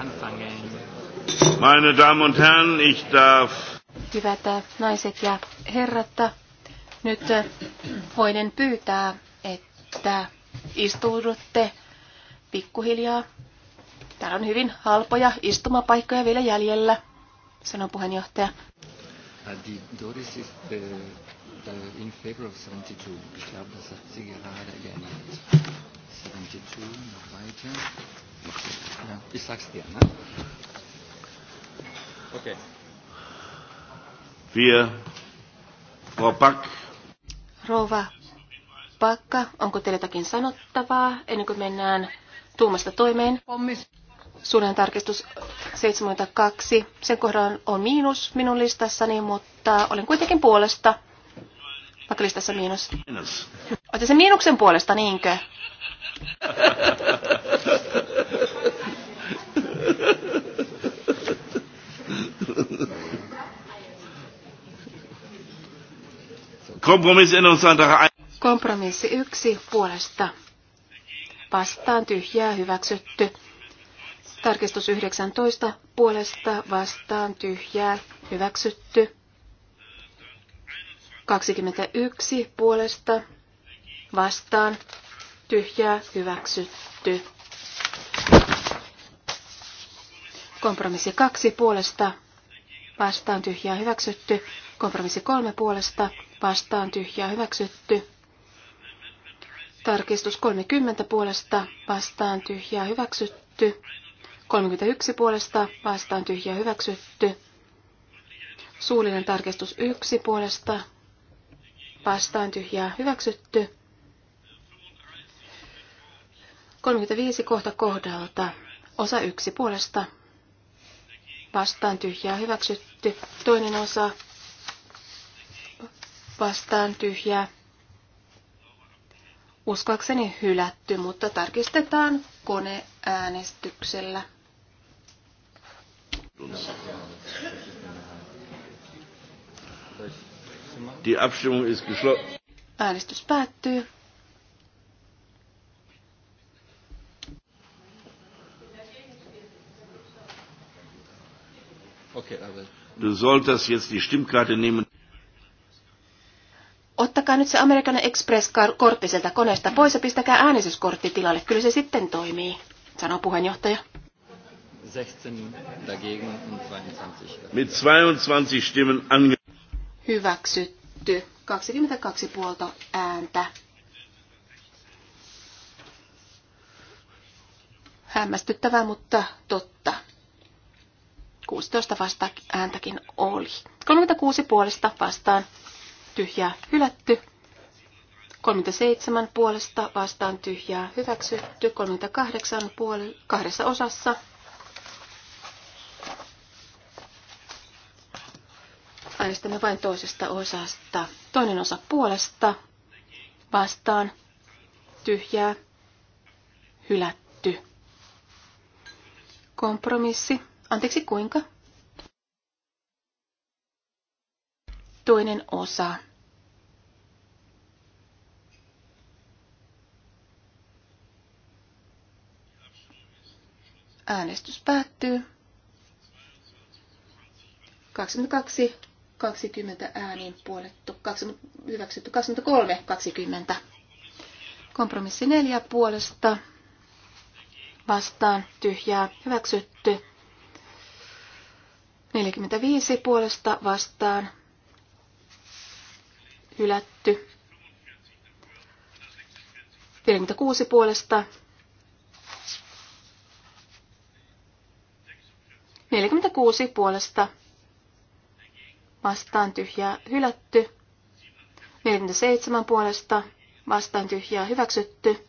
anfangen. Meine Damen und Herren, ich darf... Hyvät naiset ja herrat, nyt voinen pyytää, että istuudutte pikkuhiljaa. Täällä on hyvin halpoja istumapaikkoja vielä jäljellä, sanoo puheenjohtaja. Ah, Doris äh, Ich Frau Back. Rouva Pakka, onko teillä jotakin sanottavaa ennen kuin mennään tuumasta toimeen? Pommis. Suunnan tarkistus 72. Sen kohdalla on miinus minun listassani, mutta olen kuitenkin puolesta, vaikka listassa miinus. Minus. Olette se miinuksen puolesta, niinkö? Kompromissi yksi puolesta. Vastaan tyhjää hyväksytty. Tarkistus 19 puolesta vastaan tyhjää hyväksytty. 21 puolesta vastaan tyhjää hyväksytty. Kompromissi kaksi puolesta vastaan tyhjää hyväksytty. Kompromissi kolme puolesta vastaan tyhjää hyväksytty. Tarkistus 30 puolesta vastaan tyhjää hyväksytty. 31 puolesta vastaan tyhjää hyväksytty. Suullinen tarkistus 1 puolesta vastaan tyhjää hyväksytty. 35 kohta kohdalta. Osa yksi puolesta. Vastaan tyhjää hyväksytty. Toinen osa. Vastaan tyhjää. Uskoakseni hylätty, mutta tarkistetaan koneäänestyksellä. Die Abstimmung ist geschlossen. Äänestys päättyy. Du solltest jetzt die Stimmkarte nehmen. Ottakaa nyt se American Express-kortti sieltä koneesta pois ja pistäkää äänestyskortti tilalle. Kyllä se sitten toimii, sanoo puheenjohtaja. 16 dagegen und 22. Mit 22 Stimmen ange Hyväksytty. 22 puolta ääntä. Hämmästyttävää, mutta totta. 16 vasta ääntäkin oli. 36 puolesta vastaan tyhjää hylätty. 37 puolesta vastaan tyhjää hyväksytty. 38 puol- kahdessa osassa. Äänestämme vain toisesta osasta. Toinen osa puolesta vastaan tyhjää hylätty. Kompromissi Anteeksi, kuinka? Toinen osa. Äänestys päättyy. 22, 20 ääniin puolettu, 20, hyväksytty 23, 20. Kompromissi neljä puolesta vastaan tyhjää hyväksytty. 45 puolesta vastaan hylätty. 46 puolesta 46 puolesta vastaan tyhjää hylätty. 47 puolesta vastaan tyhjää hyväksytty.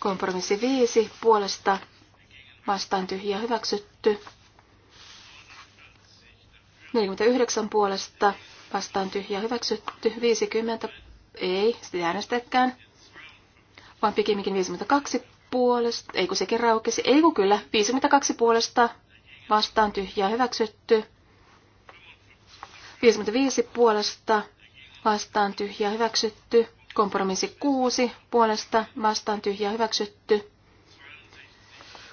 Kompromissi 5 puolesta vastaan tyhjä hyväksytty. 49 puolesta vastaan tyhjä hyväksytty. 50 ei, sitä äänestäkään. Vaan pikimminkin 52 puolesta, ei kun sekin raukesi, ei kun kyllä, 52 puolesta vastaan tyhjä hyväksytty. 55 puolesta vastaan tyhjä hyväksytty. Kompromissi 6 puolesta vastaan tyhjä hyväksytty.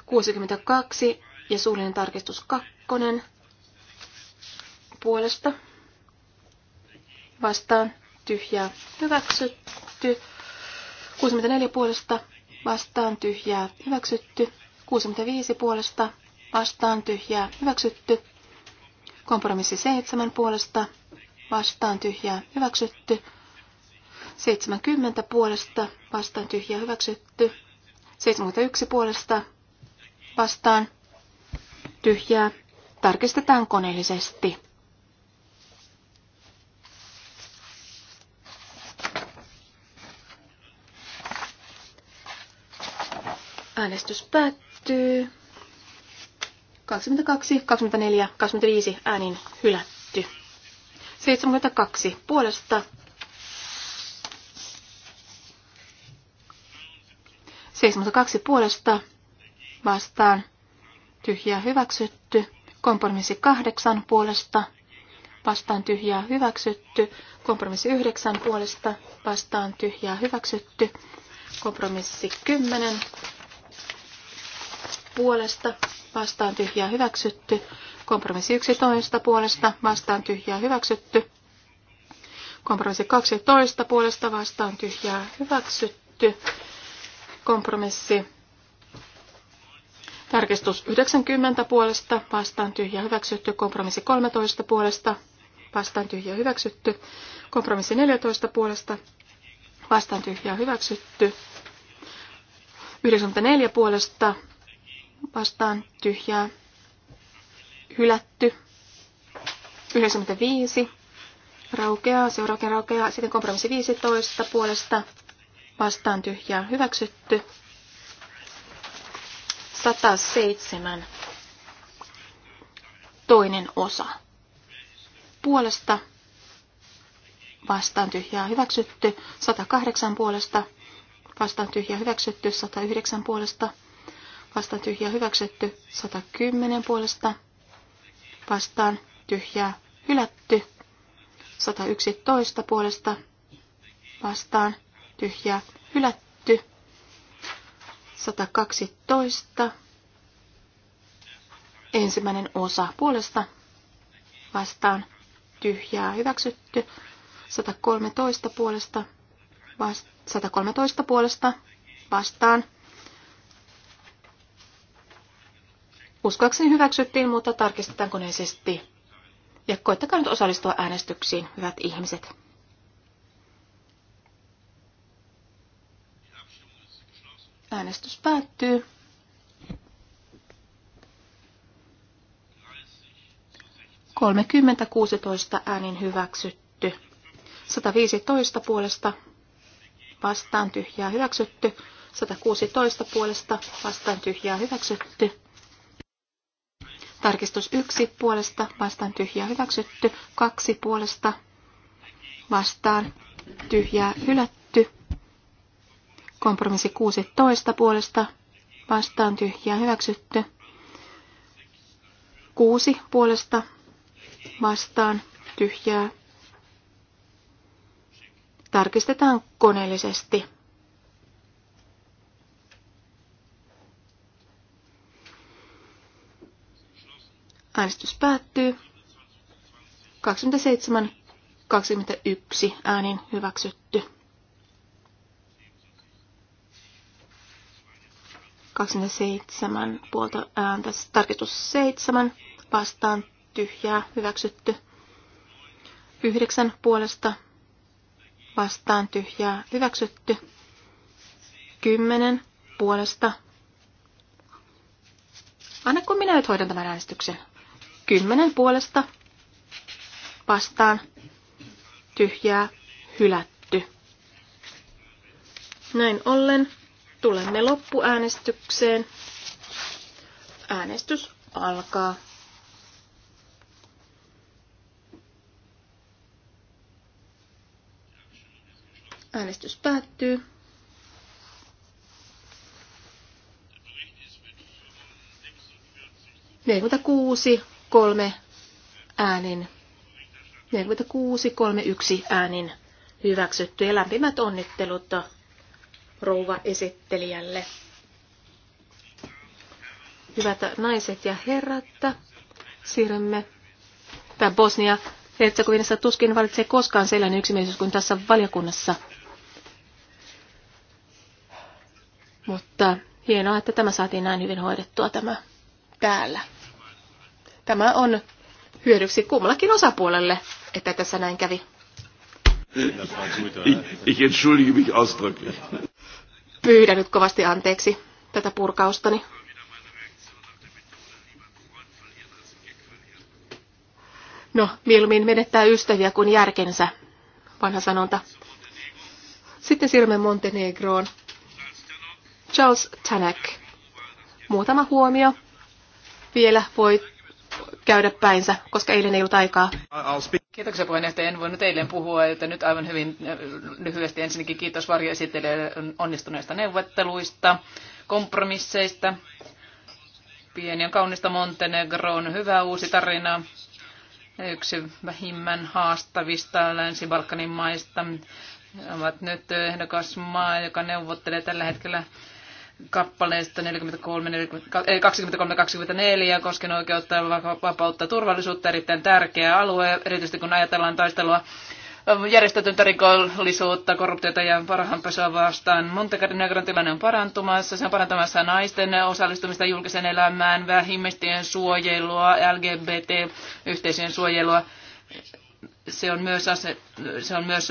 62 ja suullinen tarkistus 2 puolesta vastaan tyhjää hyväksytty. 64 puolesta vastaan tyhjää hyväksytty. 65 puolesta vastaan tyhjää hyväksytty. Kompromissi 7 puolesta vastaan tyhjää hyväksytty. 70 puolesta vastaan tyhjää hyväksytty. 71 puolesta vastaan tyhjää tarkistetaan koneellisesti. Äänestys päättyy. 22, 24, 25 äänin hylätty. 72 puolesta. 72 puolesta vastaan tyhjää hyväksytty. Kompromissi kahdeksan puolesta vastaan tyhjää hyväksytty. Kompromissi yhdeksän puolesta vastaan tyhjää hyväksytty. Kompromissi kymmenen puolesta vastaan tyhjää hyväksytty. Kompromissi yksitoista puolesta vastaan tyhjää hyväksytty. Kompromissi 12 puolesta vastaan tyhjää hyväksytty. Kompromissi Tarkistus 90 puolesta vastaan tyhjä hyväksytty. Kompromissi 13 puolesta vastaan tyhjä hyväksytty. Kompromissi 14 puolesta vastaan tyhjä hyväksytty. 94 puolesta vastaan tyhjää hylätty. 95 raukeaa, seuraakin raukeaa. Sitten kompromissi 15 puolesta vastaan tyhjää hyväksytty. 107. Toinen osa. Puolesta vastaan tyhjää hyväksytty. 108 puolesta vastaan tyhjää hyväksytty. 109 puolesta vastaan tyhjää hyväksytty. 110 puolesta vastaan tyhjää hylätty. 111 puolesta vastaan tyhjää hylätty. 112. Ensimmäinen osa puolesta vastaan tyhjää hyväksytty. 113 puolesta, vast, 113 puolesta vastaan. Uskoakseni hyväksyttiin, mutta tarkistetaan koneisesti. Ja koittakaa nyt osallistua äänestyksiin, hyvät ihmiset. Äänestys päättyy. 30-16 äänin hyväksytty. 115 puolesta vastaan tyhjää hyväksytty. 116 puolesta vastaan tyhjää hyväksytty. Tarkistus 1 puolesta vastaan tyhjää hyväksytty. 2 puolesta vastaan tyhjää hylätty Kompromissi 16 puolesta vastaan tyhjää hyväksytty. 6 puolesta vastaan tyhjää. Tarkistetaan koneellisesti. Äänestys päättyy. 27-21 äänin hyväksytty. 27 puolta ääntä, tarkistus 7 vastaan tyhjää hyväksytty. 9 puolesta vastaan tyhjää hyväksytty. 10 puolesta. Anna kun minä nyt hoidan tämän äänestyksen. 10 puolesta vastaan tyhjää hylätty. Näin ollen Tulemme loppuäänestykseen. Äänestys alkaa. Äänestys päättyy. kuusi kolme äänin. 46, kolme yksi äänin hyväksytty ja lämpimät onnittelut rouva esittelijälle. Hyvät naiset ja herrat, siirrymme tämä Bosnia Herzegovinassa tuskin valitsee koskaan sellainen yksimielisyys kuin tässä valiokunnassa. Mutta hienoa, että tämä saatiin näin hyvin hoidettua tämä täällä. Tämä on hyödyksi kummallakin osapuolelle, että tässä näin kävi. Ich entschuldige mich ausdrücklich pyydänyt kovasti anteeksi tätä purkaustani. No, mieluummin menettää ystäviä kuin järkensä, vanha sanonta. Sitten siirrymme Montenegroon. Charles Tanak. Muutama huomio. Vielä voi käydä päinsä, koska eilen ei ollut aikaa. Kiitoksia puheenjohtaja. En voinut eilen puhua, että nyt aivan hyvin äh, lyhyesti ensinnäkin kiitos varjoesittelijöille onnistuneista neuvotteluista, kompromisseista. Pieni on kaunista Montenegro on hyvä uusi tarina. Yksi vähimmän haastavista Länsi-Balkanin maista ovat nyt maa, joka neuvottelee tällä hetkellä kappaleista 43, 23, 24 koskien oikeutta ja vapautta turvallisuutta erittäin tärkeä alue, erityisesti kun ajatellaan taistelua ähm, järjestetyntä rikollisuutta, korruptiota ja parhaanpesua vastaan. Montenegron tilanne on parantumassa. Se on parantamassa naisten osallistumista julkiseen elämään, vähimmäistien suojelua, LGBT-yhteisöjen suojelua se on myös, ase, se on myös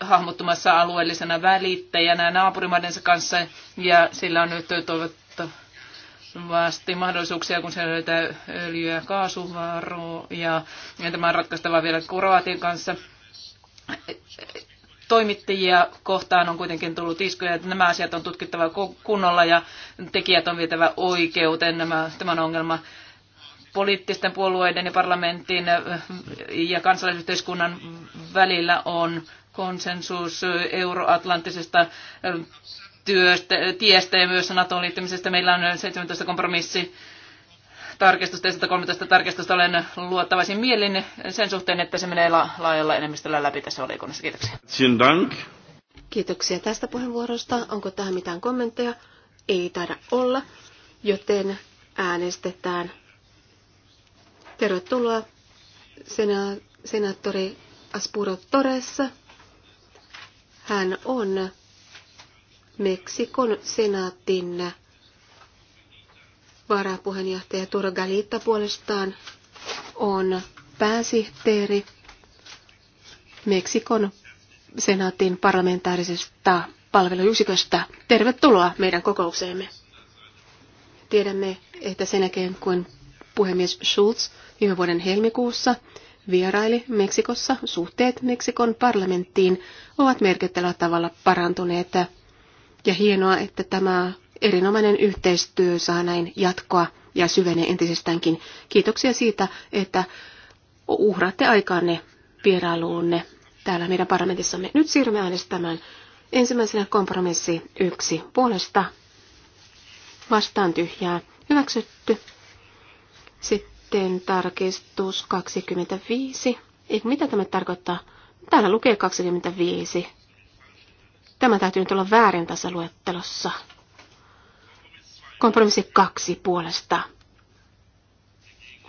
hahmottumassa alueellisena välittäjänä naapurimaidensa kanssa ja sillä on nyt toivottavasti mahdollisuuksia, kun se löytää öljyä ja kaasuvaroja. Ja tämä on ratkaistava vielä Kroatian kanssa. Toimittajia kohtaan on kuitenkin tullut iskuja, että nämä asiat on tutkittava kunnolla ja tekijät on vietävä oikeuteen. Nämä, tämän ongelma poliittisten puolueiden ja parlamentin ja kansalaisyhteiskunnan välillä on konsensus euroatlanttisesta työstä, tiestä ja myös NATOon liittymisestä. Meillä on 17 kompromissi tarkistusta ja 113 tarkistusta olen luottavaisin mielin sen suhteen, että se menee la- laajalla enemmistöllä läpi tässä valiokunnassa. Kiitoksia. Kiitoksia tästä puheenvuorosta. Onko tähän mitään kommentteja? Ei taida olla, joten äänestetään Tervetuloa sena- senaattori Aspuro Torres. Hän on Meksikon senaatin varapuheenjohtaja Turo Galita puolestaan on pääsihteeri Meksikon senaatin parlamentaarisesta palveluyksiköstä. Tervetuloa meidän kokoukseemme. Tiedämme, että sen jälkeen kun Puhemies Schulz viime vuoden helmikuussa vieraili Meksikossa. Suhteet Meksikon parlamenttiin ovat merkittävällä tavalla parantuneet. Ja hienoa, että tämä erinomainen yhteistyö saa näin jatkoa ja syvenee entisestäänkin. Kiitoksia siitä, että uhraatte aikaanne vierailuunne täällä meidän parlamentissamme. Nyt siirrymme äänestämään ensimmäisenä kompromissi yksi puolesta. Vastaan tyhjää. Hyväksytty. Sitten tarkistus 25. Eikö mitä tämä tarkoittaa? Täällä lukee 25. Tämä täytyy nyt olla väärin tässä luettelossa. Kompromissi kaksi puolesta.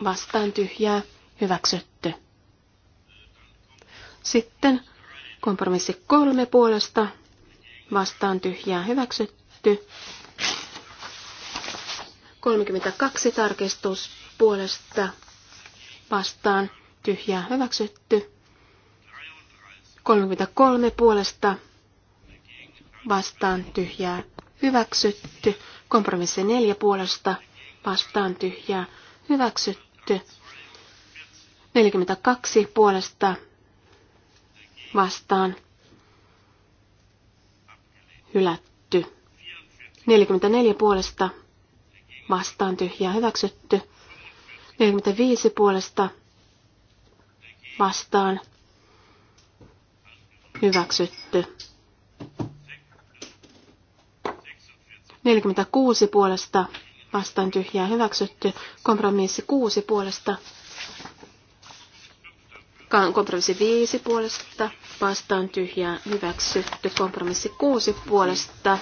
Vastaan tyhjää, hyväksytty. Sitten kompromissi kolme puolesta. Vastaan tyhjää, hyväksytty. 32 tarkistus puolesta vastaan tyhjää hyväksytty. 33 puolesta vastaan tyhjää hyväksytty. Kompromissi 4 puolesta vastaan tyhjää hyväksytty. 42 puolesta vastaan hylätty. 44 puolesta vastaan tyhjää hyväksytty. 45 puolesta vastaan hyväksytty. 46 puolesta vastaan tyhjää hyväksytty. Kompromissi 6 puolesta. Kompromissi 5 puolesta vastaan tyhjää hyväksytty. Kompromissi 6 puolesta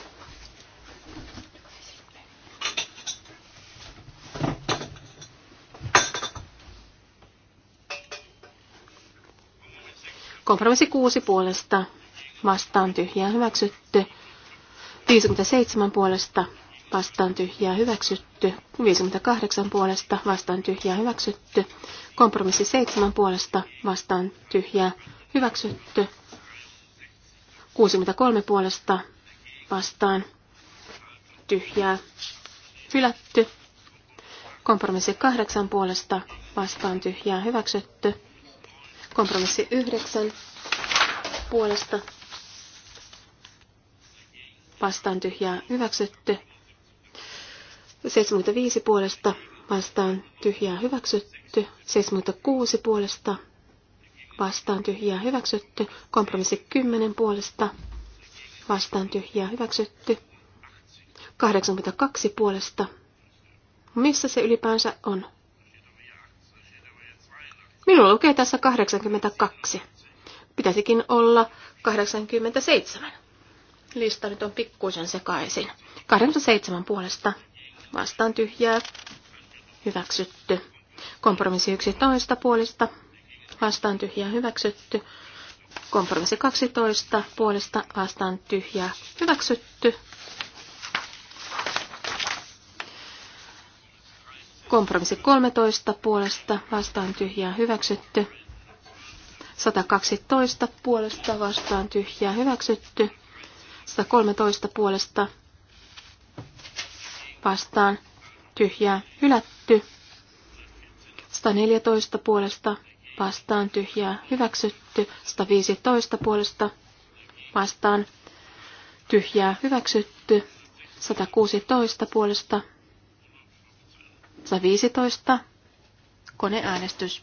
Kompromissi 6 puolesta vastaan tyhjää hyväksytty. 57 puolesta vastaan tyhjää hyväksytty. 58 puolesta vastaan tyhjää hyväksytty. Kompromissi 7 puolesta vastaan tyhjää hyväksytty. 63 puolesta vastaan tyhjää hylätty. Kompromissi 8 puolesta vastaan tyhjää hyväksytty. Kompromissi yhdeksän puolesta vastaan tyhjää hyväksytty. 75 puolesta vastaan tyhjää hyväksytty. 76 puolesta vastaan tyhjää hyväksytty. Kompromissi 10 puolesta vastaan tyhjää hyväksytty. 82 puolesta. Missä se ylipäänsä on? Minulla lukee tässä 82. Pitäisikin olla 87. Lista nyt on pikkuisen sekaisin. 87 puolesta vastaan tyhjää. Hyväksytty. Kompromissi 11 puolesta vastaan tyhjää hyväksytty. Kompromissi 12 puolesta vastaan tyhjää hyväksytty. Kompromissi 13 puolesta vastaan tyhjää hyväksytty. 112 puolesta vastaan tyhjää hyväksytty. 113 puolesta vastaan tyhjää hylätty. 114 puolesta vastaan tyhjää hyväksytty. 115 puolesta vastaan tyhjää hyväksytty. 116 puolesta 15. Koneäänestys.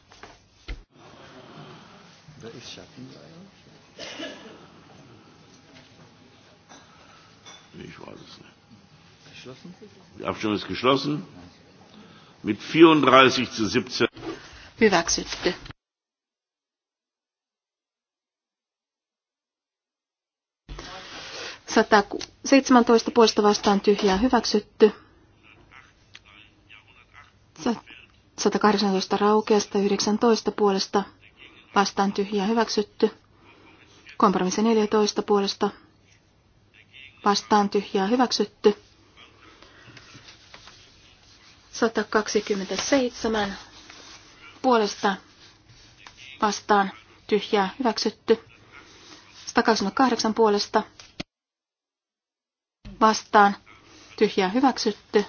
Ich weiß es nicht. Die Abstimmung ist geschlossen. Mit 34 zu 17. Hyväksytty. Sata 17 poista vastaan tyhjää hyväksytty. 118 raukeasta 19 puolesta vastaan tyhjää hyväksytty. Kompromissi 14 puolesta vastaan tyhjää hyväksytty. 127 puolesta vastaan tyhjää hyväksytty. 128 puolesta vastaan tyhjää hyväksytty.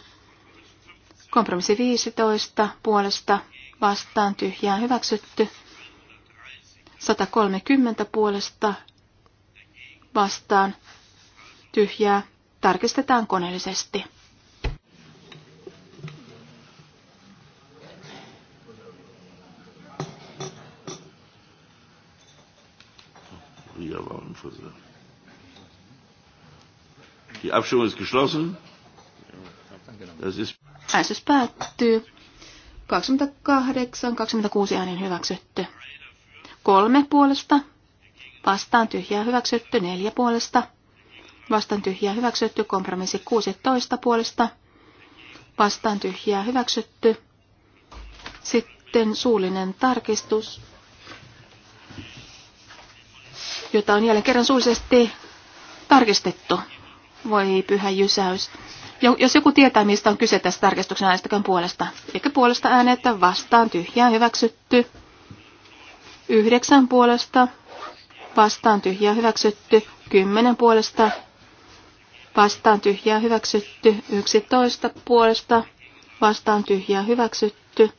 Kompromissi 15 puolesta vastaan tyhjään hyväksytty. 130 puolesta vastaan tyhjää tarkistetaan koneellisesti. Die Abstimmung ist geschlossen. Das ist Äänestys päättyy. 28, 26 äänin hyväksytty. Kolme puolesta. Vastaan tyhjää hyväksytty. Neljä puolesta. Vastaan tyhjää hyväksytty. Kompromissi 16 puolesta. Vastaan tyhjää hyväksytty. Sitten suullinen tarkistus, jota on jälleen kerran suullisesti tarkistettu. Voi pyhä jysäys. Jos joku tietää, mistä on kyse tässä tarkistuksen äänestäkään puolesta. Eikä puolesta äänettä vastaan tyhjää hyväksytty. Yhdeksän puolesta vastaan tyhjää hyväksytty. Kymmenen puolesta vastaan tyhjää hyväksytty. Yksitoista puolesta vastaan tyhjää hyväksytty.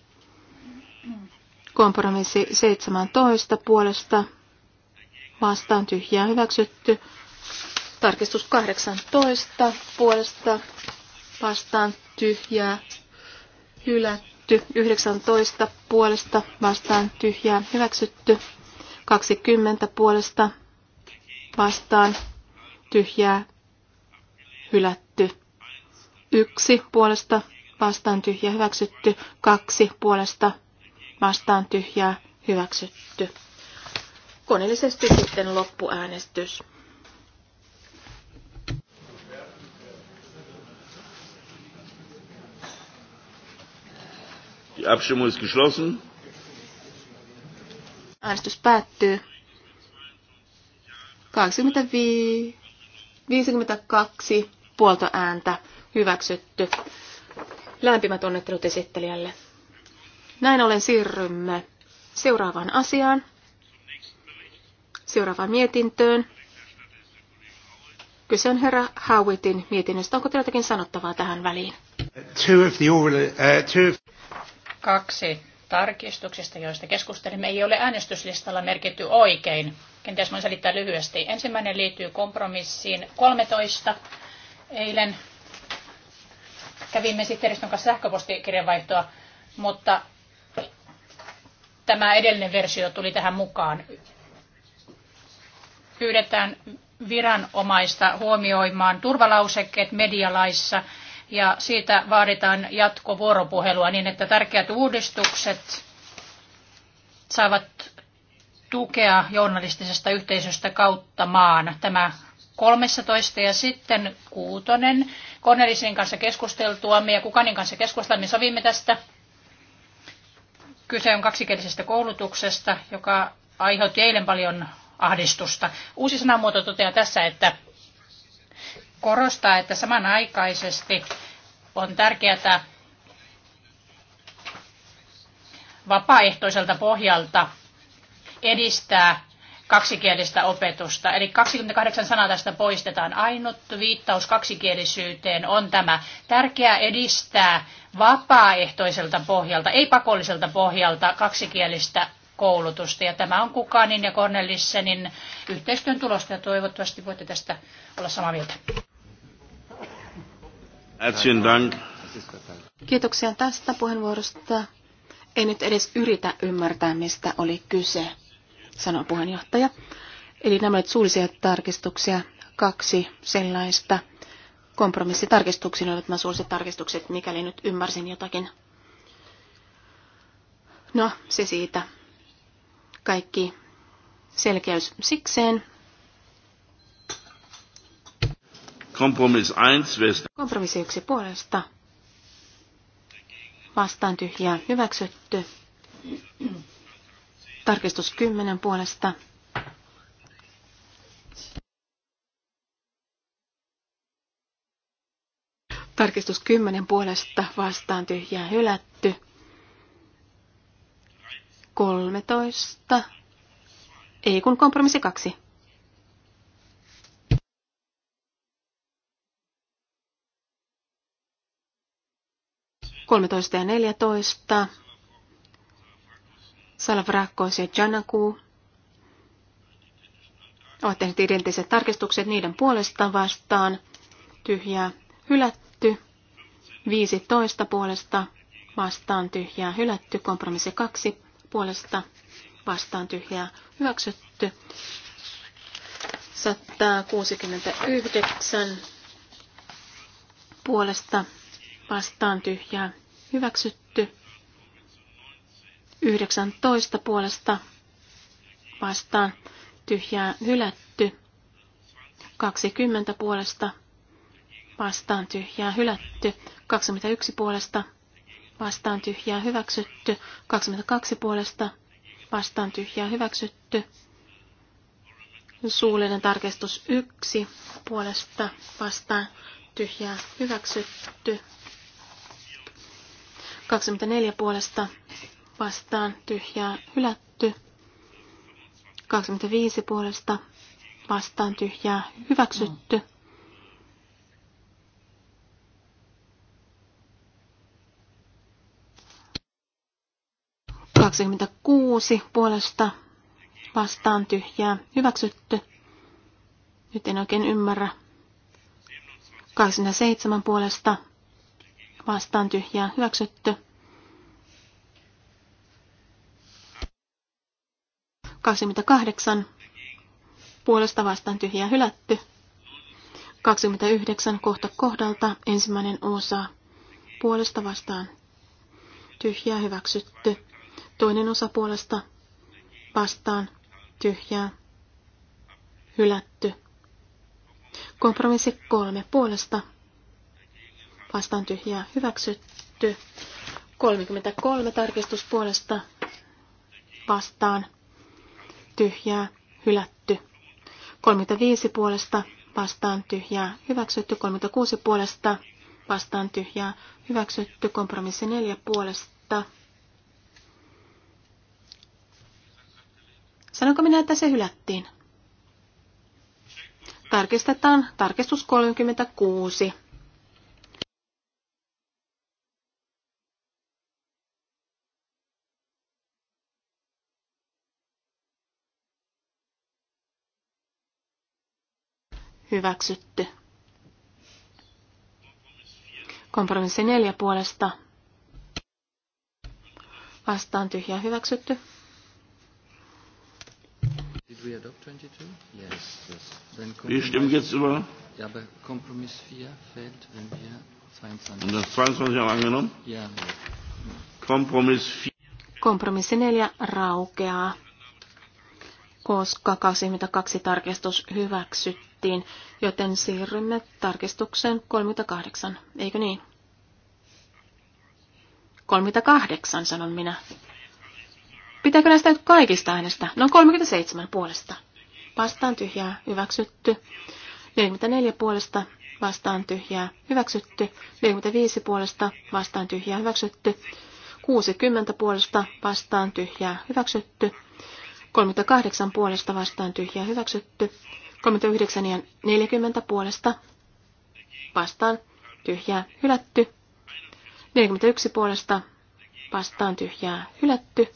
Kompromissi 17 puolesta vastaan tyhjää hyväksytty. Tarkistus 18 puolesta vastaan tyhjää, hylätty. 19 puolesta vastaan tyhjää, hyväksytty. 20 puolesta vastaan tyhjää, hylätty. Yksi puolesta vastaan tyhjää, hyväksytty, kaksi puolesta vastaan tyhjää hyväksytty. Koneellisesti sitten loppuäänestys. Abstimmung ist geschlossen. Äänestys päättyy. 25, 52 puolta ääntä hyväksytty. Lämpimät onnittelut esittelijälle. Näin ollen siirrymme seuraavaan asiaan, seuraavaan mietintöön. Kyse on herra Howittin mietinnöstä. Onko jotakin sanottavaa tähän väliin? Two of the oral, uh, two of... Kaksi tarkistuksista, joista keskustelimme, ei ole äänestyslistalla merkitty oikein. Kenties voin selittää lyhyesti. Ensimmäinen liittyy kompromissiin 13. Eilen kävimme sihteeristön kanssa sähköpostikirjanvaihtoa, mutta tämä edellinen versio tuli tähän mukaan. Pyydetään viranomaista huomioimaan turvalausekkeet medialaissa – ja siitä vaaditaan jatkovuoropuhelua niin, että tärkeät uudistukset saavat tukea journalistisesta yhteisöstä kautta maan. Tämä 13 ja sitten kuutonen. Cornelisin kanssa keskusteltua, ja Kukanin kanssa keskustelua, niin sovimme tästä. Kyse on kaksikielisestä koulutuksesta, joka aiheutti eilen paljon ahdistusta. Uusi sanamuoto toteaa tässä, että korostaa, että samanaikaisesti on tärkeää vapaaehtoiselta pohjalta edistää kaksikielistä opetusta. Eli 28 sanaa tästä poistetaan. Ainut viittaus kaksikielisyyteen on tämä. Tärkeää edistää vapaaehtoiselta pohjalta, ei pakolliselta pohjalta kaksikielistä koulutusta. Ja tämä on Kukanin ja Cornelissenin yhteistyön tulosta ja toivottavasti voitte tästä olla samaa mieltä. Kiitoksia tästä puheenvuorosta. en nyt edes yritä ymmärtää, mistä oli kyse, sanoi puheenjohtaja. Eli nämä olivat suullisia tarkistuksia, kaksi sellaista kompromissitarkistuksia, olivat nämä suulliset tarkistukset, mikäli nyt ymmärsin jotakin. No, se siitä. Kaikki selkeys sikseen. Kompromiss 1, wer Kompromissi 1 puolesta. Vastaan tyhjää hyväksytty. Tarkistus 10 puolesta. Tarkistus 10 puolesta vastaan tyhjää hylätty. 13. Ei kun kompromissi 2. 13 ja 14, Salvrakkos ja Janaku ovat tehneet identtiset tarkistukset niiden puolesta vastaan, tyhjää hylätty, 15 puolesta vastaan tyhjää hylätty, kompromissi 2 puolesta vastaan tyhjää hyväksytty, 169 puolesta vastaan tyhjää hyväksytty. 19 puolesta vastaan tyhjää hylätty. 20 puolesta vastaan tyhjää hylätty. 21 puolesta vastaan tyhjää hyväksytty. 22 puolesta vastaan tyhjää hyväksytty. Suullinen tarkistus 1 puolesta vastaan tyhjää hyväksytty. 24 puolesta vastaan tyhjää hylätty. 25 puolesta vastaan tyhjää hyväksytty. Kaksikymmentäkuusi puolesta vastaan tyhjää hyväksytty. Nyt en oikein ymmärrä. 27 puolesta vastaan tyhjää hyväksytty. 28 puolesta vastaan tyhjää hylätty. 29 kohta kohdalta ensimmäinen osa puolesta vastaan tyhjää hyväksytty. Toinen osa puolesta vastaan tyhjää hylätty. Kompromissi kolme puolesta vastaan tyhjää hyväksytty. 33 tarkistus puolesta vastaan tyhjää hylätty. 35 puolesta vastaan tyhjää hyväksytty. 36 puolesta vastaan tyhjää hyväksytty. Kompromissi 4 puolesta. Sanonko minä, että se hylättiin? Tarkistetaan tarkistus 36. Hyväksytty. Kompromissi neljä puolesta. Vastaan tyhjä hyväksytty. Did we adopt 22? Yes, yes. Then Ja, aber Kompromiss 4 fällt, wenn wir 22. Und das 22 haben angenommen? Ja. Kompromiss 4. Kompromissi 4 raukeaa, koska 22 tarkistus hyväksytty tehtiin, joten siirrymme tarkistukseen 38, eikö niin? 38, sanon minä. Pitääkö näistä nyt kaikista äänestä? No 37 puolesta. Vastaan tyhjää, hyväksytty. 44 puolesta, vastaan tyhjää, hyväksytty. 45 puolesta, vastaan tyhjää, hyväksytty. 60 puolesta, vastaan tyhjää, hyväksytty. 38 puolesta vastaan tyhjää hyväksytty. 39 ja 40 puolesta vastaan tyhjää hylätty. 41 puolesta vastaan tyhjää hylätty.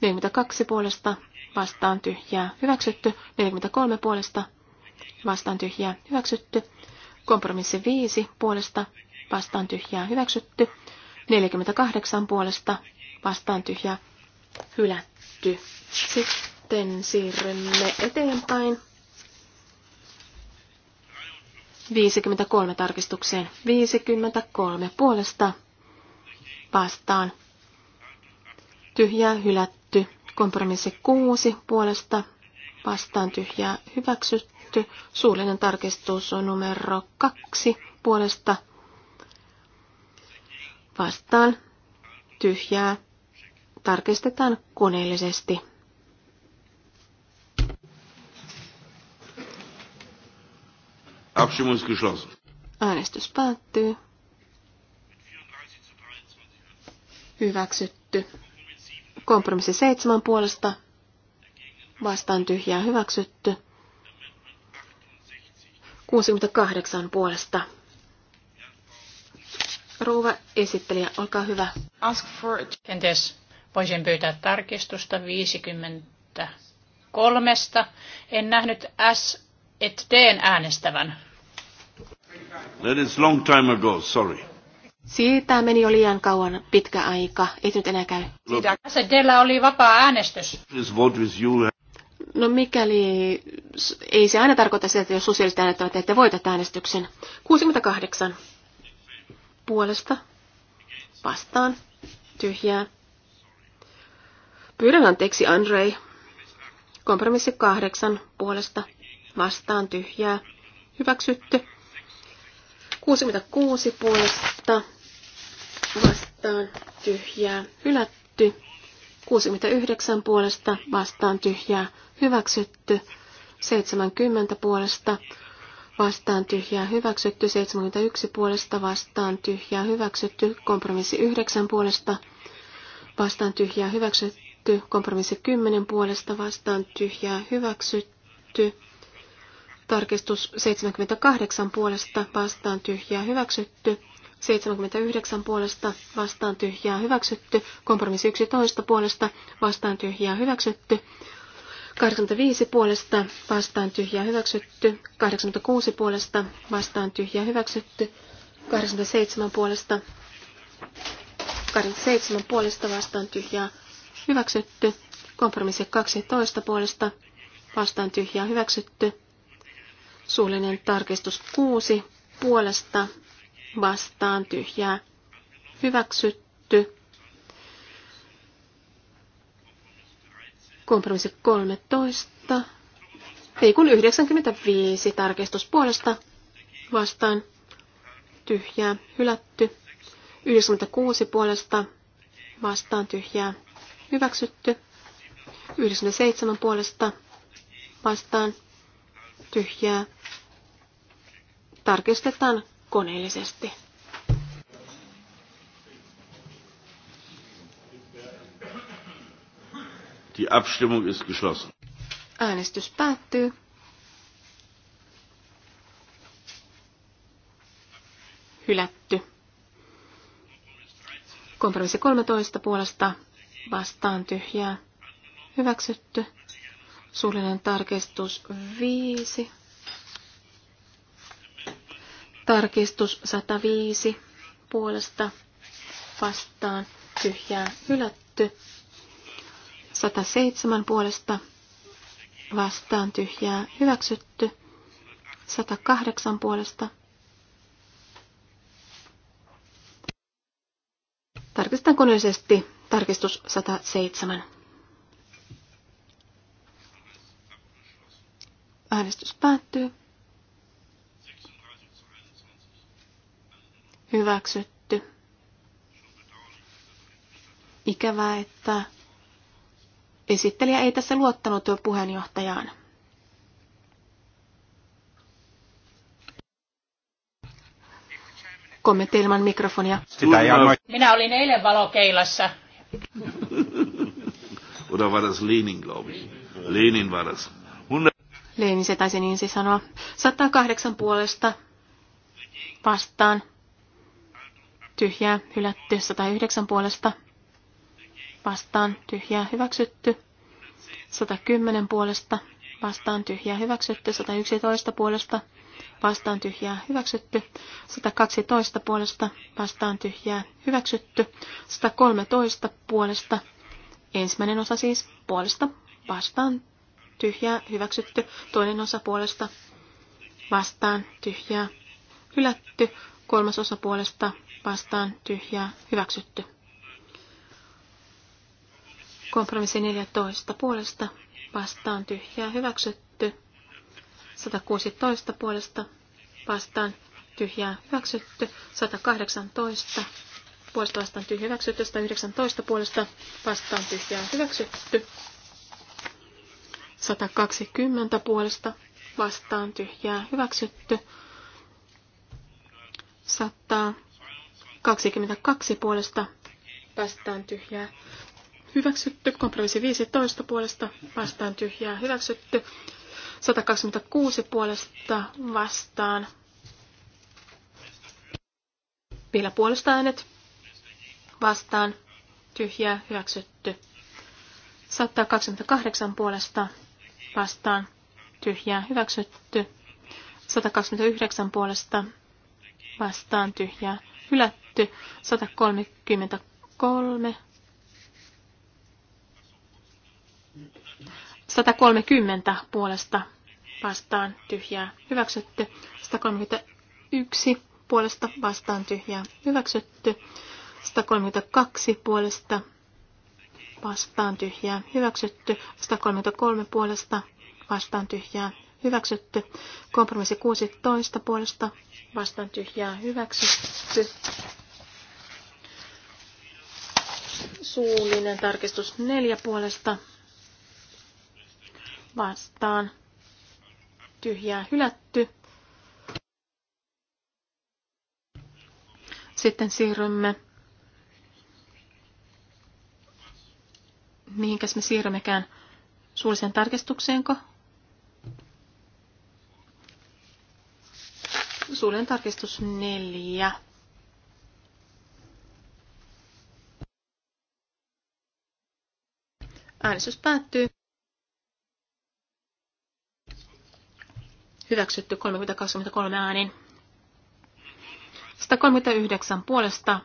42 puolesta vastaan tyhjää hyväksytty. 43 puolesta vastaan tyhjää hyväksytty. Kompromissi 5 puolesta vastaan tyhjää hyväksytty. 48 puolesta vastaan tyhjää hylätty. Sitten siirrymme eteenpäin. 53 tarkistukseen. 53 puolesta vastaan. Tyhjää hylätty. Kompromissi 6 puolesta vastaan tyhjää hyväksytty. Suullinen tarkistus on numero 2 puolesta vastaan tyhjää tarkistetaan koneellisesti. Abstimmung ist geschlossen. Äänestys päättyy. Hyväksytty. Kompromissi seitsemän puolesta. Vastaan tyhjää hyväksytty. 68 puolesta. Rouva esittelijä, olkaa hyvä. Ask for it. Kenties voisin pyytää tarkistusta 53. En nähnyt S et teen äänestävän. That is long time ago, sorry. Siitä meni jo liian kauan pitkä aika. Ei nyt enää käy. Siitä oli vapaa äänestys. No mikäli, ei se aina tarkoita sitä, että jos sosiaaliset äänestävät, että voitat äänestyksen. 68 puolesta vastaan tyhjää. Pyydän anteeksi, Andrei. Kompromissi kahdeksan puolesta vastaan tyhjää hyväksytty. 66 puolesta vastaan tyhjää hylätty. 69 puolesta vastaan tyhjää hyväksytty. 70 puolesta vastaan tyhjää hyväksytty, 71 puolesta vastaan tyhjää hyväksytty, kompromissi 9 puolesta vastaan tyhjää hyväksytty, kompromissi 10 puolesta vastaan tyhjää hyväksytty, Tarkistus 78 puolesta vastaan tyhjää hyväksytty. 79 puolesta vastaan tyhjää hyväksytty. Kompromissi 11 puolesta vastaan tyhjää hyväksytty. 85 puolesta vastaan tyhjää hyväksytty. 86 puolesta vastaan tyhjää hyväksytty. 87 puolesta 87 puolesta vastaan tyhjää hyväksytty. Kompromissi 12 puolesta vastaan tyhjää hyväksytty. Suullinen tarkistus 6 puolesta vastaan tyhjää hyväksytty. Kompromissi 13. Ei kun 95 tarkistus puolesta vastaan tyhjää hylätty. 96 puolesta vastaan tyhjää hyväksytty. 97 puolesta vastaan tyhjää tarkistetaan koneellisesti. Die Abstimmung ist geschlossen. Äänestys päättyy. Hylätty. Kompromissi 13 puolesta vastaan tyhjää. Hyväksytty. Suullinen tarkistus 5 Tarkistus 105 puolesta vastaan tyhjää hylätty. 107 puolesta vastaan tyhjää hyväksytty. 108 puolesta. Tarkistetaan koneellisesti tarkistus 107. Äänestys päättyy. Hyväksytty. Ikävää, että esittelijä ei tässä luottanut jo puheenjohtajaan. Kommentti ilman mikrofonia. Minä olin eilen valokeilassa. Oder war das Lenin, glaube ich. Lenin war das. Lenin se taisi niin se sanoa. 108 puolesta vastaan tyhjää hylätty 109 puolesta vastaan tyhjää hyväksytty 110 puolesta vastaan tyhjää hyväksytty 111 puolesta vastaan tyhjää hyväksytty 112 puolesta vastaan tyhjää hyväksytty 113 puolesta ensimmäinen osa siis puolesta vastaan tyhjää hyväksytty toinen osa puolesta vastaan tyhjää hylätty kolmas osa puolesta vastaan tyhjää hyväksytty. Kompromissi 14 puolesta vastaan tyhjää hyväksytty. 116 puolesta vastaan tyhjää hyväksytty. 118 puolesta vastaan tyhjää hyväksytty. 119 puolesta vastaan tyhjää hyväksytty. 120 puolesta vastaan tyhjää hyväksytty. 100 22 puolesta vastaan tyhjää hyväksytty. Kompromissi 15 puolesta vastaan tyhjää hyväksytty. 126 puolesta vastaan. Vielä puolesta äänet vastaan tyhjää hyväksytty. 128 puolesta vastaan tyhjää hyväksytty. 129 puolesta vastaan tyhjää hylätty 133. 130 puolesta vastaan tyhjää hyväksytty. 131 puolesta vastaan tyhjää hyväksytty. 132 puolesta vastaan tyhjää hyväksytty. 133 puolesta vastaan tyhjää hyväksytty. Kompromissi 16 puolesta vastaan tyhjää hyväksytty. Suullinen tarkistus 4 puolesta vastaan tyhjää hylätty. Sitten siirrymme mihinkäs me siirrymmekään suulliseen tarkistukseenko? Suullinen tarkistus 4. Äänestys päättyy. Hyväksytty 30-23 äänin. 139 puolesta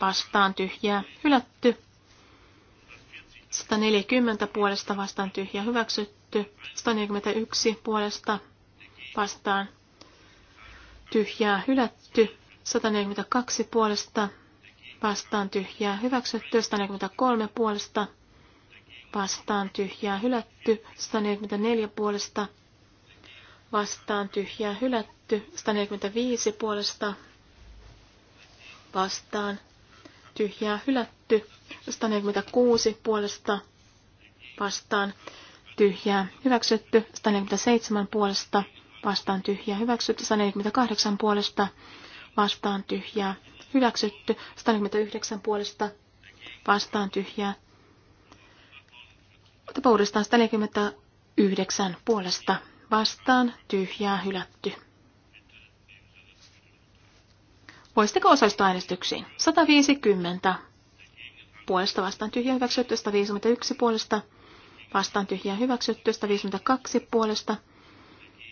vastaan tyhjää hylätty. 140 puolesta vastaan tyhjä hyväksytty. 141 puolesta vastaan tyhjää hylätty, 142 puolesta vastaan tyhjää hyväksytty, 143 puolesta vastaan tyhjää hylätty, 144 puolesta vastaan tyhjää hylätty, 145 puolesta vastaan tyhjää hylätty, 146 puolesta vastaan tyhjää hyväksytty, 147 puolesta vastaan tyhjää hyväksytty, 148 puolesta vastaan tyhjää hyväksytty, 149 puolesta vastaan tyhjää. Otapa uudestaan 149 puolesta vastaan tyhjää hylätty. Voisitteko osallistua äänestyksiin? 150 puolesta vastaan tyhjää hyväksytty, 151 puolesta vastaan tyhjää hyväksytty, 152 puolesta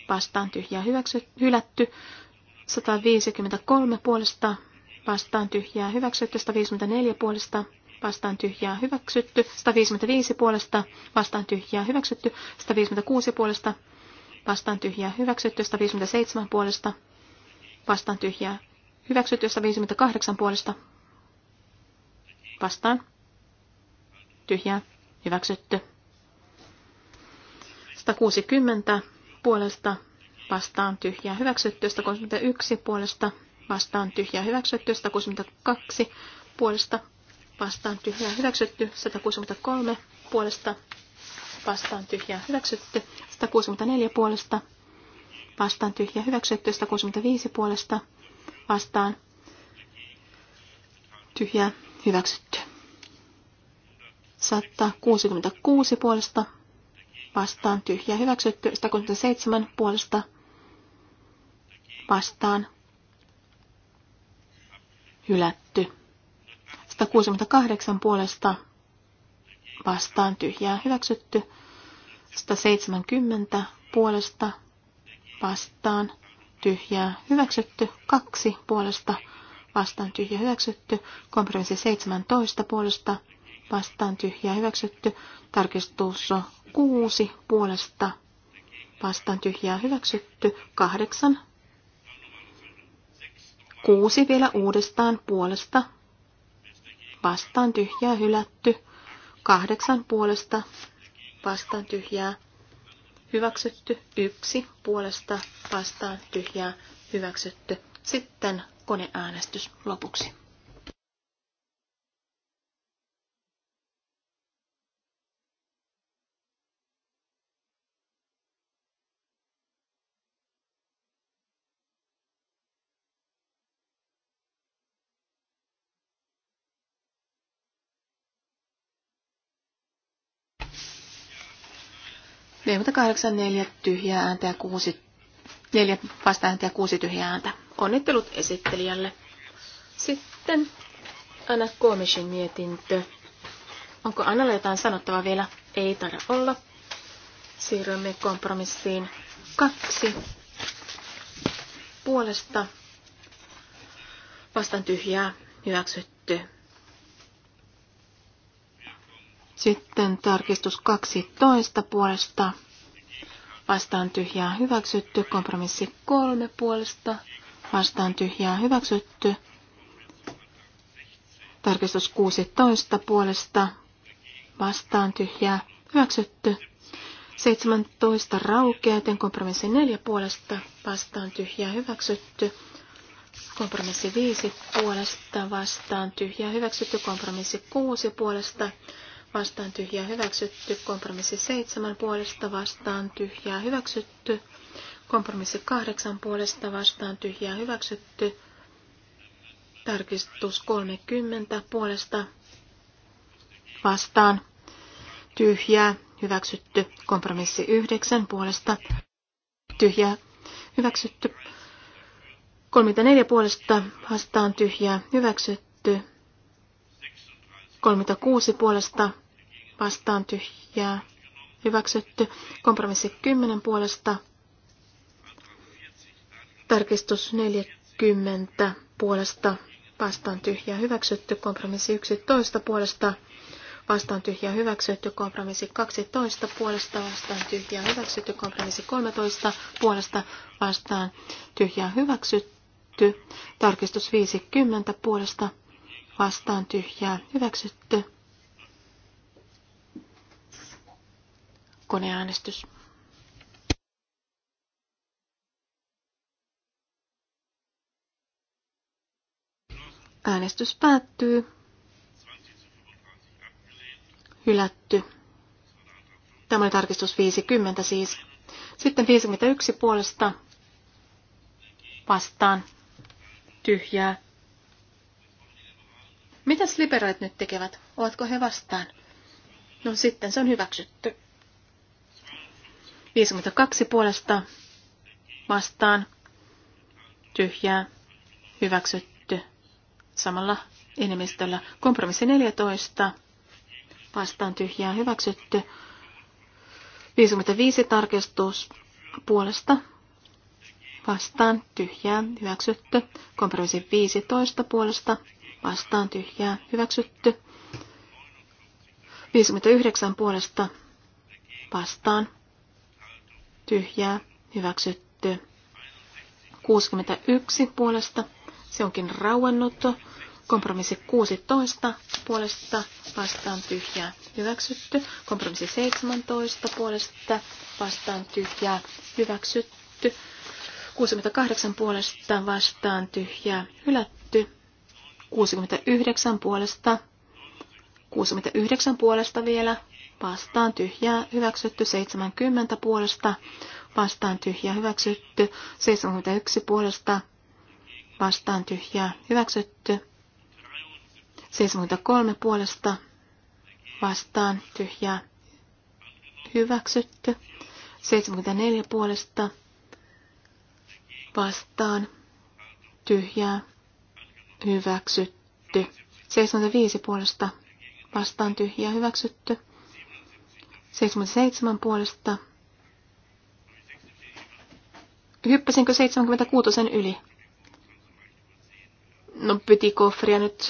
vastaan tyhjää hyväksy, hylätty. 153 puolesta vastaan tyhjää hyväksytty. 154 puolesta vastaan tyhjää hyväksytty. 155 puolesta vastaan tyhjää hyväksytty. 156 puolesta vastaan tyhjää hyväksytty. 157 puolesta vastaan tyhjää hyväksytty. 158 puolesta vastaan tyhjää hyväksytty. 160 puolesta vastaan tyhjää hyväksytty, 161 puolesta vastaan tyhjää hyväksytty, 162 puolesta vastaan tyhjää hyväksytty, 163 puolesta vastaan tyhjää hyväksytty, 164 puolesta vastaan tyhjää hyväksytty, 165 puolesta vastaan tyhjää hyväksytty. 166 puolesta vastaan tyhjä hyväksytty, 137 puolesta vastaan hylätty, 168 puolesta vastaan tyhjää hyväksytty, 170 puolesta vastaan tyhjää hyväksytty, 2 puolesta vastaan tyhjä hyväksytty, kompromissi 17 puolesta vastaan tyhjää hyväksytty. Tarkistus 6 puolesta vastaan tyhjää hyväksytty. 8. 6 vielä uudestaan puolesta vastaan tyhjää hylätty. 8 puolesta vastaan tyhjää hyväksytty. 1 puolesta vastaan tyhjää hyväksytty. Sitten koneäänestys lopuksi. 48, tyhjää ääntä ja 6, 4 vasta ääntä ja 6 tyhjää ääntä. Onnittelut esittelijälle. Sitten Anna Komishin mietintö. Onko Annalla jotain sanottavaa vielä? Ei taida olla. Siirrymme kompromissiin kaksi puolesta. Vastaan tyhjää, hyväksytty. Sitten tarkistus 12 puolesta vastaan tyhjää hyväksytty. Kompromissi 3 puolesta vastaan tyhjää hyväksytty. Tarkistus 16 puolesta vastaan tyhjää hyväksytty. 17 raukeaa, joten kompromissi 4 puolesta vastaan tyhjää hyväksytty. Kompromissi 5 puolesta vastaan tyhjää hyväksytty. Kompromissi 6 puolesta vastaan tyhjää hyväksytty. Kompromissi 7 puolesta vastaan tyhjää hyväksytty. Kompromissi 8 puolesta vastaan tyhjää hyväksytty. Tarkistus 30 puolesta vastaan tyhjää hyväksytty. Kompromissi 9 puolesta tyhjää hyväksytty. 34 puolesta vastaan tyhjää hyväksytty. 36 puolesta vastaan tyhjää hyväksytty. Kompromissi 10 puolesta tarkistus 40 puolesta vastaan tyhjää hyväksytty. Kompromissi 11 puolesta vastaan tyhjää hyväksytty. Kompromissi 12 puolesta vastaan tyhjää hyväksytty. Kompromissi 13 puolesta vastaan tyhjää hyväksytty. Tarkistus 50 puolesta vastaan tyhjää hyväksytty. Koneäänestys. Äänestys päättyy. Hylätty. Tämä oli tarkistus 50 siis. Sitten 51 puolesta vastaan tyhjää. Mitäs liberaalit nyt tekevät? Ovatko he vastaan? No sitten se on hyväksytty. 52 puolesta vastaan tyhjää hyväksytty samalla enemmistöllä. Kompromissi 14 vastaan tyhjää hyväksytty. 55 tarkistus puolesta vastaan tyhjää hyväksytty. Kompromissi 15 puolesta vastaan tyhjää hyväksytty. 59 puolesta vastaan tyhjää, hyväksytty. 61 puolesta, se onkin rauennutto Kompromissi 16 puolesta vastaan tyhjää, hyväksytty. Kompromissi 17 puolesta vastaan tyhjää, hyväksytty. 68 puolesta vastaan tyhjää, hylätty. 69 puolesta, 69 puolesta vielä vastaan tyhjää hyväksytty 70 puolesta, vastaan tyhjää hyväksytty 71 puolesta, vastaan tyhjää hyväksytty 73 puolesta, vastaan tyhjää hyväksytty 74 puolesta, vastaan tyhjää hyväksytty 75 puolesta, vastaan tyhjää hyväksytty 77 puolesta. Hyppäsinkö 76 yli? No kofria nyt,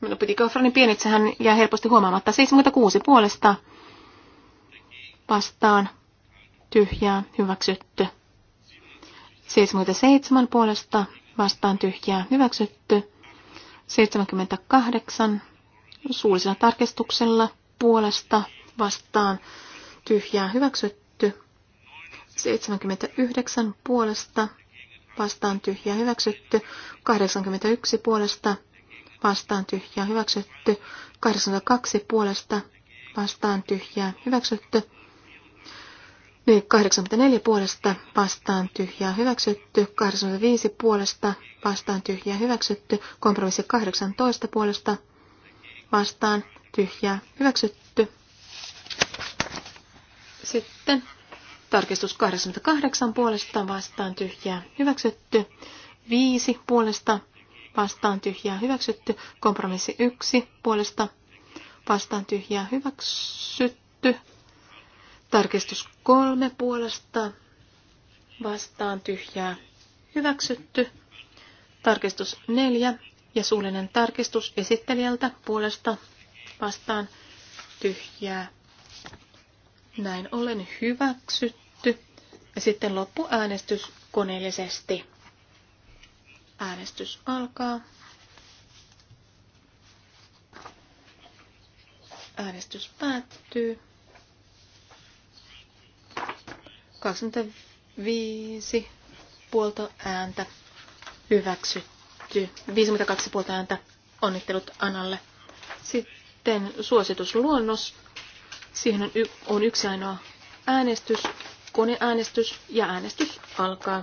no kofria niin pienet, sehän jää helposti huomaamatta. 76 puolesta vastaan tyhjää hyväksytty. 77 puolesta vastaan tyhjää hyväksytty. 78 suullisella tarkistuksella puolesta vastaan tyhjää hyväksytty. 79 puolesta vastaan tyhjää hyväksytty. 81 puolesta vastaan tyhjää hyväksytty. 82 puolesta vastaan tyhjää hyväksytty. 84 puolesta vastaan tyhjää hyväksytty, 85 puolesta vastaan tyhjää hyväksytty, kompromissi 18 puolesta vastaan tyhjää hyväksytty. Sitten tarkistus 88 puolesta vastaan tyhjää hyväksytty. 5 puolesta vastaan tyhjää hyväksytty. Kompromissi 1 puolesta vastaan tyhjää hyväksytty. Tarkistus 3 puolesta vastaan tyhjää hyväksytty. Tarkistus 4 ja suullinen tarkistus esittelijältä puolesta vastaan tyhjää näin ollen hyväksytty. Ja sitten loppuäänestys koneellisesti. Äänestys alkaa. Äänestys päättyy. 25 puolta ääntä hyväksytty. 52 puolta ääntä. Onnittelut Analle. Sitten suositusluonnos. Siihen on, y- on yksi ainoa äänestys, koneäänestys ja äänestys alkaa.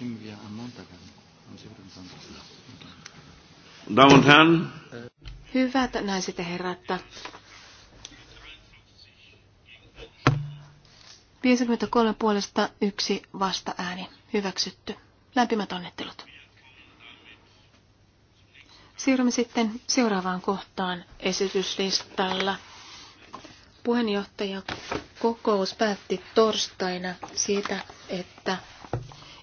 Stimmen wir am Montag an, am 27. Damen und Herren. Hyvät naiset ja herrat. 53 puolesta yksi vasta ääni. Hyväksytty. Lämpimät onnittelut. Siirrymme sitten seuraavaan kohtaan esityslistalla. Puheenjohtaja kokous päätti torstaina siitä, että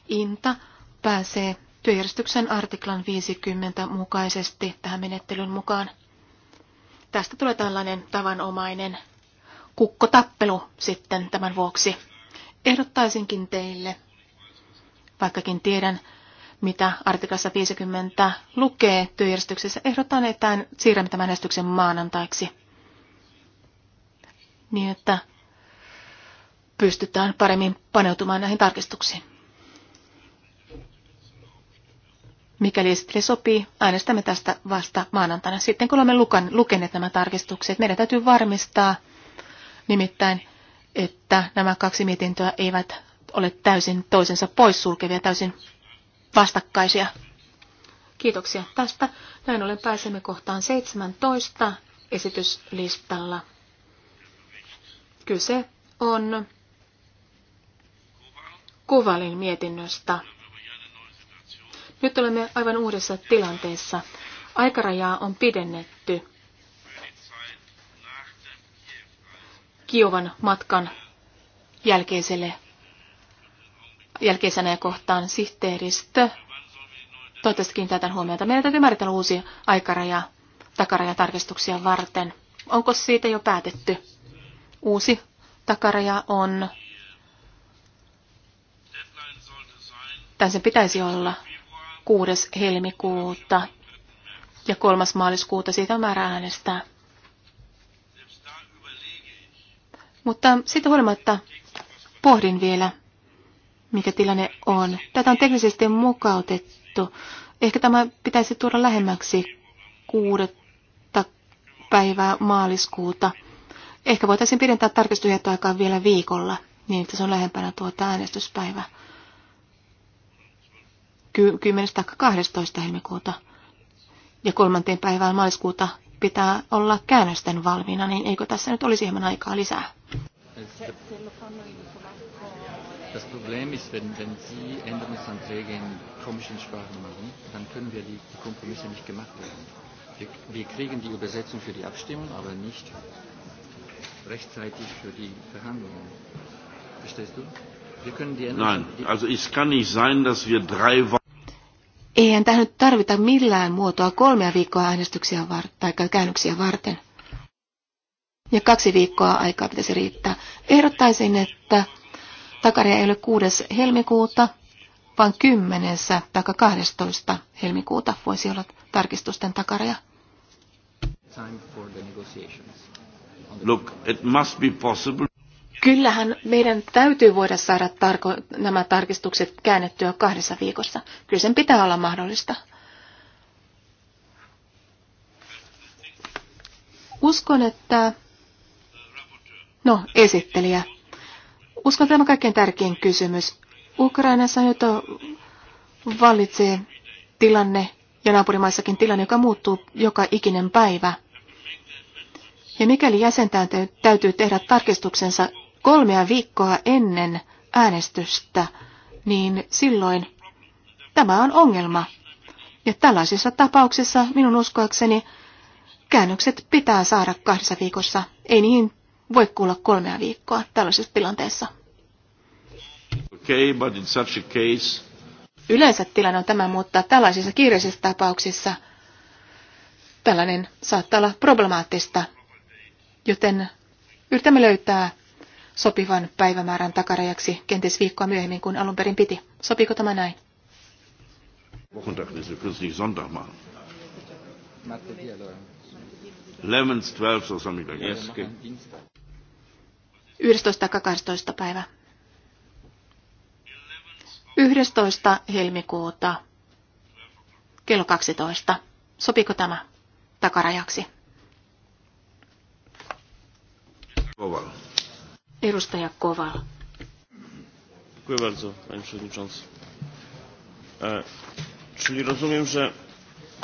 Inta pääsee työjärjestyksen artiklan 50 mukaisesti tähän menettelyn mukaan. Tästä tulee tällainen tavanomainen kukkotappelu sitten tämän vuoksi. Ehdottaisinkin teille, vaikkakin tiedän, mitä artiklassa 50 lukee työjärjestyksessä, ehdotan, että siirrämme tämän äänestyksen maanantaiksi. Niin, että pystytään paremmin paneutumaan näihin tarkistuksiin. Mikäli esittely sopii, äänestämme tästä vasta maanantaina. Sitten kun olemme lukan, lukeneet nämä tarkistukset, meidän täytyy varmistaa nimittäin, että nämä kaksi mietintöä eivät ole täysin toisensa poissulkevia, täysin vastakkaisia. Kiitoksia tästä. Näin ollen pääsemme kohtaan 17 esityslistalla. Kyse on Kuvalin mietinnöstä. Nyt olemme aivan uudessa tilanteessa. Aikarajaa on pidennetty Kiovan matkan jälkeiselle jälkeisenä kohtaan sihteeristö. Toivottavasti kiinnitetään huomiota. Meidän täytyy määritellä uusi aikaraja takarajatarkistuksia varten. Onko siitä jo päätetty? Uusi takaraja on... tämän sen pitäisi olla 6. helmikuuta ja 3. maaliskuuta siitä on määrä äänestää. Mutta siitä huolimatta pohdin vielä, mikä tilanne on. Tätä on teknisesti mukautettu. Ehkä tämä pitäisi tuoda lähemmäksi kuudetta päivää maaliskuuta. Ehkä voitaisiin pidentää aikaa vielä viikolla, niin että se on lähempänä tuota äänestyspäivää. 10. tai 12. helmikuuta. Ja kolmanteen päivään maaliskuuta pitää olla käännösten valmiina, niin eikö tässä nyt olisi hieman aikaa lisää? Das Problem ist, wenn, wenn Sie Änderungsanträge in komischen Sprachen machen, dann können wir die, die Kompromisse nicht gemacht werden. Wir, wir kriegen die Übersetzung für die Abstimmung, aber nicht rechtzeitig für die Verhandlungen. Verstehst du? Wir können die Änderungs Nein, also es kann nicht sein, dass wir drei Wochen ei tähän nyt tarvita millään muotoa kolmea viikkoa äänestyksiä varten tai käännöksiä varten. Ja kaksi viikkoa aikaa pitäisi riittää. Ehdottaisin, että takaria ei ole 6. helmikuuta, vaan 10. tai 12. helmikuuta voisi olla tarkistusten takaria. Look, it must be possible Kyllähän meidän täytyy voida saada tarko- nämä tarkistukset käännettyä kahdessa viikossa. Kyllä sen pitää olla mahdollista. Uskon, että... No, esittelijä. Uskon, että tämä on kaikkein tärkein kysymys. Ukrainassa nyt vallitsee tilanne ja naapurimaissakin tilanne, joka muuttuu joka ikinen päivä. Ja mikäli jäsentään täytyy tehdä tarkistuksensa kolmea viikkoa ennen äänestystä, niin silloin tämä on ongelma. Ja tällaisissa tapauksissa minun uskoakseni käännökset pitää saada kahdessa viikossa. Ei niin voi kuulla kolmea viikkoa tällaisessa tilanteessa. Okay, but in such a case... Yleensä tilanne on tämä, mutta tällaisissa kiireisissä tapauksissa tällainen saattaa olla problemaattista, joten yritämme löytää sopivan päivämäärän takarajaksi kenties viikkoa myöhemmin kuin alun perin piti. Sopiiko tämä näin? Wochentag 12 or something like Yes, okay. 11. 12. päivä. 11. helmikuuta kello 12. Sopiko tämä takarajaksi? Kovalla. Edustaja Koval. Dziękuję bardzo, panie przewodniczący. E, czyli rozumiem, że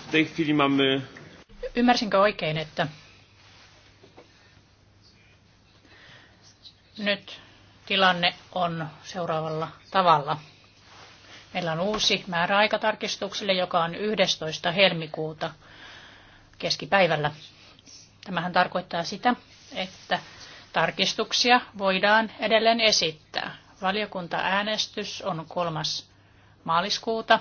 w tej chwili mamy... Ymmärsinkö oikein, että nyt tilanne on seuraavalla tavalla. Meillä on uusi määräaika tarkistukselle, joka on 11. helmikuuta keskipäivällä. Tämähän tarkoittaa sitä, että Tarkistuksia voidaan edelleen esittää. Valiokuntaäänestys on kolmas maaliskuuta.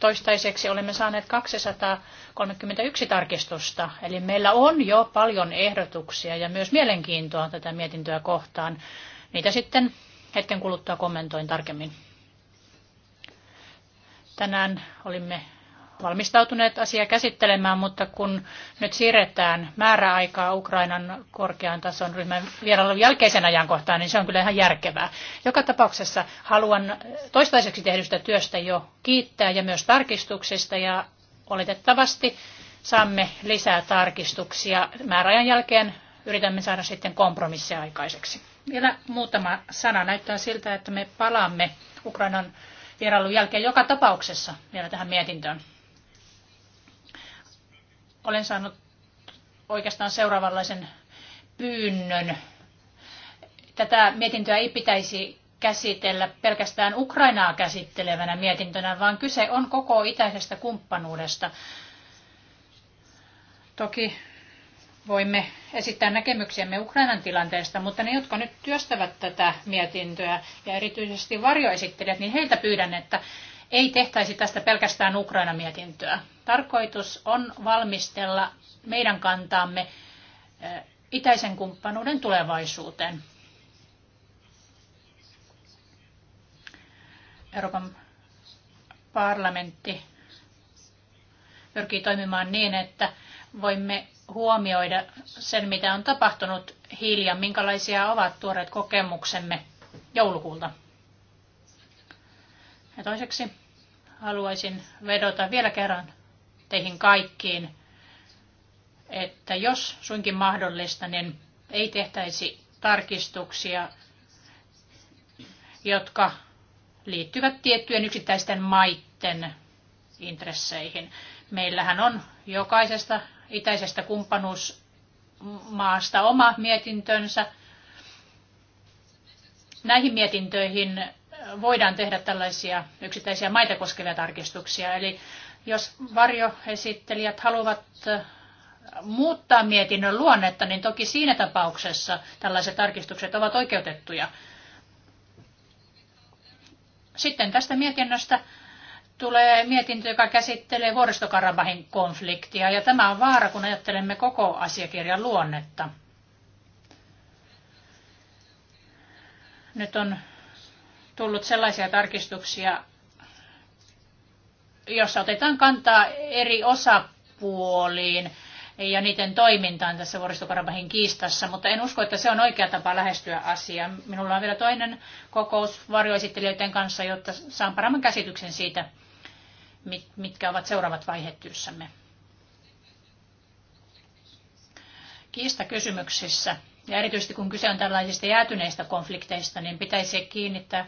Toistaiseksi olemme saaneet 231 tarkistusta, eli meillä on jo paljon ehdotuksia ja myös mielenkiintoa tätä mietintöä kohtaan. Niitä sitten hetken kuluttua kommentoin tarkemmin. Tänään olimme valmistautuneet asiaa käsittelemään, mutta kun nyt siirretään määräaikaa Ukrainan korkean tason ryhmän vierailun jälkeisen ajankohtaan, niin se on kyllä ihan järkevää. Joka tapauksessa haluan toistaiseksi tehdystä työstä jo kiittää ja myös tarkistuksista ja oletettavasti saamme lisää tarkistuksia. Määräajan jälkeen yritämme saada sitten kompromissia aikaiseksi. Vielä muutama sana. Näyttää siltä, että me palaamme Ukrainan vierailun jälkeen joka tapauksessa vielä tähän mietintöön. Olen saanut oikeastaan seuraavanlaisen pyynnön. Tätä mietintöä ei pitäisi käsitellä pelkästään Ukrainaa käsittelevänä mietintönä, vaan kyse on koko itäisestä kumppanuudesta. Toki voimme esittää näkemyksiämme Ukrainan tilanteesta, mutta ne, jotka nyt työstävät tätä mietintöä ja erityisesti varjoesittelijät, niin heiltä pyydän, että ei tehtäisi tästä pelkästään Ukraina-mietintöä. Tarkoitus on valmistella meidän kantaamme itäisen kumppanuuden tulevaisuuteen. Euroopan parlamentti pyrkii toimimaan niin, että voimme huomioida sen, mitä on tapahtunut hiljaa, minkälaisia ovat tuoreet kokemuksemme joulukuulta. Ja toiseksi haluaisin vedota vielä kerran teihin kaikkiin, että jos suinkin mahdollista, niin ei tehtäisi tarkistuksia, jotka liittyvät tiettyjen yksittäisten maiden intresseihin. Meillähän on jokaisesta itäisestä kumppanuusmaasta oma mietintönsä. Näihin mietintöihin voidaan tehdä tällaisia yksittäisiä maita koskevia tarkistuksia. Eli jos varjoesittelijät haluavat äh, muuttaa mietinnön luonnetta, niin toki siinä tapauksessa tällaiset tarkistukset ovat oikeutettuja. Sitten tästä mietinnöstä tulee mietintö, joka käsittelee vuoristokarabahin konfliktia, ja tämä on vaara, kun ajattelemme koko asiakirjan luonnetta. Nyt on tullut sellaisia tarkistuksia, jossa otetaan kantaa eri osapuoliin ja niiden toimintaan tässä vuoristokarabahin kiistassa, mutta en usko, että se on oikea tapa lähestyä asiaa. Minulla on vielä toinen kokous varjoesittelijöiden kanssa, jotta saan paremman käsityksen siitä, mitkä ovat seuraavat vaiheet työssämme. Kiistakysymyksissä kysymyksissä ja erityisesti kun kyse on tällaisista jäätyneistä konflikteista, niin pitäisi kiinnittää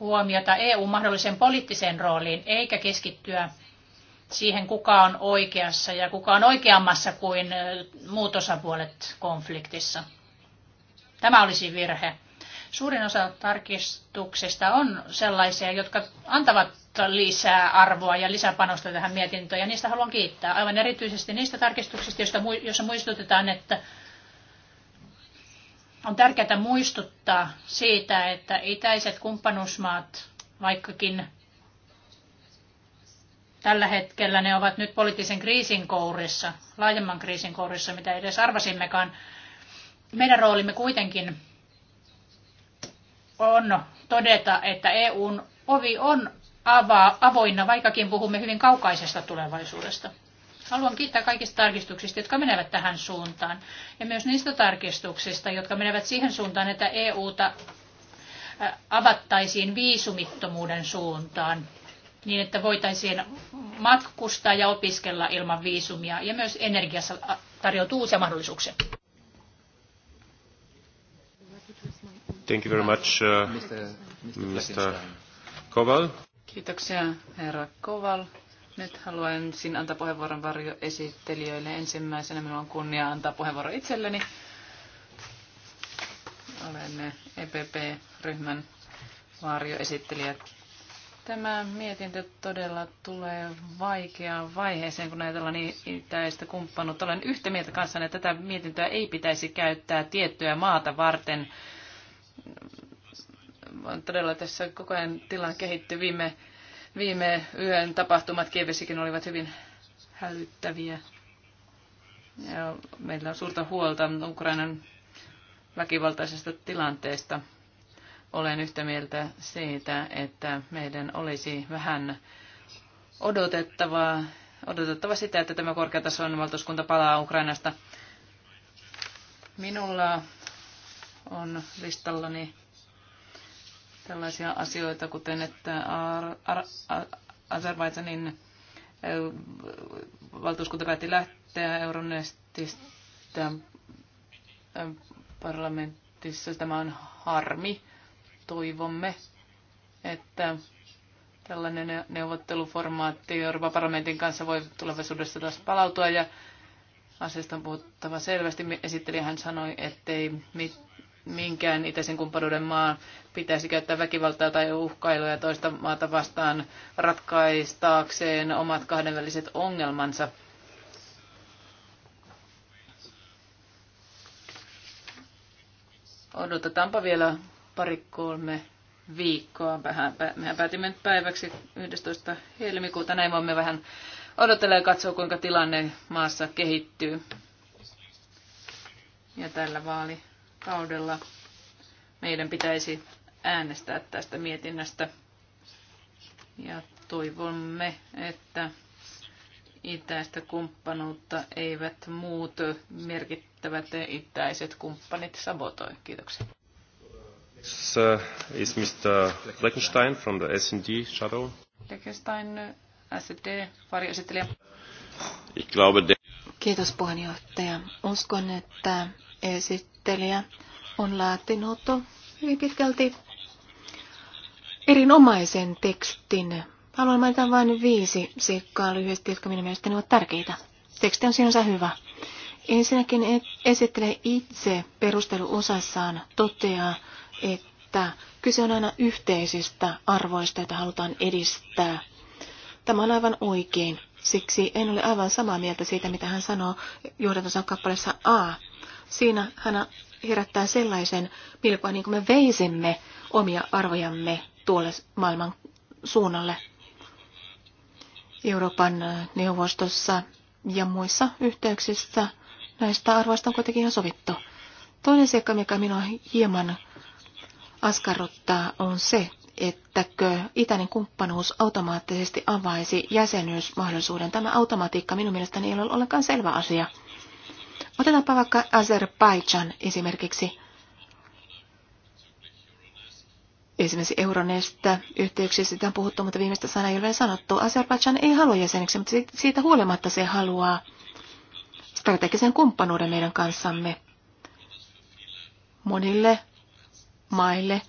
huomiota EU-mahdolliseen poliittiseen rooliin, eikä keskittyä siihen, kuka on oikeassa ja kuka on oikeammassa kuin muut osapuolet konfliktissa. Tämä olisi virhe. Suurin osa tarkistuksista on sellaisia, jotka antavat lisää arvoa ja lisäpanosta tähän mietintöön, ja niistä haluan kiittää. Aivan erityisesti niistä tarkistuksista, joista, joissa muistutetaan, että on tärkeää muistuttaa siitä, että itäiset kumppanuusmaat, vaikkakin tällä hetkellä ne ovat nyt poliittisen kriisin kourissa, laajemman kriisin kourissa, mitä edes arvasimmekaan. Meidän roolimme kuitenkin on todeta, että EUn ovi on avoinna, vaikkakin puhumme hyvin kaukaisesta tulevaisuudesta. Haluan kiittää kaikista tarkistuksista, jotka menevät tähän suuntaan. Ja myös niistä tarkistuksista, jotka menevät siihen suuntaan, että EUta avattaisiin viisumittomuuden suuntaan niin, että voitaisiin matkustaa ja opiskella ilman viisumia. Ja myös energiassa tarjoutuu uusia mahdollisuuksia. Thank you very much, uh, Mr. Koval. Kiitoksia, herra Koval. Nyt haluan haluaisin antaa puheenvuoron varjoesittelijöille. Ensimmäisenä minulla on kunnia antaa puheenvuoro itselleni. Olen EPP-ryhmän varjoesittelijä. Tämä mietintö todella tulee vaikeaan vaiheeseen, kun ajatellaan itäistä kumppanuutta. Olen yhtä mieltä kanssa, että tätä mietintöä ei pitäisi käyttää tiettyä maata varten. Todella tässä koko ajan tilanne kehittyy viime Viime yön tapahtumat Kievessäkin olivat hyvin hälyttäviä. Ja meillä on suurta huolta Ukrainan väkivaltaisesta tilanteesta. Olen yhtä mieltä siitä, että meidän olisi vähän odotettavaa, odotettava sitä, että tämä korkeatason valtuuskunta palaa Ukrainasta. Minulla on listallani sellaisia asioita, kuten että Azerbaidsanin valtuuskunta päätti lähteä Euronestistä parlamentissa. Tämä on harmi. Toivomme, että tällainen neuvotteluformaatti Euroopan parlamentin kanssa voi tulevaisuudessa taas palautua ja asiasta on puhuttava selvästi. Esittelijä hän sanoi, ettei mit, minkään itäisen kumppanuuden maan pitäisi käyttää väkivaltaa tai uhkailuja toista maata vastaan ratkaistaakseen omat kahdenväliset ongelmansa. Odotetaanpa vielä pari kolme viikkoa. Vähän, mehän päätimme nyt päiväksi 11. helmikuuta. Näin voimme vähän odotella ja katsoa, kuinka tilanne maassa kehittyy. Ja tällä vaali kaudella meidän pitäisi äänestää tästä mietinnöstä. Ja toivomme, että itäistä kumppanuutta eivät muut merkittävät itäiset kumppanit sabotoi. Kiitoksia. This uh, is Mr. Fleckenstein from the S&D Shadow. Fleckenstein, SD, varjoesittelijä. Kiitos puheenjohtaja. Uskon, että esit esittelijä on laatinut hyvin pitkälti erinomaisen tekstin. Haluan mainita vain viisi seikkaa lyhyesti, jotka minun mielestäni ovat tärkeitä. Teksti on sinänsä hyvä. Ensinnäkin esittelee itse perusteluosassaan toteaa, että kyse on aina yhteisistä arvoista, joita halutaan edistää. Tämä on aivan oikein. Siksi en ole aivan samaa mieltä siitä, mitä hän sanoo johdatonsa kappaleessa A. Siinä hän herättää sellaisen pilkoa, niin kuin me veisimme omia arvojamme tuolle maailman suunnalle. Euroopan neuvostossa ja muissa yhteyksissä näistä arvoista on kuitenkin ihan sovittu. Toinen seikka, mikä minua hieman askarruttaa, on se, ettäkö itäinen kumppanuus automaattisesti avaisi jäsenyysmahdollisuuden. Tämä automatiikka minun mielestäni ei ole ollenkaan selvä asia. Otetaanpa vaikka Azerbaijan esimerkiksi. Esimerkiksi Euronestä yhteyksissä sitä on puhuttu, mutta viimeistä sanaa ei ole sanottu. Azerbaijan ei halua jäseneksi, mutta siitä huolimatta se haluaa strategisen kumppanuuden meidän kanssamme. Monille maille –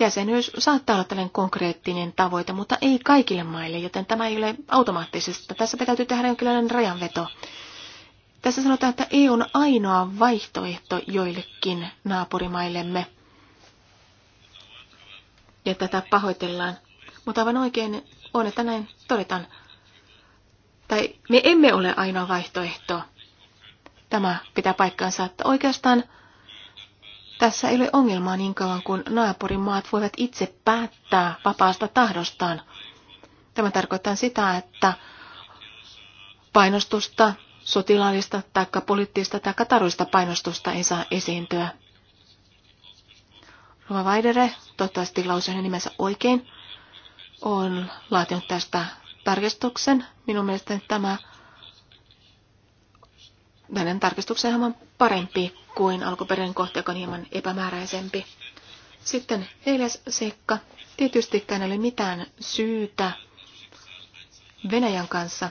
Jäsenyys saattaa olla tällainen konkreettinen tavoite, mutta ei kaikille maille, joten tämä ei ole automaattisesti. Tässä täytyy tehdä jonkinlainen rajanveto. Tässä sanotaan, että EU on ainoa vaihtoehto joillekin naapurimaillemme. Ja tätä pahoitellaan. Mutta aivan oikein on, että näin todetaan. Tai me emme ole ainoa vaihtoehto. Tämä pitää paikkaansa, että oikeastaan tässä ei ole ongelmaa niin kauan kuin maat voivat itse päättää vapaasta tahdostaan. Tämä tarkoittaa sitä, että painostusta, sotilaallista tai poliittista tai taruista painostusta ei saa esiintyä. Rova Vaidere, toivottavasti lausuin nimensä oikein, on laatinut tästä tarkistuksen. Minun mielestäni tämä hänen tarkistuksensa on parempi kuin alkuperäinen kohta, joka on hieman epämääräisempi. Sitten neljäs seikka. Tietysti ei ole mitään syytä Venäjän kanssa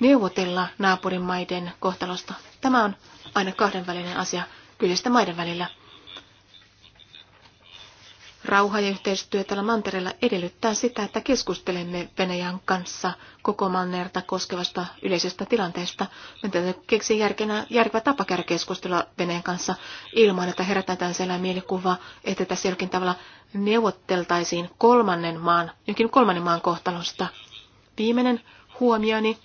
neuvotella naapurimaiden kohtalosta. Tämä on aina kahdenvälinen asia kyseistä maiden välillä. Rauha ja yhteistyö tällä mantereella edellyttää sitä, että keskustelemme Venäjän kanssa koko mannerta koskevasta yleisestä tilanteesta. Me täytyy keksiä järkenä, järkevä tapa käydä keskustelua Venäjän kanssa ilman, että herätetään sellainen mielikuva, että tässä jokin tavalla neuvotteltaisiin kolmannen maan, jokin kolmannen maan kohtalosta. Viimeinen huomioni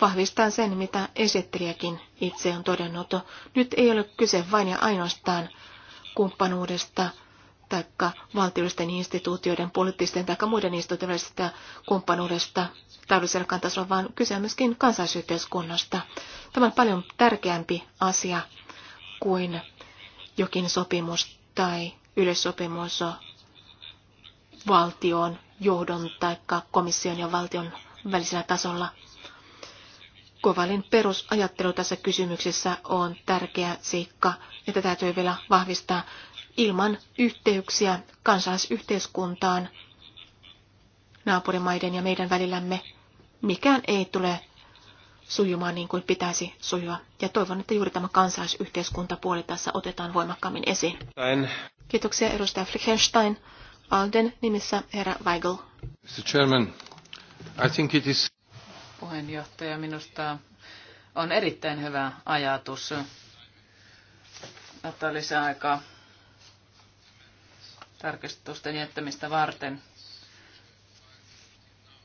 vahvistaa sen, mitä esittelijäkin itse on todennut. Nyt ei ole kyse vain ja ainoastaan kumppanuudesta – tai valtiollisten instituutioiden, poliittisten tai muiden instituutioiden kumppanuudesta taloudellisella kantasolla, vaan kyse on myöskin kansalaisyhteiskunnasta. Tämä on paljon tärkeämpi asia kuin jokin sopimus tai yleissopimus valtion johdon tai komission ja valtion välisellä tasolla. Kovalin perusajattelu tässä kysymyksessä on tärkeä seikka, että täytyy vielä vahvistaa ilman yhteyksiä kansalaisyhteiskuntaan naapurimaiden ja meidän välillämme. Mikään ei tule sujumaan niin kuin pitäisi sujua. Ja toivon, että juuri tämä kansalaisyhteiskuntapuoli tässä otetaan voimakkaammin esiin. Stein. Kiitoksia edustaja Flickenstein. Alden nimissä herra Weigel. Mr. Chairman, I think it is... Puheenjohtaja, minusta on erittäin hyvä ajatus ottaa lisää aikaa tarkistusten jättämistä varten.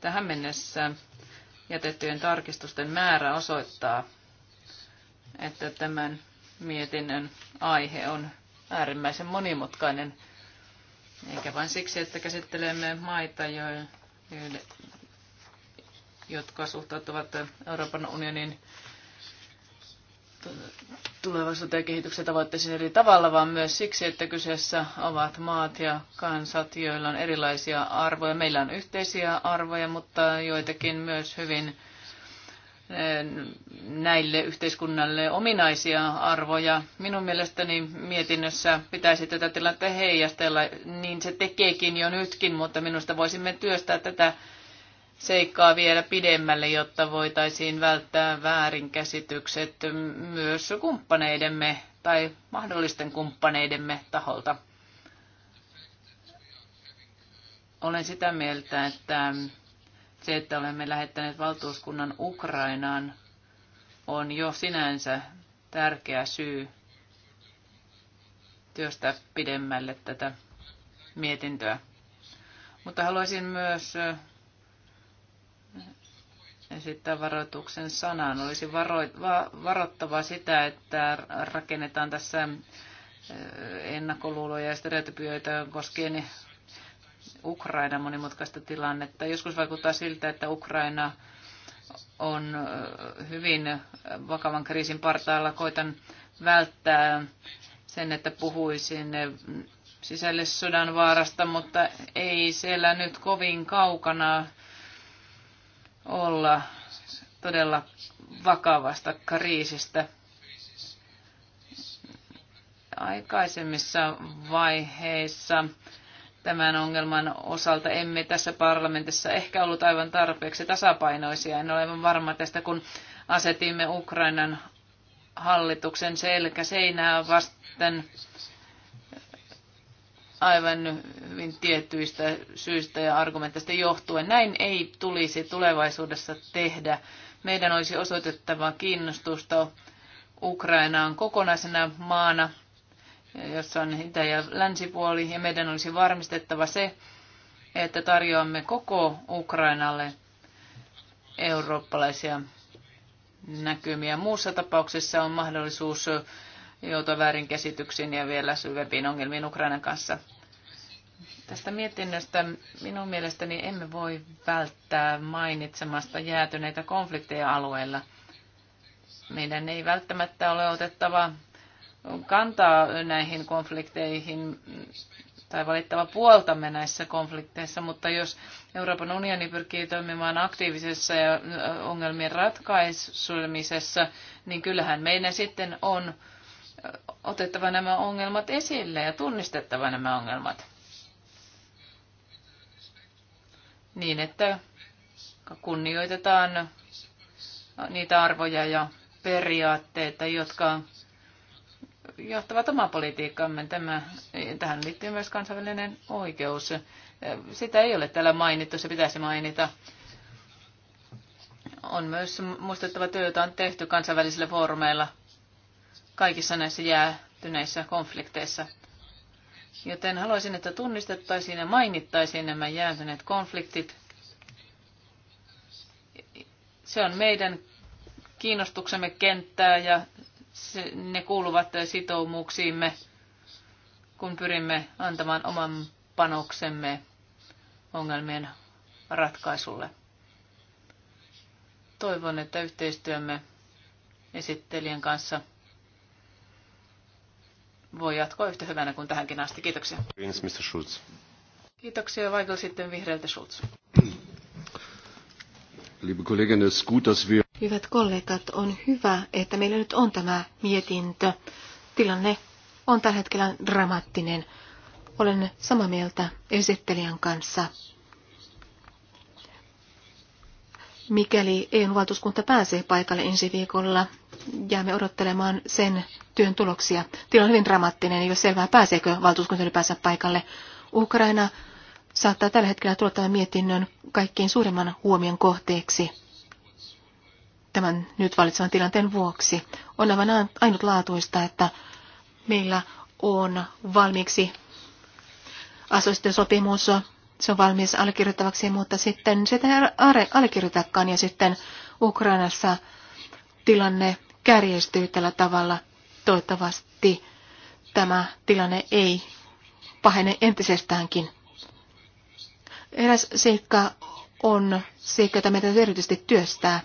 Tähän mennessä jätettyjen tarkistusten määrä osoittaa, että tämän mietinnön aihe on äärimmäisen monimutkainen, eikä vain siksi, että käsittelemme maita, joille, jotka suhtautuvat Euroopan unionin tulevaisuuteen ja kehityksen tavoitteisiin eri tavalla, vaan myös siksi, että kyseessä ovat maat ja kansat, joilla on erilaisia arvoja. Meillä on yhteisiä arvoja, mutta joitakin myös hyvin eh, näille yhteiskunnalle ominaisia arvoja. Minun mielestäni mietinnössä pitäisi tätä tilannetta heijastella, niin se tekeekin jo nytkin, mutta minusta voisimme työstää tätä seikkaa vielä pidemmälle, jotta voitaisiin välttää väärinkäsitykset myös kumppaneidemme tai mahdollisten kumppaneidemme taholta. Olen sitä mieltä, että se, että olemme lähettäneet valtuuskunnan Ukrainaan, on jo sinänsä tärkeä syy työstää pidemmälle tätä mietintöä. Mutta haluaisin myös esittää varoituksen sanan. Olisi varo, va, varottava sitä, että rakennetaan tässä ennakkoluuloja ja stereotypioita koskien Ukraina monimutkaista tilannetta. Joskus vaikuttaa siltä, että Ukraina on hyvin vakavan kriisin partaalla. Koitan välttää sen, että puhuisin sisällissodan vaarasta, mutta ei siellä nyt kovin kaukana olla todella vakavasta kriisistä. Aikaisemmissa vaiheissa tämän ongelman osalta emme tässä parlamentissa ehkä ollut aivan tarpeeksi tasapainoisia. En ole aivan varma tästä, kun asetimme Ukrainan hallituksen selkä seinää vasten aivan hyvin tietyistä syistä ja argumenteista johtuen. Näin ei tulisi tulevaisuudessa tehdä. Meidän olisi osoitettava kiinnostusta Ukrainaan kokonaisena maana, jossa on itä- ja länsipuoli, ja meidän olisi varmistettava se, että tarjoamme koko Ukrainalle eurooppalaisia näkymiä. Muussa tapauksessa on mahdollisuus joutua väärinkäsityksiin ja vielä syvempiin ongelmiin Ukrainan kanssa. Tästä mietinnöstä minun mielestäni emme voi välttää mainitsemasta jäätyneitä konflikteja alueella. Meidän ei välttämättä ole otettava kantaa näihin konflikteihin tai valittava puoltamme näissä konflikteissa, mutta jos Euroopan unioni pyrkii toimimaan aktiivisessa ja ongelmien ratkaisemisessa, niin kyllähän meidän sitten on otettava nämä ongelmat esille ja tunnistettava nämä ongelmat. Niin, että kunnioitetaan niitä arvoja ja periaatteita, jotka johtavat omaa politiikkaamme. Tämä, tähän liittyy myös kansainvälinen oikeus. Sitä ei ole täällä mainittu, se pitäisi mainita. On myös muistettava työ, jota on tehty kansainvälisillä foorumeilla kaikissa näissä jäätyneissä konflikteissa. Joten haluaisin, että tunnistettaisiin ja mainittaisiin nämä jäätyneet konfliktit. Se on meidän kiinnostuksemme kenttää ja se, ne kuuluvat sitoumuksiimme, kun pyrimme antamaan oman panoksemme ongelmien ratkaisulle. Toivon, että yhteistyömme esittelijän kanssa – voi jatkoa yhtä hyvänä kuin tähänkin asti. Kiitoksia. Mr. Schulz. Kiitoksia. Vaikka sitten vihreältä Schulz. Liebe es gut, dass wir... Hyvät kollegat, on hyvä, että meillä nyt on tämä mietintö. Tilanne on tällä hetkellä dramaattinen. Olen samaa mieltä esittelijän kanssa. Mikäli eu valtuuskunta pääsee paikalle ensi viikolla, jäämme odottelemaan sen työn tuloksia. Tila on hyvin dramaattinen, ei ole selvää pääseekö valtuuskunta ylipäänsä paikalle. Ukraina saattaa tällä hetkellä tulla tämän mietinnön kaikkein suurimman huomion kohteeksi tämän nyt valitsevan tilanteen vuoksi. On aivan ainutlaatuista, että meillä on valmiiksi sopimus, se on valmis allekirjoittavaksi, mutta sitten sitä ei allekirjoitakaan ja sitten Ukrainassa tilanne kärjestyy tällä tavalla. Toivottavasti tämä tilanne ei pahene entisestäänkin. Eräs seikka on seikka, jota meitä erityisesti työstää.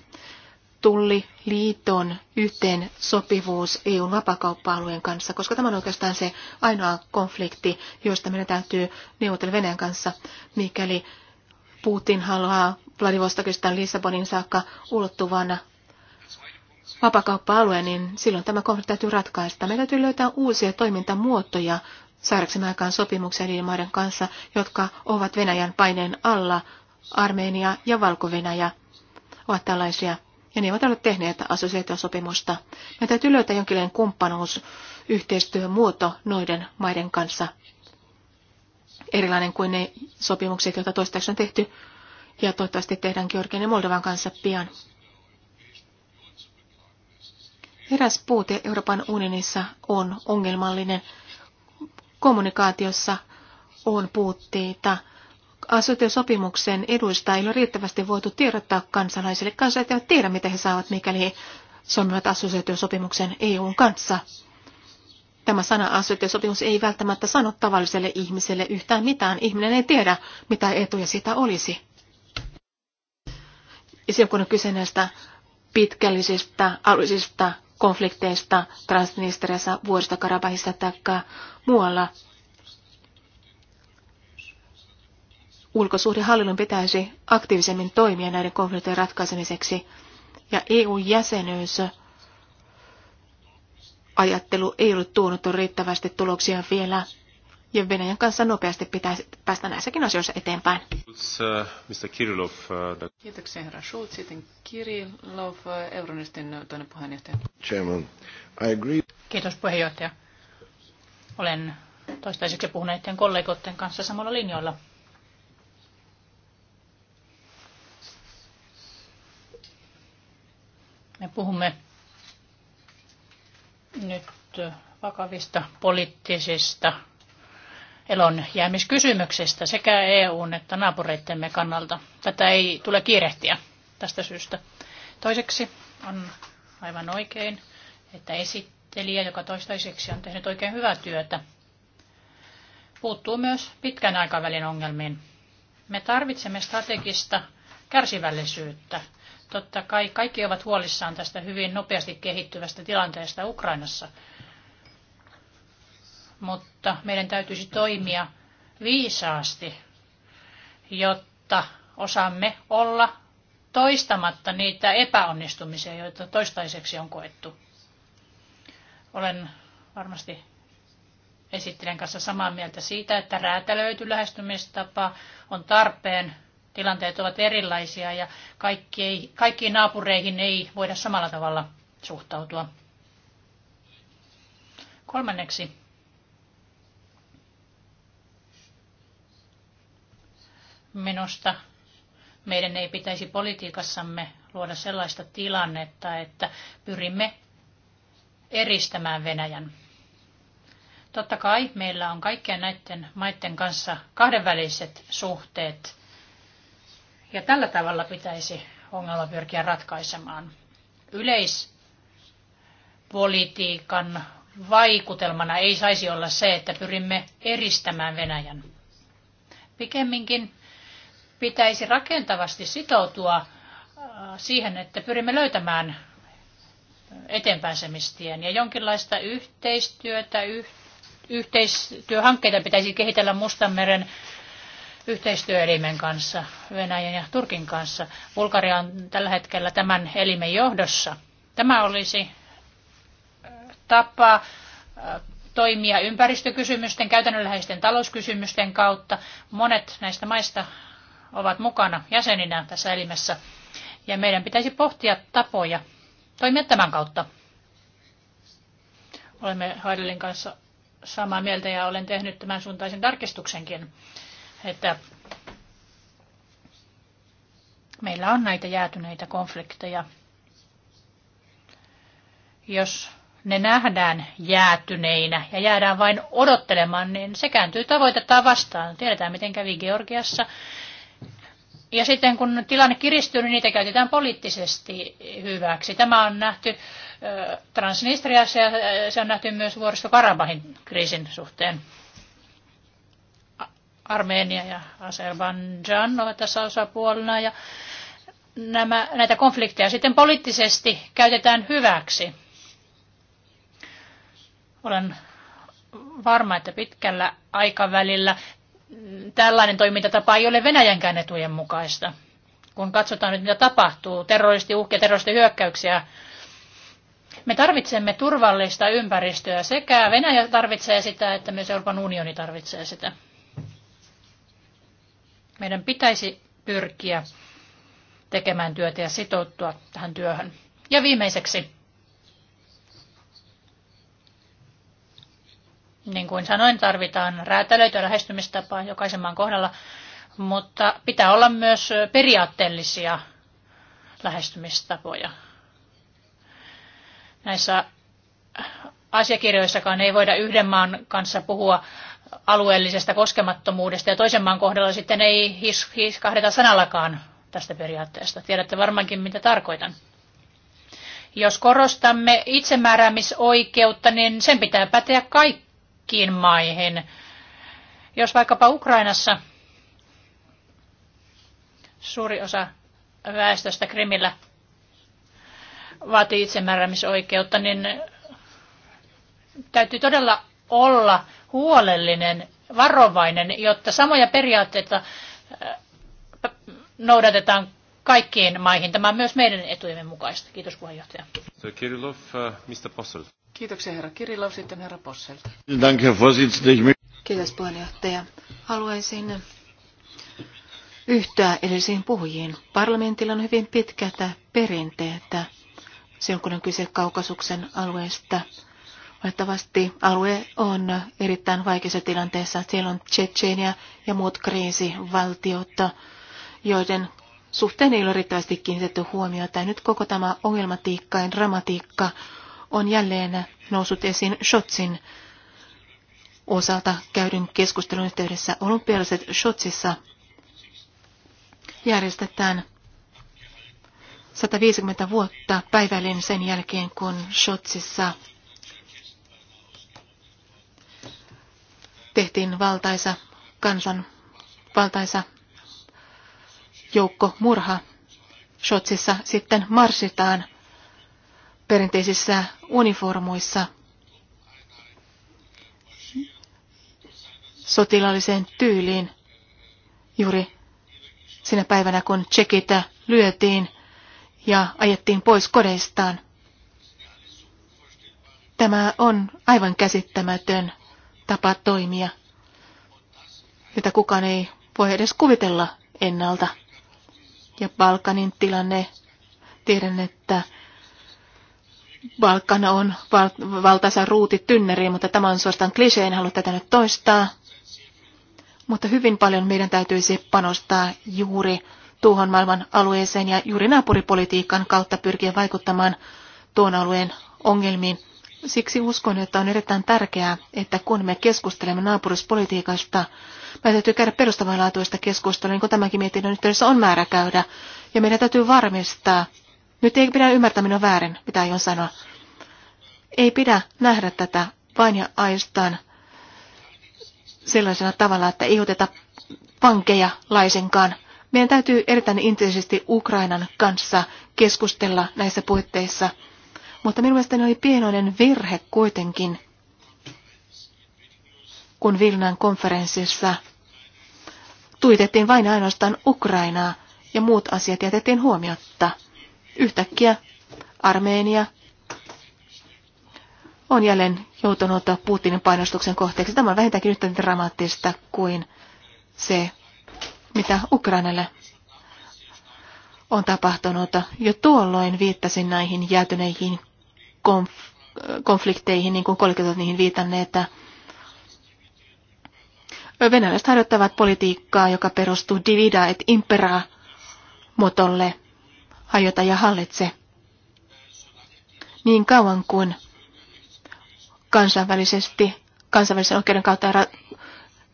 liiton yhteen sopivuus EUn vapakauppa-alueen kanssa, koska tämä on oikeastaan se ainoa konflikti, josta meidän täytyy neuvotella Venäjän kanssa, mikäli Putin haluaa Vladivostokista Lissabonin saakka ulottuvana vapakauppa-alue, niin silloin tämä konflikti täytyy ratkaista. Meidän täytyy löytää uusia toimintamuotoja saadaksemme aikaan sopimuksia niiden maiden kanssa, jotka ovat Venäjän paineen alla. Armenia ja valko ovat tällaisia, ja ne eivät ole tehneet asosiaatiosopimusta. Meidän täytyy löytää jonkinlainen kumppanuus, yhteistyömuoto noiden maiden kanssa, erilainen kuin ne sopimukset, joita toistaiseksi on tehty, ja toivottavasti tehdään Georgian ja Moldovan kanssa pian. Eräs puute Euroopan unionissa on ongelmallinen. Kommunikaatiossa on puutteita. Asuntosopimuksen eduista ei ole riittävästi voitu tiedottaa kansalaisille. Kansalaiset eivät tiedä, mitä he saavat, mikäli he solmivat asuntosopimuksen EUn kanssa. Tämä sana asuntosopimus ei välttämättä sano tavalliselle ihmiselle yhtään mitään. Ihminen ei tiedä, mitä etuja siitä olisi. Ja silloin kun on kyse näistä pitkällisistä, alueellisista konflikteista Transnistriassa, vuodesta Karabahissa tai muualla. Ulkosuhdehallinnon pitäisi aktiivisemmin toimia näiden konfliktien ratkaisemiseksi, ja EU-jäsenyys ajattelu ei ollut tuonut riittävästi tuloksia vielä ja Venäjän kanssa nopeasti pitäisi päästä näissäkin asioissa eteenpäin. Äh, äh, Kiitoksia herra Schulz. Sitten Kirillov, äh, Euronistin toinen puheenjohtaja. Chairman, I agree. Kiitos puheenjohtaja. Olen toistaiseksi puhuneiden kollegoiden kanssa samalla linjoilla. Me puhumme nyt vakavista poliittisista elon jäämiskysymyksestä sekä EUn että naapureittemme kannalta. Tätä ei tule kiirehtiä tästä syystä. Toiseksi on aivan oikein, että esittelijä, joka toistaiseksi on tehnyt oikein hyvää työtä, puuttuu myös pitkän aikavälin ongelmiin. Me tarvitsemme strategista kärsivällisyyttä. Totta kai kaikki ovat huolissaan tästä hyvin nopeasti kehittyvästä tilanteesta Ukrainassa – mutta meidän täytyisi toimia viisaasti, jotta osaamme olla toistamatta niitä epäonnistumisia, joita toistaiseksi on koettu. Olen varmasti esittelen kanssa samaa mieltä siitä, että räätälöity lähestymistapa on tarpeen. Tilanteet ovat erilaisia ja kaikki ei, kaikkiin naapureihin ei voida samalla tavalla suhtautua. Kolmanneksi Minusta meidän ei pitäisi politiikassamme luoda sellaista tilannetta, että pyrimme eristämään Venäjän. Totta kai meillä on kaikkien näiden maiden kanssa kahdenväliset suhteet, ja tällä tavalla pitäisi ongelma pyrkiä ratkaisemaan. Yleispolitiikan vaikutelmana ei saisi olla se, että pyrimme eristämään Venäjän. Pikemminkin pitäisi rakentavasti sitoutua äh, siihen, että pyrimme löytämään eteenpääsemistien ja jonkinlaista yhteistyötä, yh, yhteistyöhankkeita pitäisi kehitellä Mustanmeren yhteistyöelimen kanssa, Venäjän ja Turkin kanssa. Bulgaria on tällä hetkellä tämän elimen johdossa. Tämä olisi äh, tapa äh, toimia ympäristökysymysten, käytännönläheisten talouskysymysten kautta. Monet näistä maista ovat mukana jäseninä tässä elimessä. Ja meidän pitäisi pohtia tapoja toimia tämän kautta. Olemme Haidelin kanssa samaa mieltä ja olen tehnyt tämän suuntaisen tarkistuksenkin, että meillä on näitä jäätyneitä konflikteja. Jos ne nähdään jäätyneinä ja jäädään vain odottelemaan, niin se kääntyy tavoitetta vastaan. Tiedetään, miten kävi Georgiassa ja sitten kun tilanne kiristyy, niin niitä käytetään poliittisesti hyväksi. Tämä on nähty Transnistriassa ja se on nähty myös vuoristo Karabahin kriisin suhteen. Armenia ja Azerbaijan ovat tässä osapuolena ja nämä, näitä konflikteja sitten poliittisesti käytetään hyväksi. Olen varma, että pitkällä aikavälillä tällainen toimintatapa ei ole Venäjänkään etujen mukaista. Kun katsotaan nyt, mitä tapahtuu, terroristi terroristihyökkäyksiä, me tarvitsemme turvallista ympäristöä. Sekä Venäjä tarvitsee sitä, että myös Euroopan unioni tarvitsee sitä. Meidän pitäisi pyrkiä tekemään työtä ja sitouttua tähän työhön. Ja viimeiseksi Niin kuin sanoin, tarvitaan räätälöityä lähestymistapaa jokaisen maan kohdalla, mutta pitää olla myös periaatteellisia lähestymistapoja. Näissä asiakirjoissakaan ei voida yhden maan kanssa puhua alueellisesta koskemattomuudesta ja toisen maan kohdalla sitten ei his, hiskahdeta sanallakaan tästä periaatteesta. Tiedätte varmaankin, mitä tarkoitan. Jos korostamme itsemääräämisoikeutta, niin sen pitää päteä kaikki muihinkin maihin. Jos vaikkapa Ukrainassa suuri osa väestöstä Krimillä vaatii itsemääräämisoikeutta, niin täytyy todella olla huolellinen, varovainen, jotta samoja periaatteita äh, noudatetaan kaikkiin maihin. Tämä on myös meidän etujemme mukaista. Kiitos puheenjohtaja. Kirillov, uh, äh, Mr. Kiitoksia herra Kirillau, sitten herra Posselta. Kiitos puheenjohtaja. Haluaisin yhtyä edellisiin puhujiin. Parlamentilla on hyvin pitkätä perinteetä silloin, kun on kyse kaukasuksen alueesta. Valitettavasti alue on erittäin vaikeassa tilanteessa. Siellä on Tsetseenia ja muut kriisivaltiot, joiden suhteen ei ole riittävästi kiinnitetty huomiota. Ja nyt koko tämä ongelmatiikka ja dramatiikka on jälleen noussut esiin Shotsin osalta käydyn keskustelun yhteydessä. Olympialaiset Shotsissa järjestetään 150 vuotta päivällinen sen jälkeen, kun Shotsissa tehtiin valtaisa kansan valtaisa joukko murha. Shotsissa sitten marssitaan perinteisissä uniformuissa sotilaalliseen tyyliin juuri sinä päivänä, kun tsekitä lyötiin ja ajettiin pois kodeistaan. Tämä on aivan käsittämätön tapa toimia, jota kukaan ei voi edes kuvitella ennalta. Ja Balkanin tilanne, tiedän, että Valkkana on val- valtaisa ruuti tynneriin, mutta tämä on suorastaan klisee, en halua tätä nyt toistaa. Mutta hyvin paljon meidän täytyisi panostaa juuri tuohon maailman alueeseen ja juuri naapuripolitiikan kautta pyrkiä vaikuttamaan tuon alueen ongelmiin. Siksi uskon, että on erittäin tärkeää, että kun me keskustelemme naapuruspolitiikasta, meidän täytyy käydä perustavanlaatuista keskustelua, niin kuin tämäkin mietinnön yhteydessä on määrä käydä. Ja meidän täytyy varmistaa, nyt ei pidä ymmärtää minua väärin, mitä aion sanoa. Ei pidä nähdä tätä vain ja aistaan sellaisena tavalla, että ei oteta vankeja laisenkaan. Meidän täytyy erittäin intensiivisesti Ukrainan kanssa keskustella näissä puitteissa. Mutta minun mielestäni oli pienoinen virhe kuitenkin, kun Vilnan konferenssissa tuitettiin vain ainoastaan Ukrainaa ja muut asiat jätettiin huomiotta. Yhtäkkiä Armeenia on jälleen joutunut Putinin painostuksen kohteeksi. Tämä on vähintäänkin yhtä dramaattista kuin se, mitä Ukrainalle on tapahtunut. Jo tuolloin viittasin näihin jäätyneihin konf- konflikteihin, niin kuin kollegat niihin viitanneet, että venäläiset harjoittavat politiikkaa, joka perustuu divida et impera motolle hajota ja hallitse. Niin kauan kuin kansainvälisesti, kansainvälisen oikeuden kautta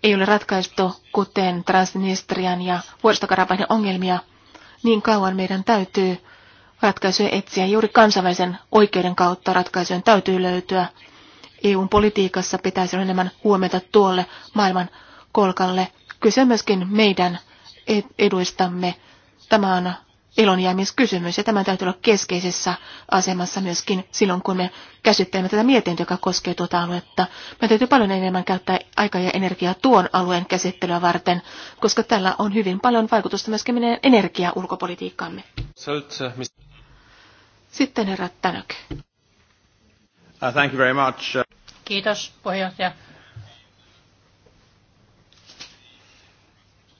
ei ole ratkaistu, kuten Transnistrian ja vuoristokarapainen ongelmia, niin kauan meidän täytyy ratkaisuja etsiä. Juuri kansainvälisen oikeuden kautta ratkaisujen täytyy löytyä. EUn politiikassa pitäisi olla enemmän huomiota tuolle maailman kolkalle. Kyse myöskin meidän e- eduistamme. Tämä on ilonjäämiskysymys, ja tämän täytyy olla keskeisessä asemassa myöskin silloin, kun me käsittelemme tätä mietintöä, joka koskee tuota aluetta. Me täytyy paljon enemmän käyttää aikaa ja energiaa tuon alueen käsittelyä varten, koska tällä on hyvin paljon vaikutusta myöskin meidän energiaa ulkopolitiikkaamme. Sitten herra Tänök. Uh, thank you very much. Kiitos puheenjohtaja.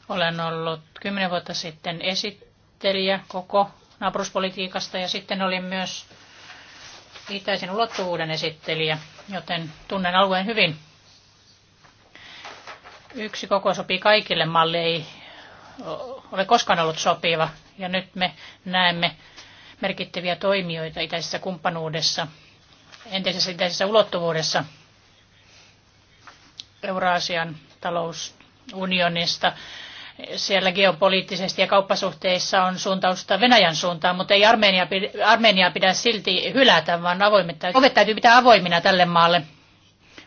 Olen ollut kymmenen vuotta sitten esittänyt esittelijä koko naapuruspolitiikasta ja sitten olin myös itäisen ulottuvuuden esittelijä, joten tunnen alueen hyvin. Yksi koko sopii kaikille malli ei ole koskaan ollut sopiva ja nyt me näemme merkittäviä toimijoita itäisessä kumppanuudessa, entisessä itäisessä ulottuvuudessa Euraasian talousunionista siellä geopoliittisesti ja kauppasuhteissa on suuntausta Venäjän suuntaan, mutta ei Armenia, Armenia pidä silti hylätä, vaan avoimet, ovet täytyy pitää avoimina tälle maalle,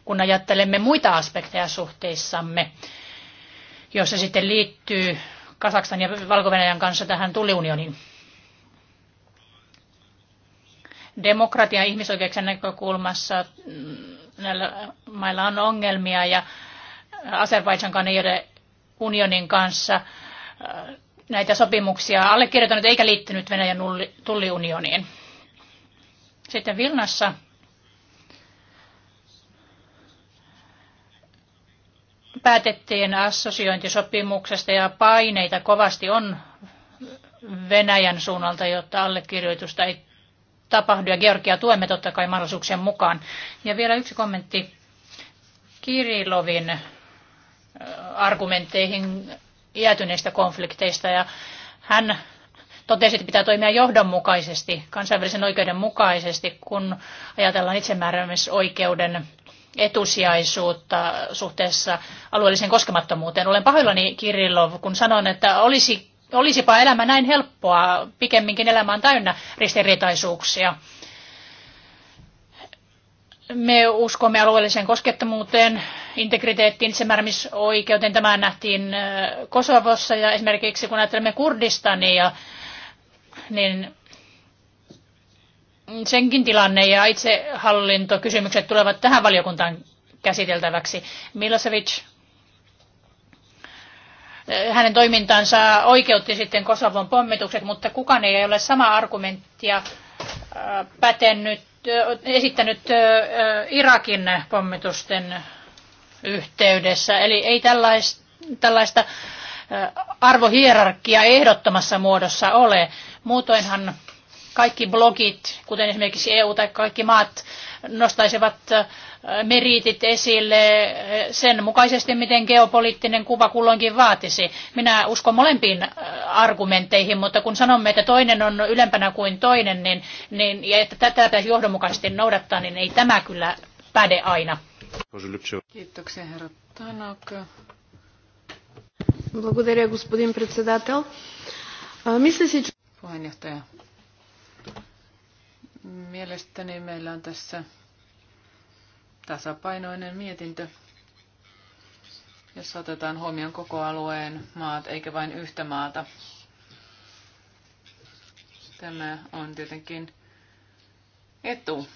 kun ajattelemme muita aspekteja suhteissamme, jos se sitten liittyy Kasakstan ja valko kanssa tähän tuliunioniin. Demokratia- ja ihmisoikeuksien näkökulmassa mm, näillä mailla on ongelmia ja Azerbaidsankaan ei ole unionin kanssa äh, näitä sopimuksia allekirjoittanut eikä liittynyt Venäjän tulliunioniin. Sitten Vilnassa päätettiin assosiointisopimuksesta ja paineita kovasti on Venäjän suunnalta, jotta allekirjoitusta ei tapahdu ja Georgia tuemme totta kai mahdollisuuksien mukaan. Ja vielä yksi kommentti Kirilovin argumentteihin jäätyneistä konflikteista ja hän totesi, että pitää toimia johdonmukaisesti, kansainvälisen oikeuden mukaisesti, kun ajatellaan itsemääräämisoikeuden etusijaisuutta suhteessa alueelliseen koskemattomuuteen. Olen pahoillani Kirillov, kun sanon, että olisi, olisipa elämä näin helppoa, pikemminkin elämä on täynnä ristiriitaisuuksia. Me uskomme alueelliseen koskettomuuteen, integriteettiin, itsemääräämisoikeuteen. Tämä nähtiin Kosovossa ja esimerkiksi kun ajattelemme Kurdistania, niin senkin tilanne ja itsehallintokysymykset tulevat tähän valiokuntaan käsiteltäväksi. Milosevic, hänen toimintansa oikeutti sitten Kosovon pommitukset, mutta kukaan ei ole sama argumenttia pätennyt esittänyt Irakin pommitusten yhteydessä. Eli ei tällaista, arvohierarkia ehdottomassa muodossa ole. Muutoinhan kaikki blogit, kuten esimerkiksi EU tai kaikki maat, nostaisivat meriitit esille sen mukaisesti, miten geopoliittinen kuva kulloinkin vaatisi. Minä uskon molempiin äh, argumentteihin, mutta kun sanomme, että toinen on ylempänä kuin toinen, niin, niin ja että tätä pitäisi johdonmukaisesti noudattaa, niin ei tämä kyllä päde aina. Kiitoksia herra Tanaka. Благодаря, господин председател. Мисля си, че... Puheenjohtaja. Mielestäni tasapainoinen mietintö, jossa otetaan huomioon koko alueen maat eikä vain yhtä maata. Tämä on tietenkin etu.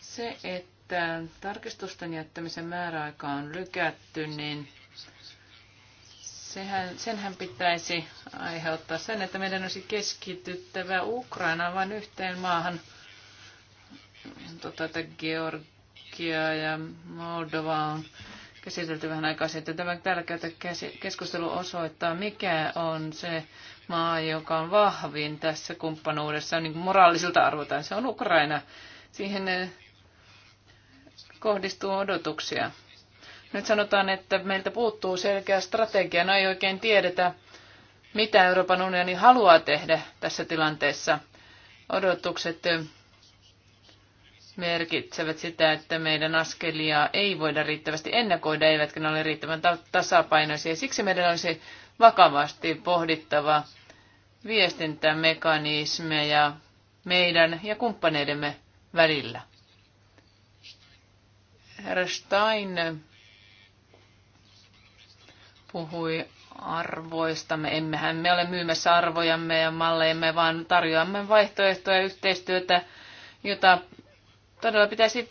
Se, että tarkistusten jättämisen määräaika on lykätty, niin sehän, senhän pitäisi aiheuttaa sen, että meidän olisi keskityttävä Ukrainaan vain yhteen maahan – tuota, että Georgia ja Moldova on käsitelty vähän aikaa sitten. Tämä tärkeä keskustelu osoittaa, mikä on se maa, joka on vahvin tässä kumppanuudessa niin moraalisilta arvotaan. Se on Ukraina. Siihen eh, kohdistuu odotuksia. Nyt sanotaan, että meiltä puuttuu selkeä strategia. No ei oikein tiedetä, mitä Euroopan unioni haluaa tehdä tässä tilanteessa. Odotukset eh, merkitsevät sitä, että meidän askelia ei voida riittävästi ennakoida, eivätkä ne ole riittävän tasapainoisia. Siksi meidän olisi vakavasti pohdittava viestintämekanismeja meidän ja kumppaneidemme välillä. Herr Stein puhui arvoistamme. Emmehän me ole myymässä arvojamme ja mallejamme, vaan tarjoamme vaihtoehtoja yhteistyötä, jota todella pitäisi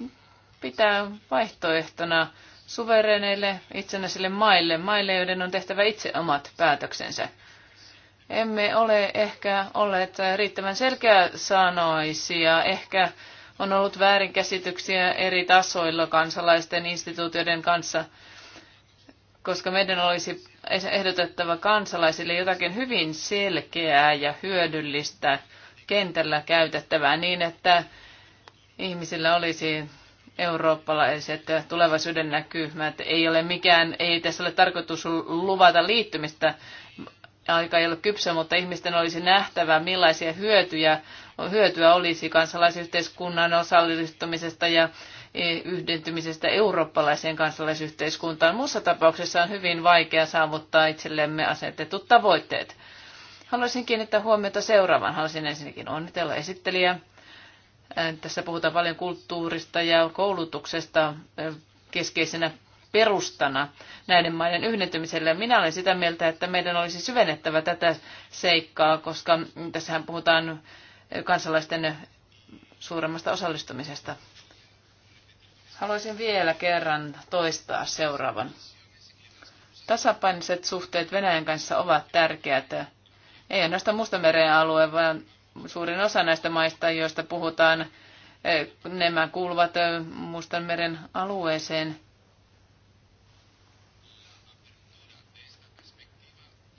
pitää vaihtoehtona suvereneille itsenäisille maille, maille, joiden on tehtävä itse omat päätöksensä. Emme ole ehkä olleet riittävän sanoisia, ehkä on ollut väärinkäsityksiä eri tasoilla kansalaisten instituutioiden kanssa, koska meidän olisi ehdotettava kansalaisille jotakin hyvin selkeää ja hyödyllistä kentällä käytettävää niin, että ihmisillä olisi eurooppalaiset tulevaisuuden näkymät. Ei ole mikään, ei tässä ole tarkoitus luvata liittymistä. Aika ei ole kypsä, mutta ihmisten olisi nähtävä, millaisia hyötyjä, hyötyä olisi kansalaisyhteiskunnan osallistumisesta ja e, yhdentymisestä eurooppalaiseen kansalaisyhteiskuntaan. Muussa tapauksessa on hyvin vaikea saavuttaa itsellemme asetetut tavoitteet. Haluaisin kiinnittää huomiota seuraavaan. Haluaisin ensinnäkin onnitella esittelijää tässä puhutaan paljon kulttuurista ja koulutuksesta keskeisenä perustana näiden maiden yhdentymiselle. Minä olen sitä mieltä, että meidän olisi syvennettävä tätä seikkaa, koska tässähän puhutaan kansalaisten suuremmasta osallistumisesta. Haluaisin vielä kerran toistaa seuraavan. Tasapainoiset suhteet Venäjän kanssa ovat tärkeät. Ei ainoastaan Mustameren alue, vaan Suurin osa näistä maista, joista puhutaan, eh, nämä kuuluvat eh, Mustanmeren alueeseen.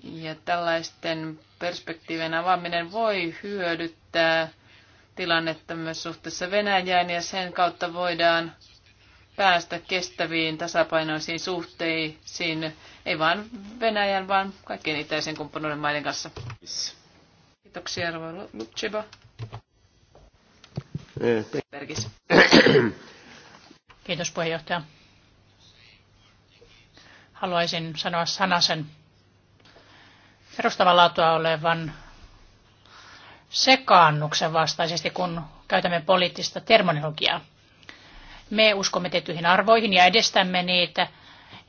Ja tällaisten perspektiivien avaaminen voi hyödyttää tilannetta myös suhteessa Venäjään ja sen kautta voidaan päästä kestäviin tasapainoisiin suhteisiin, ei vain Venäjän, vaan kaikkien itäisen kumppanuuden maiden kanssa. Kiitoksia, Rova Lutcheba. Kiitos puheenjohtaja. Haluaisin sanoa sanasen perustavanlaatua olevan sekaannuksen vastaisesti, kun käytämme poliittista terminologiaa. Me uskomme tiettyihin arvoihin ja edestämme niitä.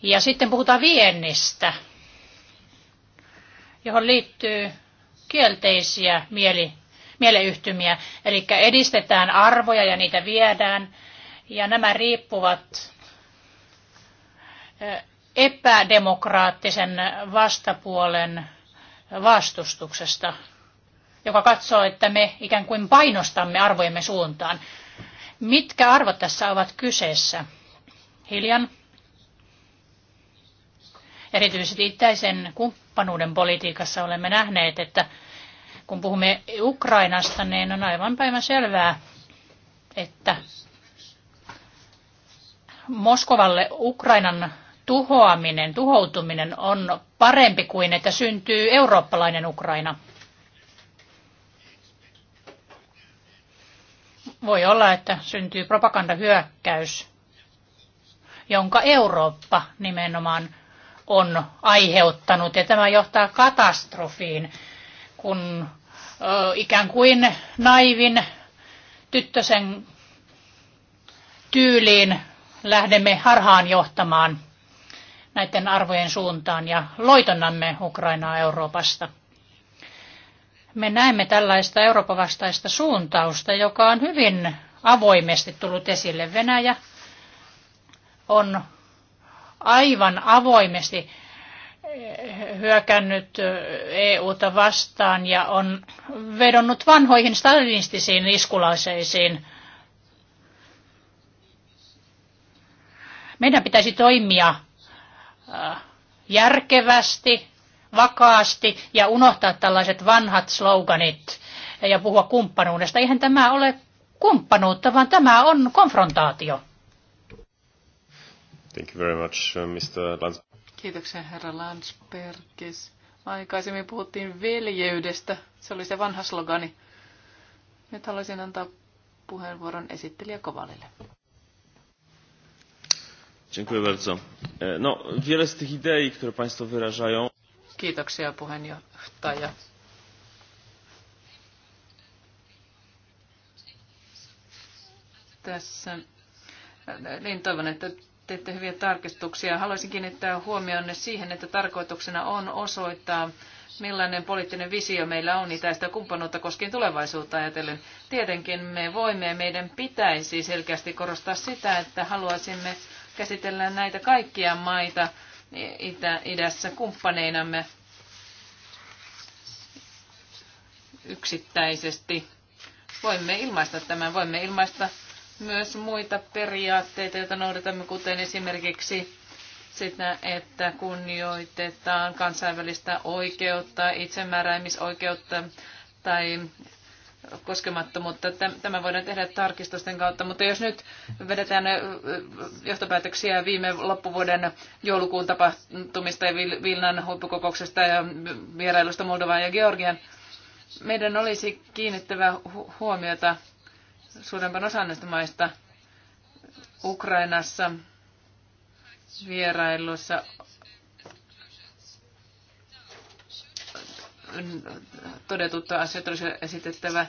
Ja sitten puhutaan viennistä, johon liittyy kielteisiä mieli, mieleyhtymiä, eli edistetään arvoja ja niitä viedään, ja nämä riippuvat epädemokraattisen vastapuolen vastustuksesta, joka katsoo, että me ikään kuin painostamme arvojemme suuntaan. Mitkä arvot tässä ovat kyseessä? Hiljan Erityisesti itäisen kumppanuuden politiikassa olemme nähneet, että kun puhumme Ukrainasta, niin on aivan päivän selvää, että Moskovalle Ukrainan tuhoaminen, tuhoutuminen on parempi kuin että syntyy eurooppalainen Ukraina. Voi olla, että syntyy propagandahyökkäys, jonka Eurooppa nimenomaan on aiheuttanut. Ja tämä johtaa katastrofiin, kun ö, ikään kuin naivin tyttösen tyyliin lähdemme harhaan johtamaan näiden arvojen suuntaan ja loitonnamme Ukrainaa Euroopasta. Me näemme tällaista Euroopan vastaista suuntausta, joka on hyvin avoimesti tullut esille. Venäjä on aivan avoimesti hyökännyt EUta vastaan ja on vedonnut vanhoihin stalinistisiin iskulaseisiin. Meidän pitäisi toimia järkevästi, vakaasti ja unohtaa tällaiset vanhat sloganit ja puhua kumppanuudesta. Eihän tämä ole kumppanuutta, vaan tämä on konfrontaatio. Thank you very much, uh, Mr. Kiitoksia, herra Landsbergis. Aikaisemmin puhuttiin veljeydestä. Se oli se vanha slogani. Nyt haluaisin antaa puheenvuoron esittelijä Kovalille. Dziękuję bardzo. E, no, wiele z tych idei, które Państwo wyrażają. Kiitoksia puheenjohtaja. Tässä. Niin toivon, että teette hyviä tarkistuksia. Haluaisin kiinnittää huomionne siihen, että tarkoituksena on osoittaa, millainen poliittinen visio meillä on itäistä kumppanuutta koskien tulevaisuutta ajatellen. Tietenkin me voimme ja meidän pitäisi selkeästi korostaa sitä, että haluaisimme käsitellä näitä kaikkia maita itä, idässä kumppaneinamme yksittäisesti. Voimme ilmaista tämän, voimme ilmaista myös muita periaatteita, joita noudatamme, kuten esimerkiksi sitä, että kunnioitetaan kansainvälistä oikeutta, itsemääräämisoikeutta tai koskemattomuutta. Tämä voidaan tehdä tarkistusten kautta, mutta jos nyt vedetään johtopäätöksiä viime loppuvuoden joulukuun tapahtumista ja Vilnan huippukokouksesta ja vierailusta Moldovaan ja Georgian, meidän olisi kiinnittävä huomiota suurempan osan näistä maista Ukrainassa vierailussa todetut asiat olisi esitettävä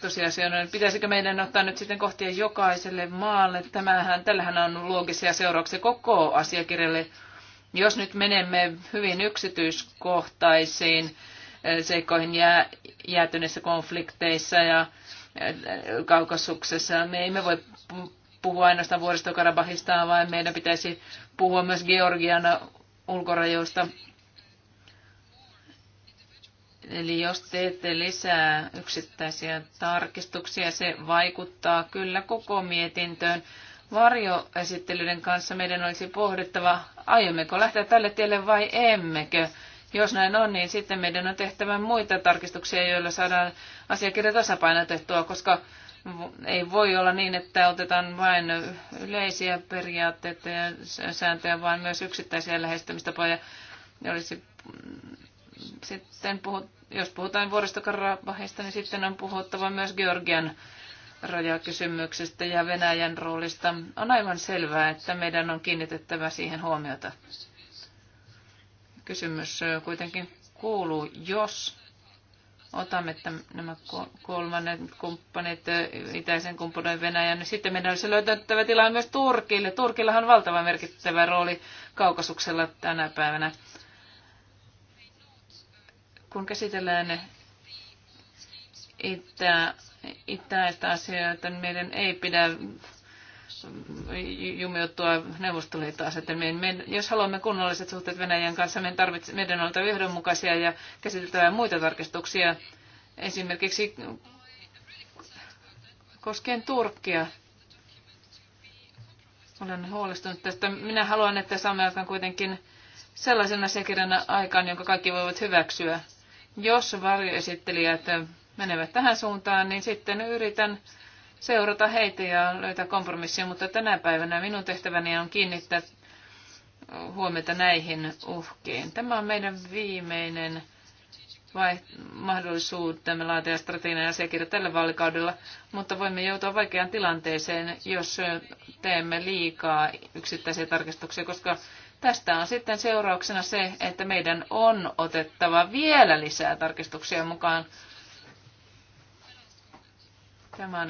tosiasioina. Pitäisikö meidän ottaa nyt sitten kohtia jokaiselle maalle? Tämähän, tällähän on loogisia seurauksia koko asiakirjalle. Jos nyt menemme hyvin yksityiskohtaisiin eh, seikkoihin jää, jäätyneissä konflikteissa ja Kaukasuksessa. Me emme voi puhua ainoastaan vuoristokarabahista, vaan meidän pitäisi puhua myös Georgian ulkorajoista. Eli jos teette lisää yksittäisiä tarkistuksia, se vaikuttaa kyllä koko mietintöön. Varjoesittelyiden kanssa meidän olisi pohdittava, aiommeko lähteä tälle tielle vai emmekö. Jos näin on, niin sitten meidän on tehtävä muita tarkistuksia, joilla saadaan asiakirja tasapainotettua, koska ei voi olla niin, että otetaan vain yleisiä periaatteita ja sääntöjä, vaan myös yksittäisiä lähestymistapoja. Olisi mm, sitten puhut, jos puhutaan vuoristokarabahista, niin sitten on puhuttava myös Georgian rajakysymyksestä ja Venäjän roolista. On aivan selvää, että meidän on kiinnitettävä siihen huomiota. Kysymys kuitenkin kuuluu, jos otamme nämä kolmannet kumppanit, itäisen kumppanin Venäjän, niin sitten meidän olisi löytänyt tilaa myös Turkille. Turkillahan on valtava merkittävä rooli kaukasuksella tänä päivänä. Kun käsitellään itä, itäistä asioita, niin meidän ei pidä jumiuttua neuvostoliittoasetelmiin. jos haluamme kunnolliset suhteet Venäjän kanssa, meidän, tarvitse, meidän on oltava johdonmukaisia ja käsiteltävä muita tarkistuksia, esimerkiksi koskien Turkkia. Olen huolestunut tästä. Minä haluan, että saamme aikaan kuitenkin sellaisen asiakirjan aikaan, jonka kaikki voivat hyväksyä. Jos varjoesittelijät menevät tähän suuntaan, niin sitten yritän seurata heitä ja löytää kompromissia, mutta tänä päivänä minun tehtäväni on kiinnittää huomiota näihin uhkiin. Tämä on meidän viimeinen vai mahdollisuutemme laatia strateginen asiakirja tällä vaalikaudella, mutta voimme joutua vaikeaan tilanteeseen, jos teemme liikaa yksittäisiä tarkistuksia, koska tästä on sitten seurauksena se, että meidän on otettava vielä lisää tarkistuksia mukaan Tämä on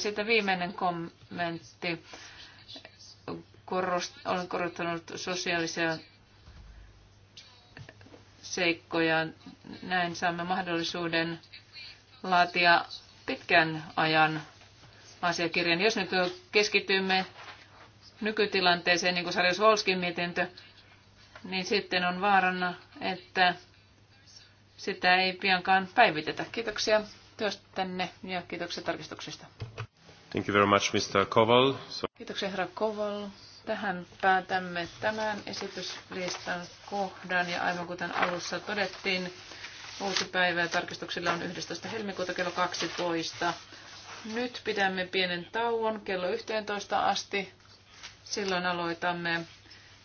Sitten viimeinen kommentti. Korost, olen korostanut sosiaalisia seikkoja. Näin saamme mahdollisuuden laatia pitkän ajan asiakirjan. Jos nyt keskitymme nykytilanteeseen, niin kuin Sarjus Holskin mietintö, niin sitten on vaarana, että sitä ei piankaan päivitetä. Kiitoksia työstänne ja kiitoksia tarkistuksista. Thank you very much, Mr. Koval. So... Kiitoksia, herra Koval. Tähän päätämme tämän esityslistan kohdan ja aivan kuten alussa todettiin, uusi päivä ja tarkistuksilla on 11. helmikuuta kello 12. Nyt pidämme pienen tauon kello 11 asti. Silloin aloitamme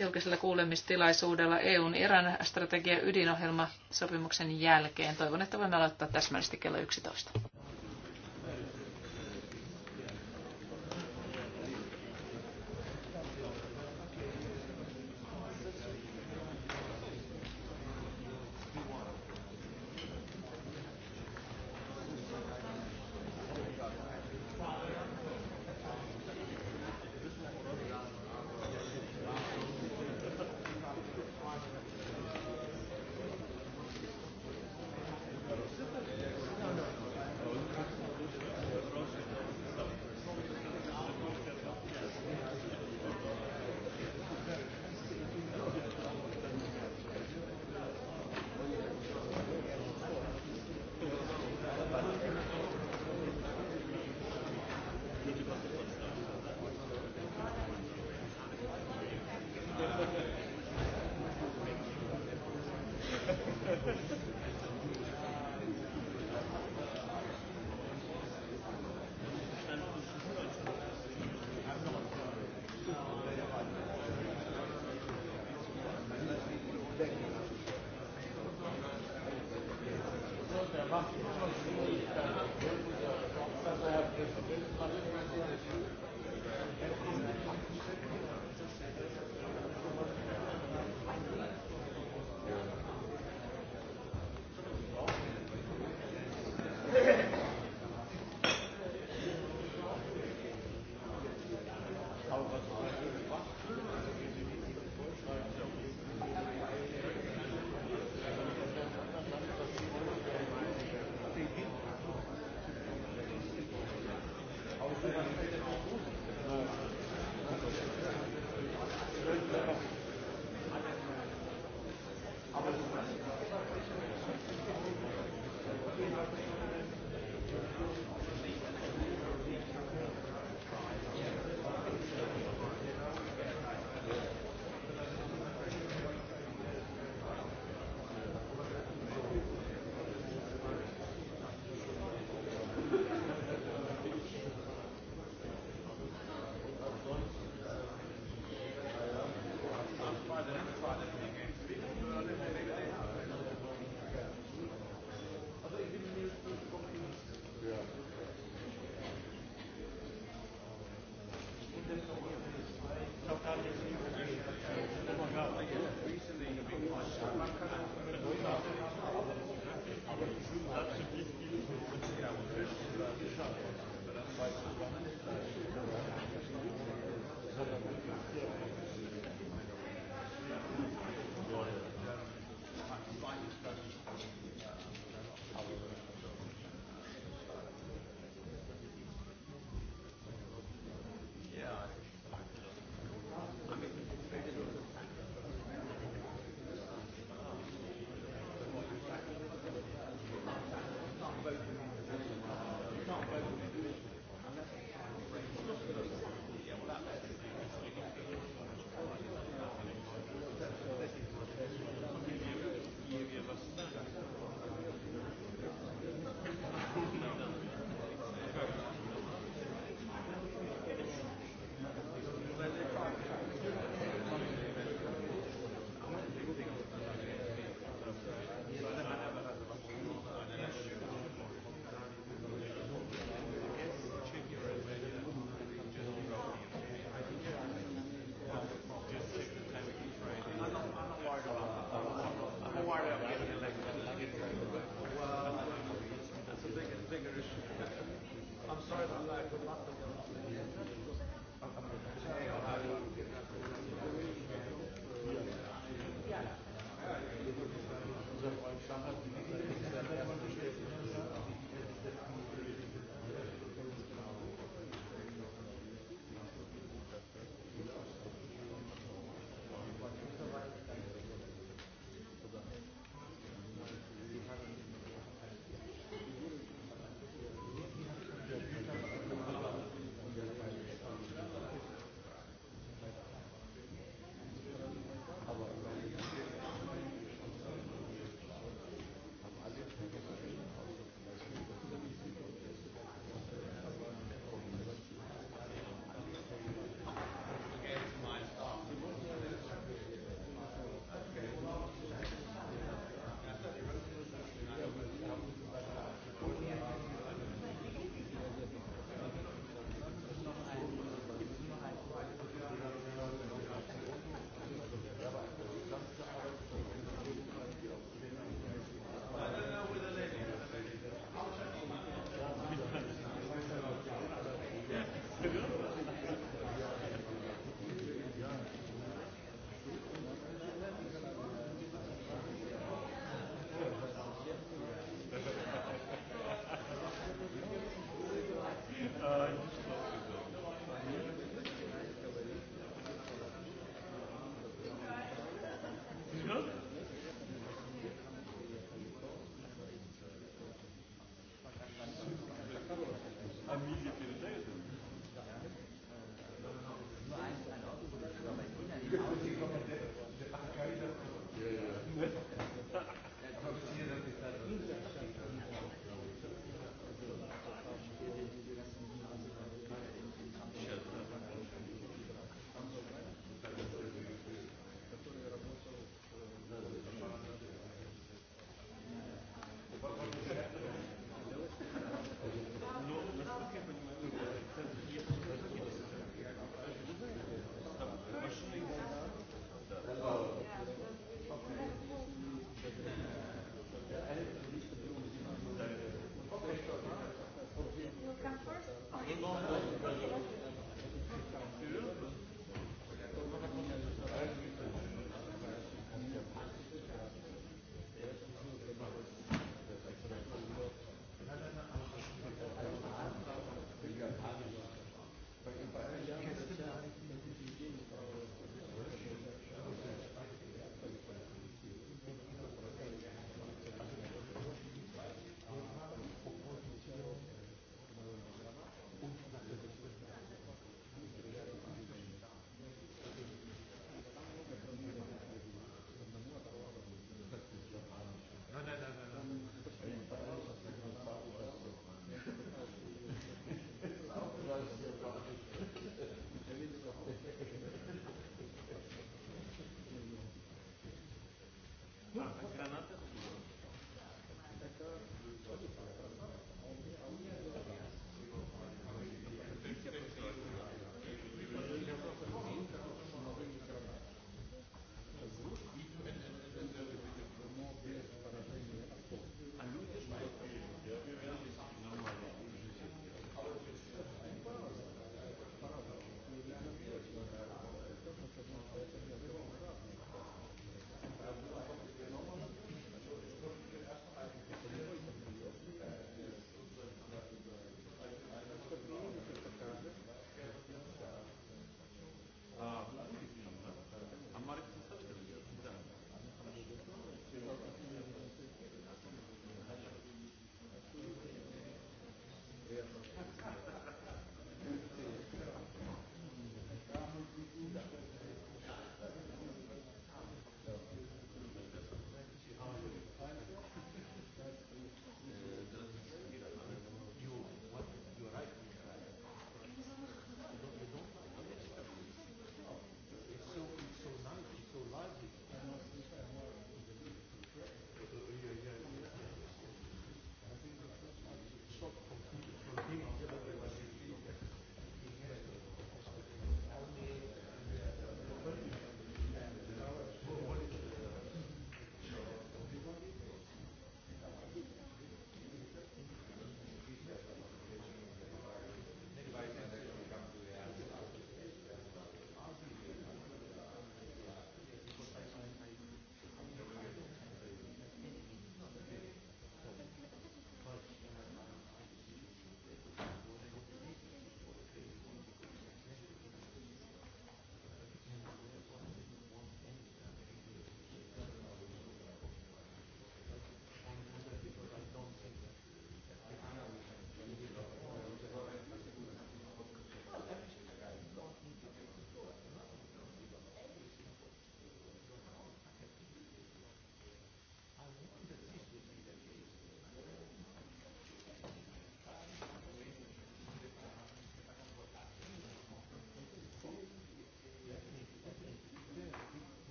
julkisella kuulemistilaisuudella EUn Iran strategia ydinohjelma sopimuksen jälkeen. Toivon, että voimme aloittaa täsmällisesti kello 11.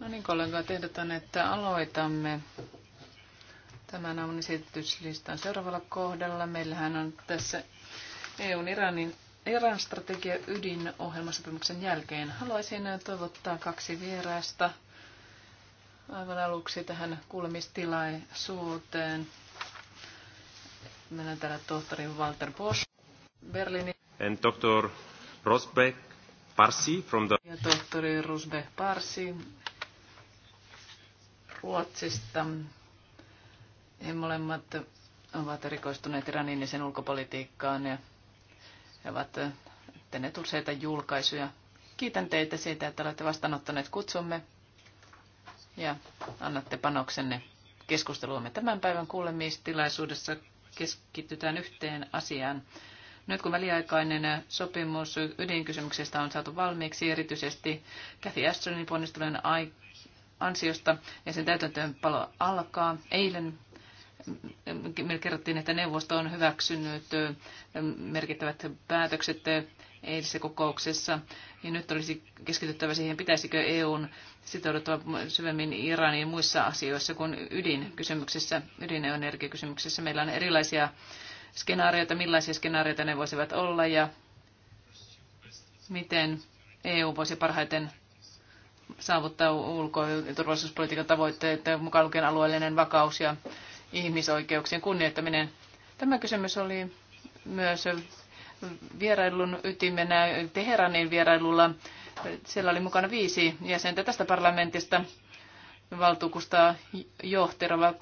No niin kollegat, ehdotan, että aloitamme tämän aamun esityslistan seuraavalla kohdalla. Meillähän on tässä EUn Iranin Iran strategia ydinohjelmasopimuksen jälkeen. Haluaisin toivottaa kaksi vierasta aivan aluksi tähän kuulemistilaisuuteen. Mennään täällä tohtori Walter Bosch Berliini. And Dr. Rosbeck Parsi from the... Ja tohtori Rusbe Parsi Ruotsista. He molemmat ovat erikoistuneet Iranin ja sen ulkopolitiikkaan ja he ovat tehneet useita julkaisuja. Kiitän teitä siitä, että olette vastaanottaneet kutsumme ja annatte panoksenne keskusteluumme tämän päivän kuulemistilaisuudessa keskitytään yhteen asiaan. Nyt kun väliaikainen sopimus ydinkysymyksestä on saatu valmiiksi, erityisesti Kathy Ashtonin ponnistelujen ansiosta ja sen täytäntöönpalo alkaa. Eilen Me kerrottiin, että neuvosto on hyväksynyt merkittävät päätökset eilisessä kokouksessa, Ja nyt olisi keskityttävä siihen, pitäisikö EUn sitouduttava syvemmin Iraniin muissa asioissa kuin ydinkysymyksessä, ydinenergiakysymyksessä. Meillä on erilaisia skenaarioita, millaisia skenaarioita ne voisivat olla ja miten EU voisi parhaiten saavuttaa ulko- ja turvallisuuspolitiikan tavoitteet, mukaan lukien alueellinen vakaus ja ihmisoikeuksien kunnioittaminen. Tämä kysymys oli myös vierailun ytimenä Teheranin vierailulla. Siellä oli mukana viisi jäsentä tästä parlamentista valtuukusta johtava Rava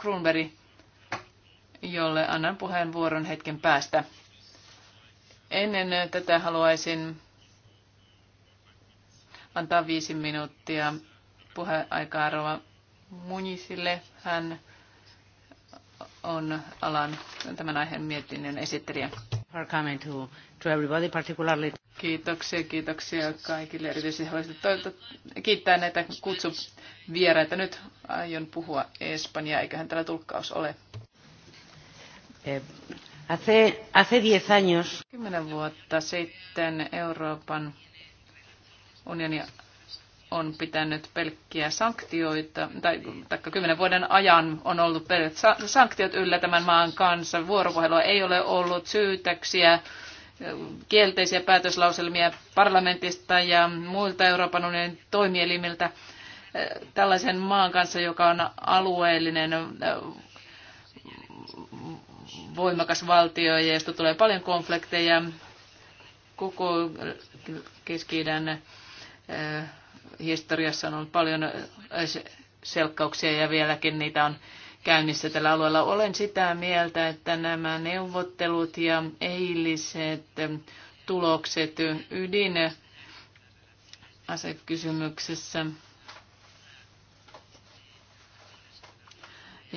jolle annan puheenvuoron hetken päästä. Ennen tätä haluaisin antaa viisi minuuttia puheaikaa Rova Munisille. Hän on alan tämän aiheen mietinnön esittelijä. Kiitoksia, kiitoksia kaikille. Erityisesti haluaisin kiittää näitä kutsuvieraita. Nyt aion puhua Espanjaa, eiköhän tällä tulkkaus ole Eh, hace, hace diez años. Kymmenen vuotta sitten Euroopan unioni on pitänyt pelkkiä sanktioita, tai, tai kymmenen vuoden ajan on ollut pelkät sanktiot yllä tämän maan kanssa. Vuoropuhelua ei ole ollut syytäksiä, kielteisiä päätöslauselmia parlamentista ja muilta Euroopan unionin toimielimiltä eh, tällaisen maan kanssa, joka on alueellinen eh, voimakas valtio ja josta tulee paljon konflikteja. Koko keski historiassa on ollut paljon selkkauksia ja vieläkin niitä on käynnissä tällä alueella. Olen sitä mieltä, että nämä neuvottelut ja eiliset tulokset ydin asekysymyksessä kysymyksessä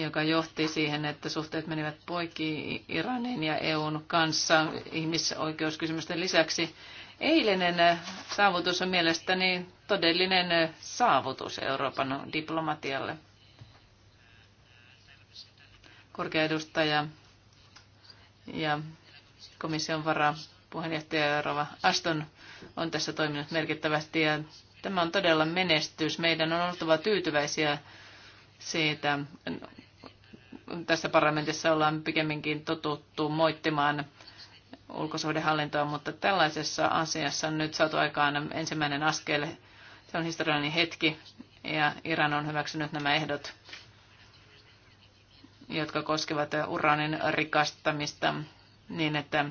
joka johti siihen, että suhteet menivät poikki Iranin ja EUn kanssa ihmisoikeuskysymysten lisäksi. Eilinen saavutus on mielestäni todellinen saavutus Euroopan diplomatialle. Korkea edustaja ja komission varapuheenjohtaja Rova Aston on tässä toiminut merkittävästi ja tämä on todella menestys. Meidän on oltava tyytyväisiä siitä tässä parlamentissa ollaan pikemminkin totuttu moittimaan ulkosuhdehallintoa, mutta tällaisessa asiassa on nyt saatu aikaan ensimmäinen askel. Se on historiallinen hetki ja Iran on hyväksynyt nämä ehdot, jotka koskevat uranin rikastamista niin, että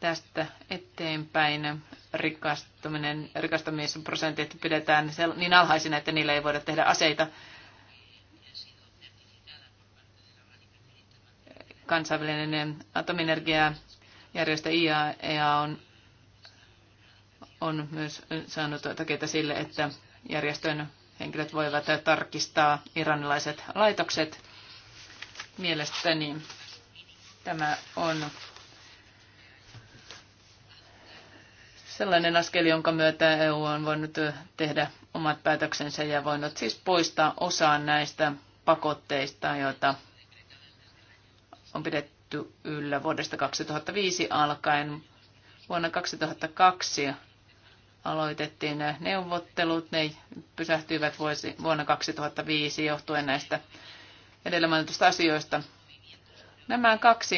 tästä eteenpäin rikastuminen, rikastamisprosentit pidetään niin alhaisina, että niillä ei voida tehdä aseita kansainvälinen atomenergiajärjestö IAEA e on, on myös saanut takia sille, että järjestön henkilöt voivat tarkistaa iranilaiset laitokset. Mielestäni tämä on sellainen askel, jonka myötä EU on voinut tehdä omat päätöksensä ja voinut siis poistaa osaan näistä pakotteista, joita on pidetty yllä vuodesta 2005 alkaen. Vuonna 2002 aloitettiin neuvottelut, ne pysähtyivät vuosi, vuonna 2005 johtuen näistä edellä mainitusta asioista. Nämä kaksi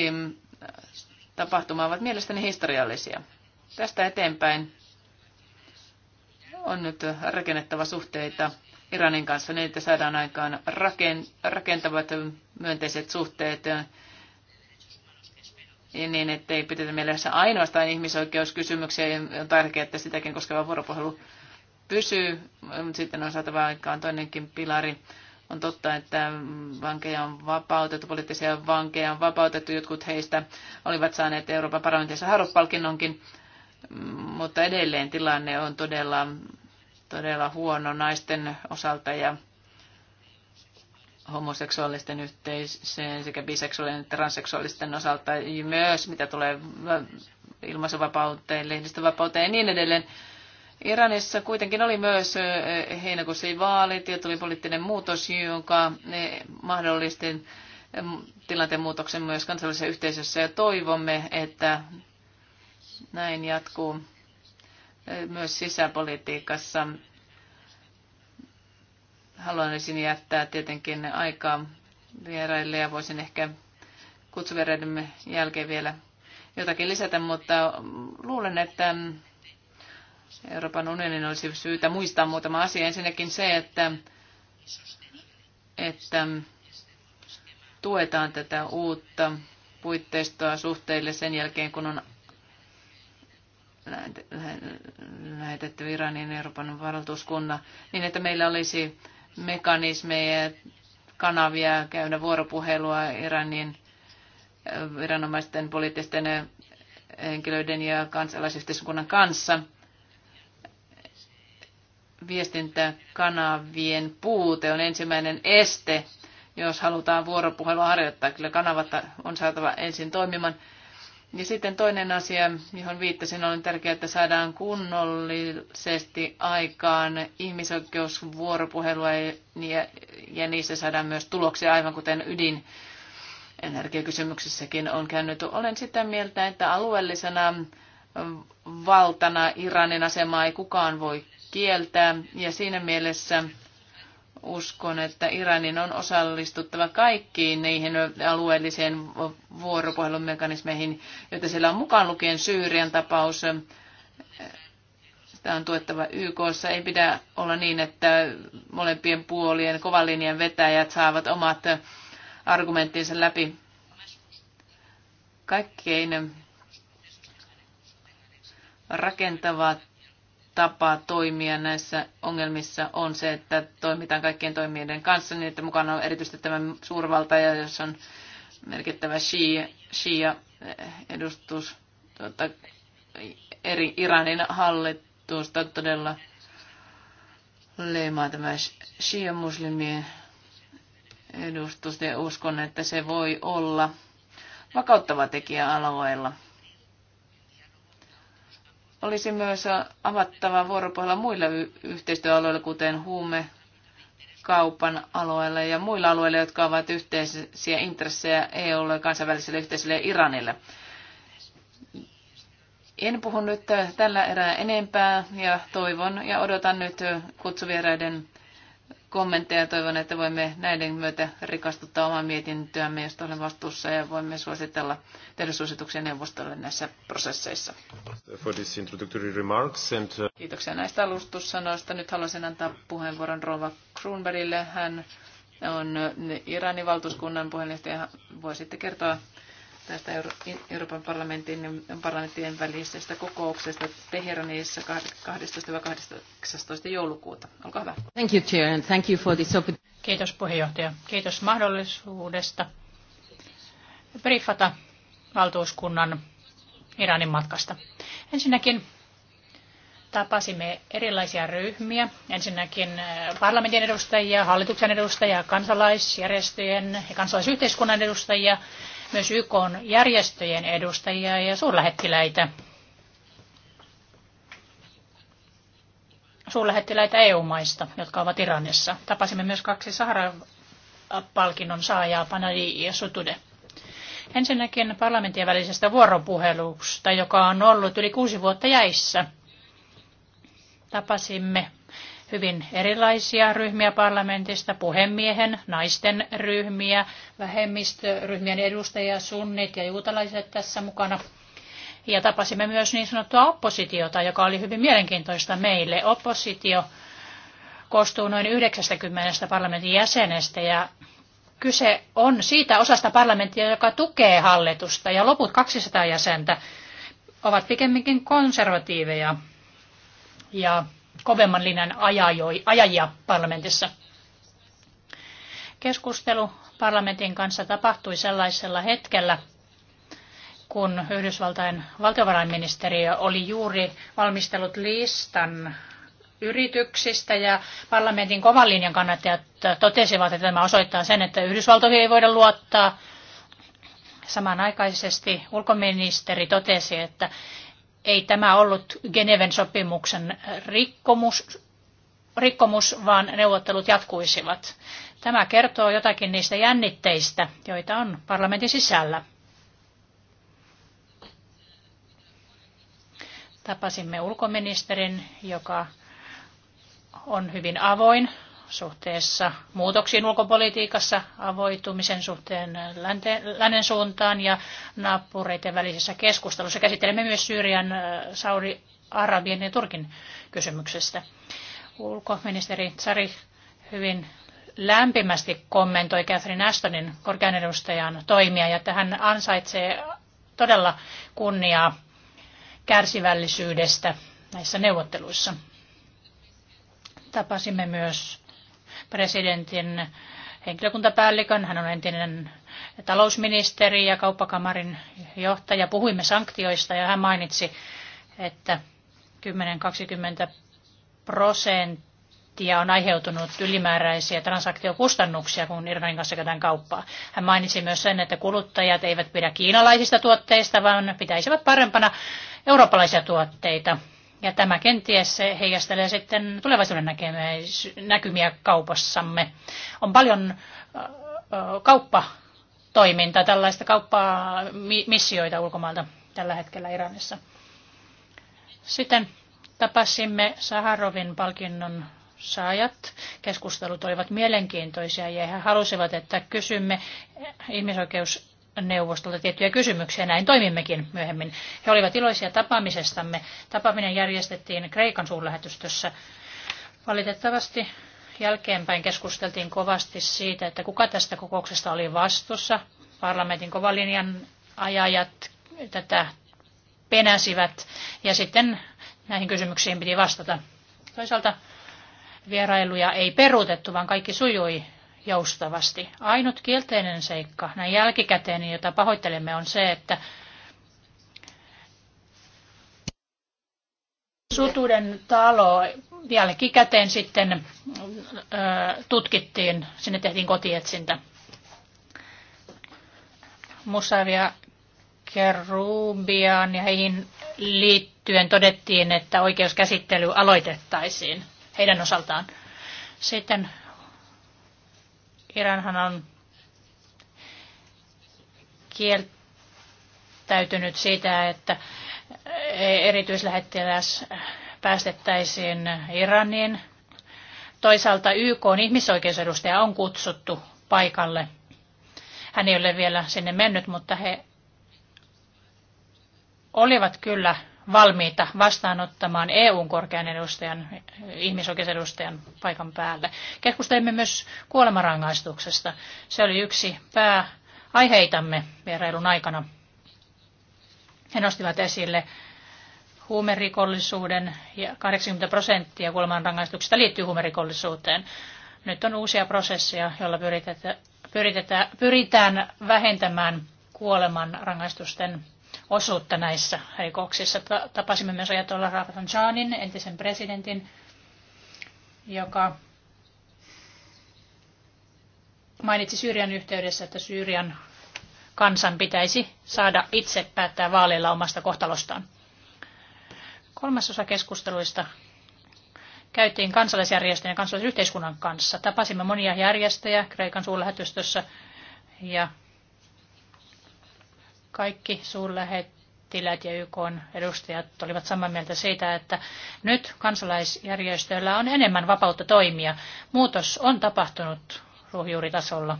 tapahtumaa ovat mielestäni historiallisia. Tästä eteenpäin on nyt rakennettava suhteita Iranin kanssa niin, että saadaan aikaan rakentavat myönteiset suhteet niin, ettei pitäisi mielessä ainoastaan ihmisoikeuskysymyksiä. On tärkeää, että sitäkin koskeva vuoropuhelu pysyy, mutta sitten on saatava aikaan toinenkin pilari. On totta, että vankeja on vapautettu, poliittisia vankeja on vapautettu. Jotkut heistä olivat saaneet Euroopan parlamentissa haruspalkinnonkin, mutta edelleen tilanne on todella, todella huono naisten osalta ja homoseksuaalisten yhteiseen sekä biseksuaalisten että transseksuaalisten osalta myös, mitä tulee ilmaisuvapauteen, lehdistövapauteen ja niin edelleen. Iranissa kuitenkin oli myös heinäkuussa vaalit ja tuli poliittinen muutos, joka e, mahdollisti tilanteen muutoksen myös kansallisessa yhteisössä ja toivomme, että näin jatkuu e, myös sisäpolitiikassa haluaisin jättää tietenkin aikaa vieraille ja voisin ehkä kutsuvereidemme jälkeen vielä jotakin lisätä, mutta luulen, että Euroopan unionin olisi syytä muistaa muutama asia. Ensinnäkin se, että, että tuetaan tätä uutta puitteistoa suhteille sen jälkeen, kun on lähetetty Iranin Euroopan valtuuskunnan, niin että meillä olisi mekanismeja, kanavia käydä vuoropuhelua Iranin äh, viranomaisten poliittisten äh, henkilöiden ja kansalaisyhteiskunnan kanssa. Viestintäkanavien puute on ensimmäinen este, jos halutaan vuoropuhelua harjoittaa. Kyllä kanavat on saatava ensin toimimaan ja sitten toinen asia, johon viittasin, on tärkeää, että saadaan kunnollisesti aikaan ihmisoikeusvuoropuhelua ja, ja niissä saadaan myös tuloksia, aivan kuten ydin energiakysymyksessäkin on käynyt. Olen sitä mieltä, että alueellisena valtana Iranin asemaa ei kukaan voi kieltää ja siinä mielessä uskon, että Iranin on osallistuttava kaikkiin niihin alueelliseen vuoropuhelun mekanismeihin, joita siellä on mukaan lukien Syyrian tapaus. Sitä on tuettava YKssa. Ei pidä olla niin, että molempien puolien kovan linjan vetäjät saavat omat argumenttinsa läpi. Kaikkein rakentavat tapa toimia näissä ongelmissa on se, että toimitaan kaikkien toimijoiden kanssa, niin että mukana on erityisesti tämä suurvalta ja jos on merkittävä Shia, Shia eh, edustus tuota, eri Iranin hallitusta todella leimaa tämä Shia muslimien edustus ja uskon, että se voi olla vakauttava tekijä alueella olisi myös avattava vuoropuhella muilla yhteistyöaloilla kuten huume, kaupan alueilla ja muilla alueilla, jotka ovat yhteisiä intressejä EUlle, kansainväliselle yhteisölle ja Iranille. En puhu nyt tällä erää enempää ja toivon ja odotan nyt kutsuvieraiden kommentteja. Toivon, että voimme näiden myötä rikastuttaa omaa mietintöämme, josta olen vastuussa, ja voimme suositella tehdä suosituksia neuvostolle näissä prosesseissa. For this introductory remarks and, uh, Kiitoksia näistä alustussanoista. Nyt haluaisin antaa puheenvuoron Rova Kruunbergille. Hän on Iranin valtuuskunnan puheenjohtaja. Voisitte kertoa tästä Euro- Euroopan parlamentin parlamenttien välisestä kokouksesta Teheranissa 12-18. joulukuuta. Olkaa hyvä. Thank you, Chair, and thank you for this Kiitos puheenjohtaja. Kiitos mahdollisuudesta briefata valtuuskunnan Iranin matkasta. Ensinnäkin tapasimme erilaisia ryhmiä. Ensinnäkin eh, parlamentin edustajia, hallituksen edustajia, kansalaisjärjestöjen ja kansalaisyhteiskunnan edustajia myös YK järjestöjen edustajia ja suurlähettiläitä. suurlähettiläitä EU-maista, jotka ovat Iranissa. Tapasimme myös kaksi Sahara-palkinnon saajaa, Panadi ja Sutude. Ensinnäkin parlamentin välisestä vuoropuhelusta, joka on ollut yli kuusi vuotta jäissä. Tapasimme hyvin erilaisia ryhmiä parlamentista, puhemiehen, naisten ryhmiä, vähemmistöryhmien edustajia, sunnit ja juutalaiset tässä mukana. Ja tapasimme myös niin sanottua oppositiota, joka oli hyvin mielenkiintoista meille. Oppositio koostuu noin 90 parlamentin jäsenestä ja kyse on siitä osasta parlamenttia, joka tukee hallitusta ja loput 200 jäsentä ovat pikemminkin konservatiiveja. Ja kovemman linjan ajajia parlamentissa. Keskustelu parlamentin kanssa tapahtui sellaisella hetkellä, kun Yhdysvaltain valtiovarainministeriö oli juuri valmistellut listan yrityksistä ja parlamentin kovan linjan kannattajat totesivat, että tämä osoittaa sen, että Yhdysvaltoihin ei voida luottaa. Samanaikaisesti ulkoministeri totesi, että ei tämä ollut Geneven sopimuksen rikkomus, rikkomus, vaan neuvottelut jatkuisivat. Tämä kertoo jotakin niistä jännitteistä, joita on parlamentin sisällä. Tapasimme ulkoministerin, joka on hyvin avoin suhteessa muutoksiin ulkopolitiikassa, avoitumisen suhteen lännen suuntaan ja naapureiden välisessä keskustelussa. Käsittelemme myös Syyrian, äh, saudi Arabien ja Turkin kysymyksestä. Ulkoministeri Tsari hyvin lämpimästi kommentoi Catherine Ashtonin korkean edustajan toimia ja että hän ansaitsee todella kunniaa kärsivällisyydestä näissä neuvotteluissa. Tapasimme myös presidentin henkilökuntapäällikön. Hän on entinen talousministeri ja kauppakamarin johtaja. Puhuimme sanktioista ja hän mainitsi, että 10-20 prosenttia on aiheutunut ylimääräisiä transaktiokustannuksia, kun Irlannin kanssa käydään kauppaa. Hän mainitsi myös sen, että kuluttajat eivät pidä kiinalaisista tuotteista, vaan pitäisivät parempana eurooppalaisia tuotteita ja tämä kenties heijastelee sitten tulevaisuuden näkymiä kaupassamme. On paljon kauppatoimintaa, tällaista kauppaa, missioita ulkomailta tällä hetkellä Iranissa. Sitten tapasimme Saharovin palkinnon saajat. Keskustelut olivat mielenkiintoisia ja he halusivat, että kysymme ihmisoikeus neuvostolta tiettyjä kysymyksiä. Näin toimimmekin myöhemmin. He olivat iloisia tapaamisestamme. Tapaaminen järjestettiin Kreikan suurlähetystössä. Valitettavasti jälkeenpäin keskusteltiin kovasti siitä, että kuka tästä kokouksesta oli vastuussa. Parlamentin kovalinjan ajajat tätä penäsivät ja sitten näihin kysymyksiin piti vastata. Toisaalta vierailuja ei peruutettu, vaan kaikki sujui joustavasti. Ainut kielteinen seikka näin jälkikäteen, jota pahoittelemme, on se, että Sutuuden talo jälkikäteen sitten tutkittiin, sinne tehtiin kotietsintä. Musavia Kerubiaan ja heihin liittyen todettiin, että oikeuskäsittely aloitettaisiin heidän osaltaan. Sitten Iranhan on kieltäytynyt siitä, että erityislähettiläs päästettäisiin Iraniin. Toisaalta YK on ihmisoikeusedustaja on kutsuttu paikalle. Hän ei ole vielä sinne mennyt, mutta he olivat kyllä valmiita vastaanottamaan EUn korkean edustajan, ihmisoikeusedustajan paikan päälle. Keskustelimme myös kuolemarangaistuksesta. Se oli yksi pääaiheitamme vierailun aikana. He nostivat esille huumerikollisuuden ja 80 prosenttia kuolemanrangaistuksista liittyy huumerikollisuuteen. Nyt on uusia prosesseja, joilla pyritään vähentämään kuoleman rangaistusten osuutta näissä rikoksissa. Tapasimme myös Ajatolla Rafsanjanin, entisen presidentin, joka mainitsi Syyrian yhteydessä, että Syyrian kansan pitäisi saada itse päättää vaaleilla omasta kohtalostaan. Kolmas osa keskusteluista käytiin kansalaisjärjestöjen ja kansalaisyhteiskunnan kanssa. Tapasimme monia järjestöjä Kreikan suurlähetystössä ja kaikki suurlähettilät ja YK edustajat olivat samaa mieltä siitä, että nyt kansalaisjärjestöillä on enemmän vapautta toimia. Muutos on tapahtunut ruohonjuuritasolla.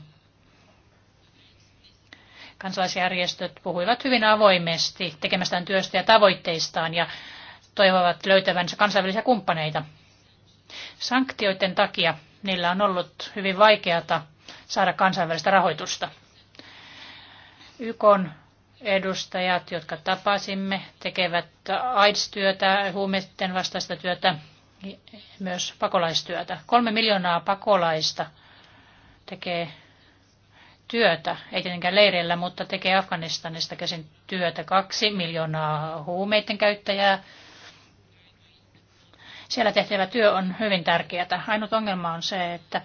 Kansalaisjärjestöt puhuivat hyvin avoimesti tekemästään työstä ja tavoitteistaan ja toivovat löytävänsä kansainvälisiä kumppaneita. Sanktioiden takia niillä on ollut hyvin vaikeata saada kansainvälistä rahoitusta. YK edustajat, jotka tapasimme, tekevät AIDS-työtä, huumeiden vastaista työtä, myös pakolaistyötä. Kolme miljoonaa pakolaista tekee työtä, ei tietenkään leireillä, mutta tekee Afganistanista käsin työtä. Kaksi miljoonaa huumeiden käyttäjää. Siellä tehtävä työ on hyvin tärkeää. Ainut ongelma on se, että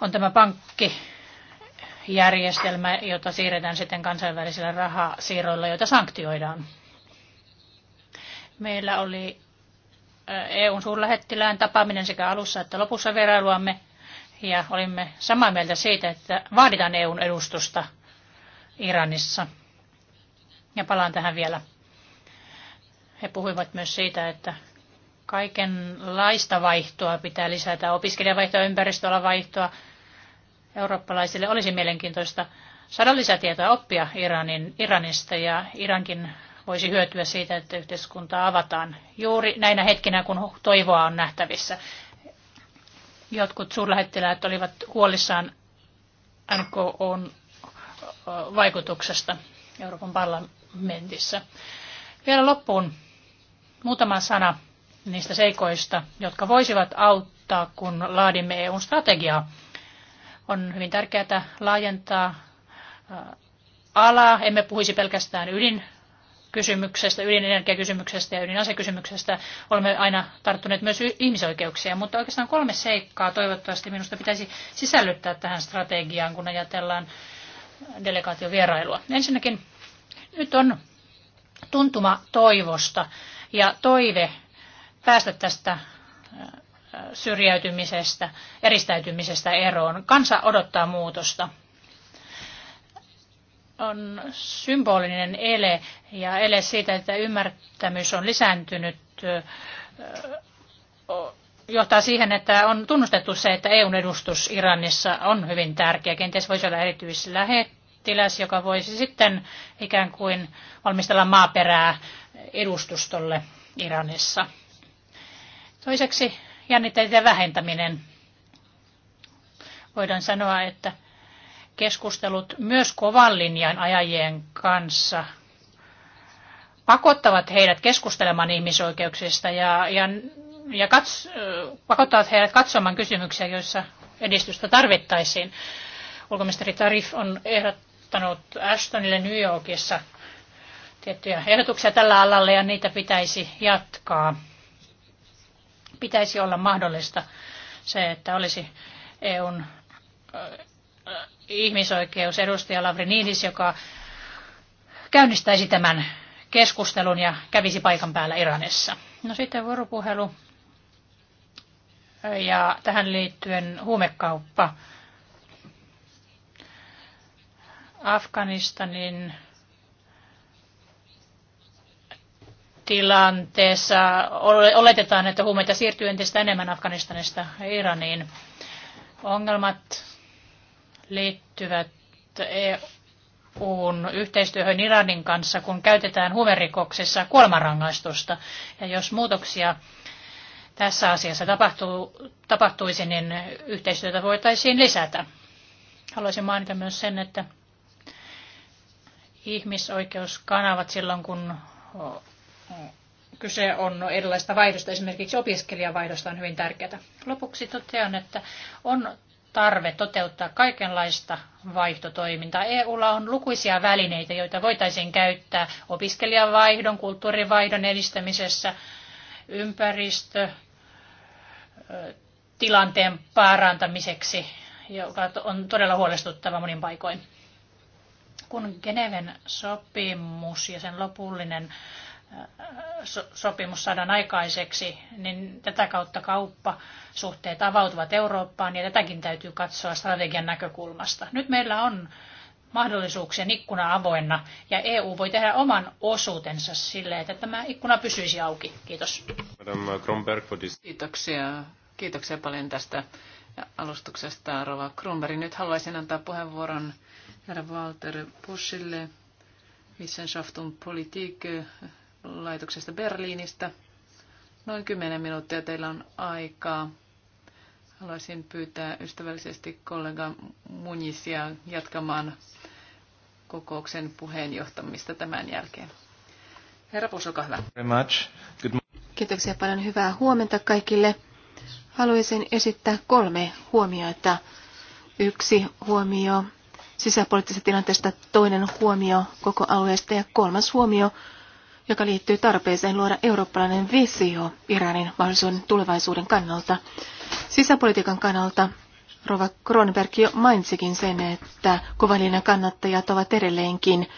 on tämä pankki, järjestelmä, jota siirretään sitten kansainvälisillä rahasiirroilla, joita sanktioidaan. Meillä oli eh, EUn suurlähettilään tapaaminen sekä alussa että lopussa vierailuamme, ja olimme samaa mieltä siitä, että vaaditaan EUn edustusta Iranissa. Ja palaan tähän vielä. He puhuivat myös siitä, että kaikenlaista vaihtoa pitää lisätä, opiskelijavaihtoa, ympäristöalavaihtoa, vaihtoa, eurooppalaisille olisi mielenkiintoista saada lisätietoa oppia Iranin, Iranista ja Irankin voisi hyötyä siitä, että yhteiskuntaa avataan juuri näinä hetkinä, kun toivoa on nähtävissä. Jotkut suurlähettiläät olivat huolissaan NKOn vaikutuksesta Euroopan parlamentissa. Vielä loppuun muutama sana niistä seikoista, jotka voisivat auttaa, kun laadimme EUn strategiaa on hyvin tärkeää laajentaa alaa. Emme puhuisi pelkästään ydin kysymyksestä, ydinenergiakysymyksestä ja ydinasekysymyksestä. Olemme aina tarttuneet myös ihmisoikeuksia, mutta oikeastaan kolme seikkaa toivottavasti minusta pitäisi sisällyttää tähän strategiaan, kun ajatellaan delegaatiovierailua. Ensinnäkin nyt on tuntuma toivosta ja toive päästä tästä syrjäytymisestä, eristäytymisestä eroon. Kansa odottaa muutosta. On symbolinen ele ja ele siitä, että ymmärtämys on lisääntynyt, johtaa siihen, että on tunnustettu se, että EUn edustus Iranissa on hyvin tärkeä. Kenties voisi olla erityislähettiläs, joka voisi sitten ikään kuin valmistella maaperää edustustolle Iranissa. Toiseksi jännitteiden vähentäminen. Voidaan sanoa, että keskustelut myös kovan linjan ajajien kanssa pakottavat heidät keskustelemaan ihmisoikeuksista ja, ja, ja kats, pakottavat heidät katsomaan kysymyksiä, joissa edistystä tarvittaisiin. Ulkoministeri Tarif on ehdottanut Ashtonille New Yorkissa tiettyjä ehdotuksia tällä alalla ja niitä pitäisi jatkaa pitäisi olla mahdollista se, että olisi EUn äh, ihmisoikeusedustaja Lavri Niinis, joka käynnistäisi tämän keskustelun ja kävisi paikan päällä Iranissa. No sitten vuoropuhelu ja tähän liittyen huumekauppa. Afganistanin tilanteessa oletetaan, että huumeita siirtyy entistä enemmän Afganistanista Iraniin. Ongelmat liittyvät EUn yhteistyöhön Iranin kanssa, kun käytetään huumerikoksissa kuolemanrangaistusta. Ja jos muutoksia tässä asiassa tapahtuu, tapahtuisi, niin yhteistyötä voitaisiin lisätä. Haluaisin mainita myös sen, että ihmisoikeuskanavat silloin, kun kyse on erilaista vaihdosta, esimerkiksi opiskelijavaihdosta on hyvin tärkeää. Lopuksi totean, että on tarve toteuttaa kaikenlaista vaihtotoimintaa. EUlla on lukuisia välineitä, joita voitaisiin käyttää opiskelijavaihdon, kulttuurivaihdon edistämisessä, ympäristö, tilanteen parantamiseksi, joka on todella huolestuttava monin paikoin. Kun Geneven sopimus ja sen lopullinen sopimus saadaan aikaiseksi, niin tätä kautta kauppasuhteet avautuvat Eurooppaan ja tätäkin täytyy katsoa strategian näkökulmasta. Nyt meillä on mahdollisuuksien ikkuna avoinna ja EU voi tehdä oman osuutensa sille, että tämä ikkuna pysyisi auki. Kiitos. Kiitoksia. Kiitoksia paljon tästä alustuksesta, Rova Kronberg. Nyt haluaisin antaa puheenvuoron herra Walter Wissenschaft und Politik laitoksesta Berliinistä. Noin 10 minuuttia teillä on aikaa. Haluaisin pyytää ystävällisesti kollega Munisia jatkamaan kokouksen puheenjohtamista tämän jälkeen. Herra Pus, hyvä. Kiitoksia paljon. Hyvää huomenta kaikille. Haluaisin esittää kolme huomiota. Yksi huomio sisäpoliittisesta tilanteesta, toinen huomio koko alueesta ja kolmas huomio joka liittyy tarpeeseen luoda eurooppalainen visio Iranin mahdollisuuden tulevaisuuden kannalta. Sisäpolitiikan kannalta Rova Kronberg jo mainitsikin sen, että kovalinnan kannattajat ovat edelleenkin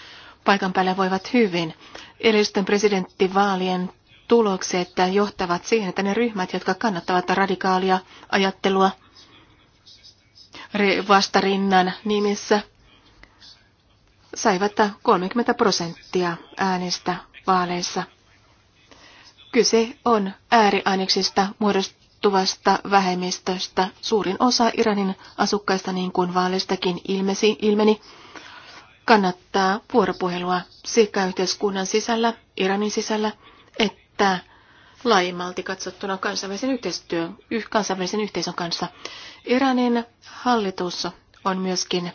paikan päällä voivat hyvin. Edellisten presidenttivaalien tulokset johtavat siihen, että ne ryhmät, jotka kannattavat radikaalia ajattelua vastarinnan nimissä, saivat 30 prosenttia äänistä vaaleissa. Kyse on ääriaineksista muodostuvasta vähemmistöstä. Suurin osa Iranin asukkaista, niin kuin vaaleistakin ilmesi, ilmeni, kannattaa vuoropuhelua sekä yhteiskunnan sisällä, Iranin sisällä, että laajemmalti katsottuna kansainvälisen, yhteistyön, kansainvälisen yhteisön kanssa. Iranin hallitus on myöskin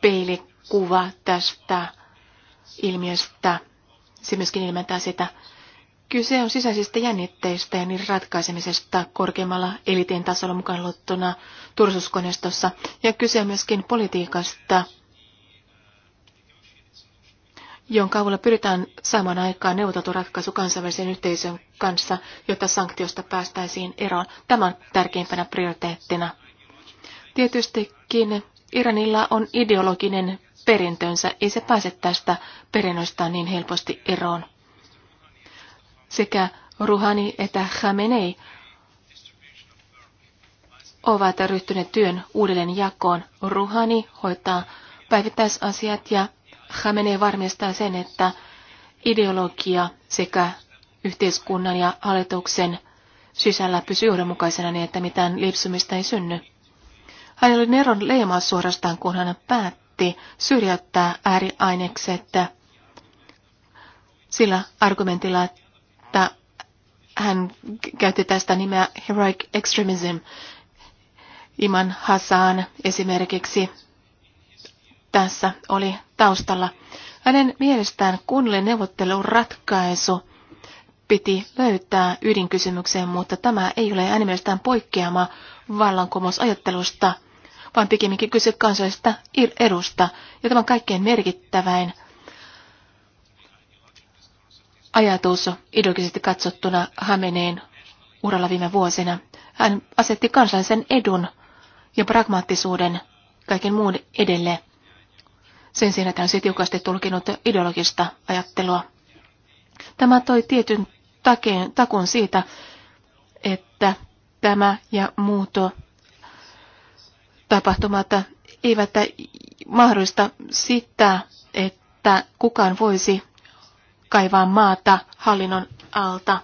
peilikuva tästä ilmiöstä. Se myöskin ilmentää sitä. Kyse on sisäisistä jännitteistä ja niiden ratkaisemisesta korkeammalla eliitin tasolla mukaan luottuna turvallisuuskoneistossa. Ja kyse on myöskin politiikasta, jonka avulla pyritään saamaan aikaan neuvoteltu ratkaisu kansainvälisen yhteisön kanssa, jotta sanktiosta päästäisiin eroon. Tämä on tärkeimpänä prioriteettina. Tietystikin Iranilla on ideologinen perintönsä. Ei se pääse tästä perinnöstä niin helposti eroon. Sekä Ruhani että Khamenei ovat ryhtyneet työn uudelleen jakoon. Ruhani hoitaa päivittäisasiat ja Khamenei varmistaa sen, että ideologia sekä yhteiskunnan ja hallituksen sisällä pysyy johdonmukaisena niin, että mitään lipsumista ei synny. Hänellä oli Neron leimaus suorastaan, kun hän päätti yritti syrjäyttää ääriainekset sillä argumentilla, että hän käytti tästä nimeä heroic extremism. Iman Hassan esimerkiksi tässä oli taustalla. Hänen mielestään kunnallinen neuvottelun ratkaisu piti löytää ydinkysymykseen, mutta tämä ei ole hänen mielestään poikkeama vallankumousajattelusta – vaan pikemminkin kyse kansallisesta edusta. Ja tämä on kaikkein merkittäväin ajatus ideologisesti katsottuna Hameneen uralla viime vuosina. Hän asetti kansallisen edun ja pragmaattisuuden kaiken muun edelle. Sen sijaan, että hän tiukasti tulkinut ideologista ajattelua. Tämä toi tietyn takeen, takun siitä, että tämä ja muuto tapahtumat eivät mahdollista sitä, että kukaan voisi kaivaa maata hallinnon alta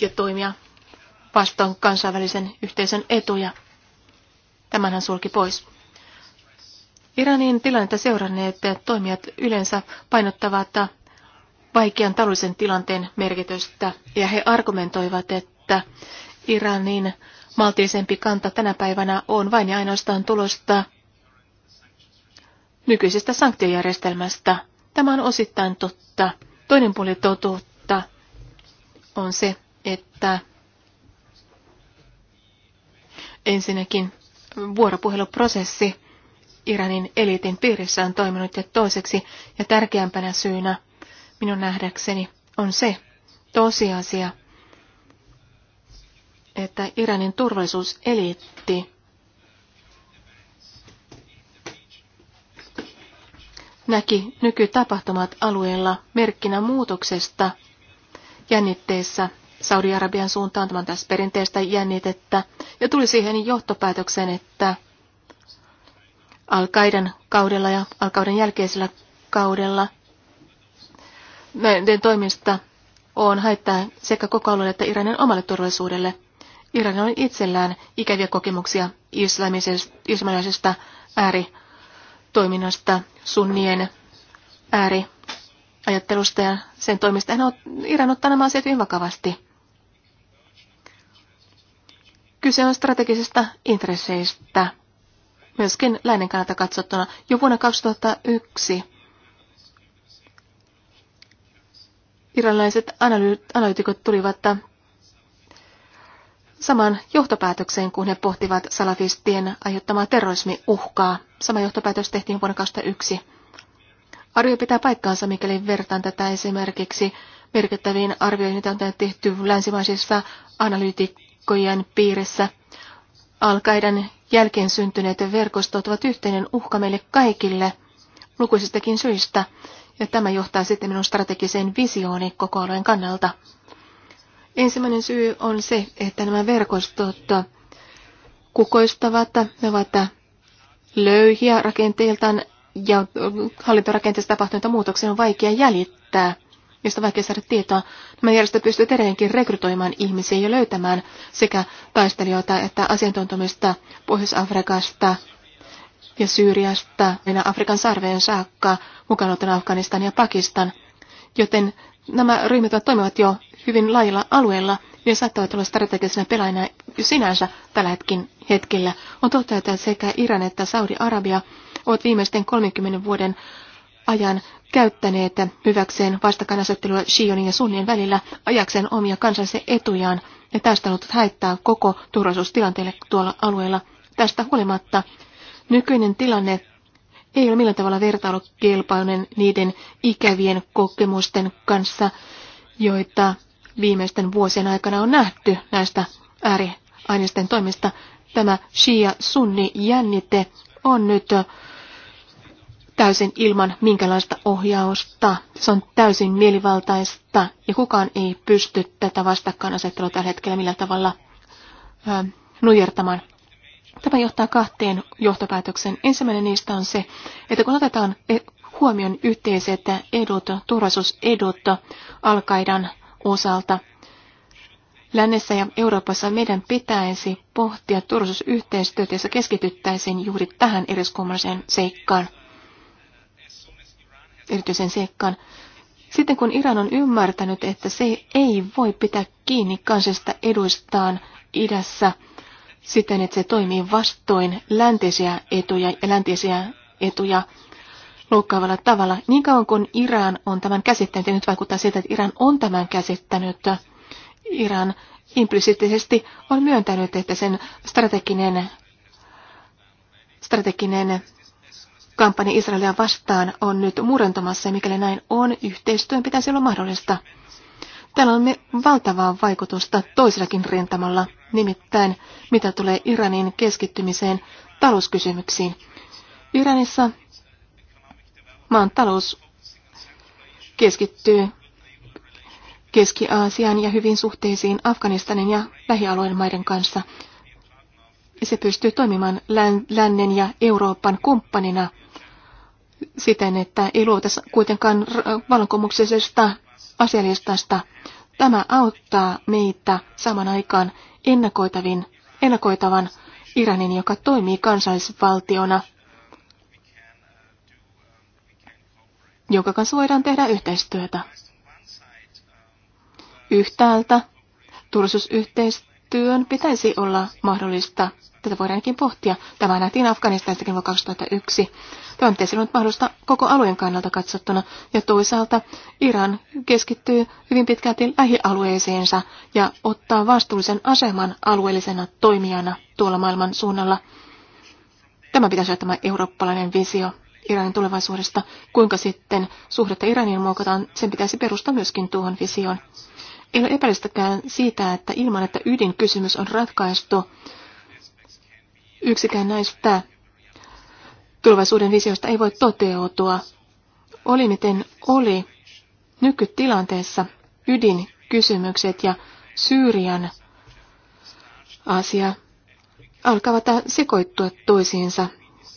ja toimia vastoin kansainvälisen yhteisön etuja. Tämän hän sulki pois. Iranin tilannetta seuranneet toimijat yleensä painottavat vaikean taloudellisen tilanteen merkitystä, ja he argumentoivat, että Iranin maltillisempi kanta tänä päivänä on vain ja ainoastaan tulosta nykyisestä sanktiojärjestelmästä. Tämä on osittain totta. Toinen puoli totuutta on se, että ensinnäkin vuoropuheluprosessi Iranin eliitin piirissä on toiminut ja toiseksi ja tärkeämpänä syynä minun nähdäkseni on se tosiasia, että Iranin turvallisuuseliitti näki nykytapahtumat alueella merkkinä muutoksesta jännitteissä Saudi-Arabian suuntaan tämän tässä perinteistä jännitettä ja tuli siihen johtopäätökseen, että Al-Qaidan kaudella ja al jälkeisellä kaudella näiden toimista on haittaa sekä koko alueelle että Iranin omalle turvallisuudelle. Iran on itsellään ikäviä kokemuksia islamilaisesta ääritoiminnasta, sunnien ääriajattelusta ja sen toimista. Hän on, Iran ottaa nämä asiat hyvin vakavasti. Kyse on strategisista intresseistä, myöskin lännen kannalta katsottuna. Jo vuonna 2001 iranilaiset analyytikot tulivat saman johtopäätökseen, kun he pohtivat salafistien aiheuttamaa terrorismiuhkaa. Sama johtopäätös tehtiin vuonna 2001. Arvio pitää paikkaansa, mikäli vertaan tätä esimerkiksi merkittäviin arvioihin, joita on tehty länsimaisissa analyytikkojen piirissä. Alkaiden jälkeen syntyneet verkostot ovat yhteinen uhka meille kaikille lukuisistakin syistä, ja tämä johtaa sitten minun strategiseen visiooni koko alueen kannalta. Ensimmäinen syy on se, että nämä verkostot kukoistavat, ne ovat löyhiä rakenteiltaan ja hallintorakenteessa tapahtuneita muutoksia on vaikea jäljittää, josta on vaikea saada tietoa. Nämä järjestöt pystyvät edelleenkin rekrytoimaan ihmisiä ja löytämään sekä taistelijoita että asiantuntemista Pohjois-Afrikasta ja Syyriasta, ja Afrikan sarveen saakka, mukaan ottaen Afganistan ja Pakistan. Joten nämä ryhmät toimivat jo hyvin lailla alueella, ja saattavat olla strategisena pelaajana sinänsä tällä hetkellä. On totta, että sekä Iran että Saudi-Arabia ovat viimeisten 30 vuoden ajan käyttäneet hyväkseen vastakkainasettelua Shionin ja Sunnien välillä ajakseen omia kansallisia etujaan, ja tästä on haittaa koko turvallisuustilanteelle tuolla alueella. Tästä huolimatta nykyinen tilanne ei ole millään tavalla vertailukelpoinen niiden ikävien kokemusten kanssa, joita viimeisten vuosien aikana on nähty näistä ääriaineisten toimista. Tämä Shia-Sunni-jännite on nyt täysin ilman minkälaista ohjausta. Se on täysin mielivaltaista ja kukaan ei pysty tätä vastakkainasettelua tällä hetkellä millä tavalla ö, nujertamaan. Tämä johtaa kahteen johtopäätöksen Ensimmäinen niistä on se, että kun otetaan e- huomioon yhteiset edut, turvallisuusedut alkaidan osalta. Lännessä ja Euroopassa meidän pitäisi pohtia turvallisuusyhteistyötä, jossa keskityttäisiin juuri tähän eriskummalliseen seikkaan, erityisen seikkaan. Sitten kun Iran on ymmärtänyt, että se ei voi pitää kiinni kansallisista eduistaan idässä siten, että se toimii vastoin läntisiä etuja ja läntisiä etuja loukkaavalla tavalla. Niin kauan kuin Iran on tämän käsittänyt, ja nyt vaikuttaa siltä, että Iran on tämän käsittänyt, Iran implisiittisesti on myöntänyt, että sen strateginen, strateginen kampanja Israelia vastaan on nyt murentumassa, ja mikäli näin on, yhteistyön pitäisi olla mahdollista. Täällä on me valtavaa vaikutusta toisellakin rintamalla, nimittäin mitä tulee Iranin keskittymiseen talouskysymyksiin. Iranissa Maan talous keskittyy Keski-Aasian ja hyvin suhteisiin Afganistanin ja lähialueen maiden kanssa. Se pystyy toimimaan lännen ja Euroopan kumppanina siten, että ei luota kuitenkaan vallankumouksellisesta asialistasta. Tämä auttaa meitä saman aikaan ennakoitavin, ennakoitavan Iranin, joka toimii kansallisvaltiona – jonka kanssa voidaan tehdä yhteistyötä. Yhtäältä turvallisuusyhteistyön pitäisi olla mahdollista. Tätä voidaankin pohtia. Tämä nähtiin Afganistanistakin vuonna 2001. Tämä on silloin mahdollista koko alueen kannalta katsottuna. Ja toisaalta Iran keskittyy hyvin pitkälti lähialueeseensa ja ottaa vastuullisen aseman alueellisena toimijana tuolla maailman suunnalla. Tämä pitäisi olla tämä eurooppalainen visio. Iranin tulevaisuudesta, kuinka sitten suhdetta Iraniin muokataan, sen pitäisi perustaa myöskin tuohon visioon. Ei ole epäilystäkään siitä, että ilman, että ydinkysymys on ratkaistu, yksikään näistä tulevaisuuden visioista ei voi toteutua. Oli miten oli nykytilanteessa ydinkysymykset ja Syyrian asia alkavat sekoittua toisiinsa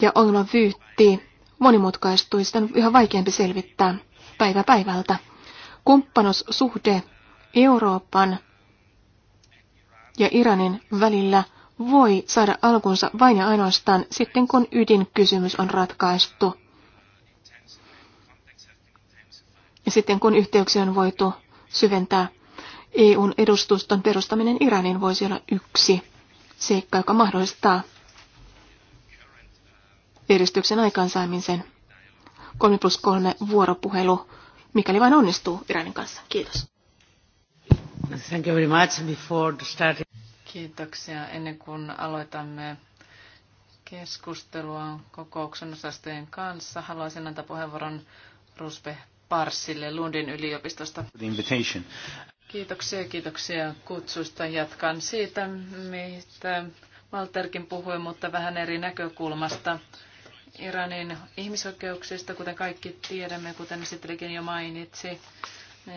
ja ongelman vyyttiin monimutkaistui, sitä on yhä vaikeampi selvittää päivä päivältä. Kumppanussuhde Euroopan ja Iranin välillä voi saada alkunsa vain ja ainoastaan sitten, kun ydinkysymys on ratkaistu. Ja sitten, kun yhteyksiä on voitu syventää, EUn edustuston perustaminen Iranin voisi olla yksi seikka, joka mahdollistaa edistyksen aikaansaamisen. 3 plus 3 vuoropuhelu, mikäli vain onnistuu Iranin kanssa. Kiitos. Thank you very much before starting. Kiitoksia. Ennen kuin aloitamme keskustelua kokouksen osastojen kanssa, haluaisin antaa puheenvuoron Ruspe Parsille Lundin yliopistosta. Kiitoksia, kiitoksia kutsusta. Jatkan siitä, mitä Walterkin puhui, mutta vähän eri näkökulmasta. Iranin ihmisoikeuksista, kuten kaikki tiedämme, kuten Sitrikin jo mainitsi.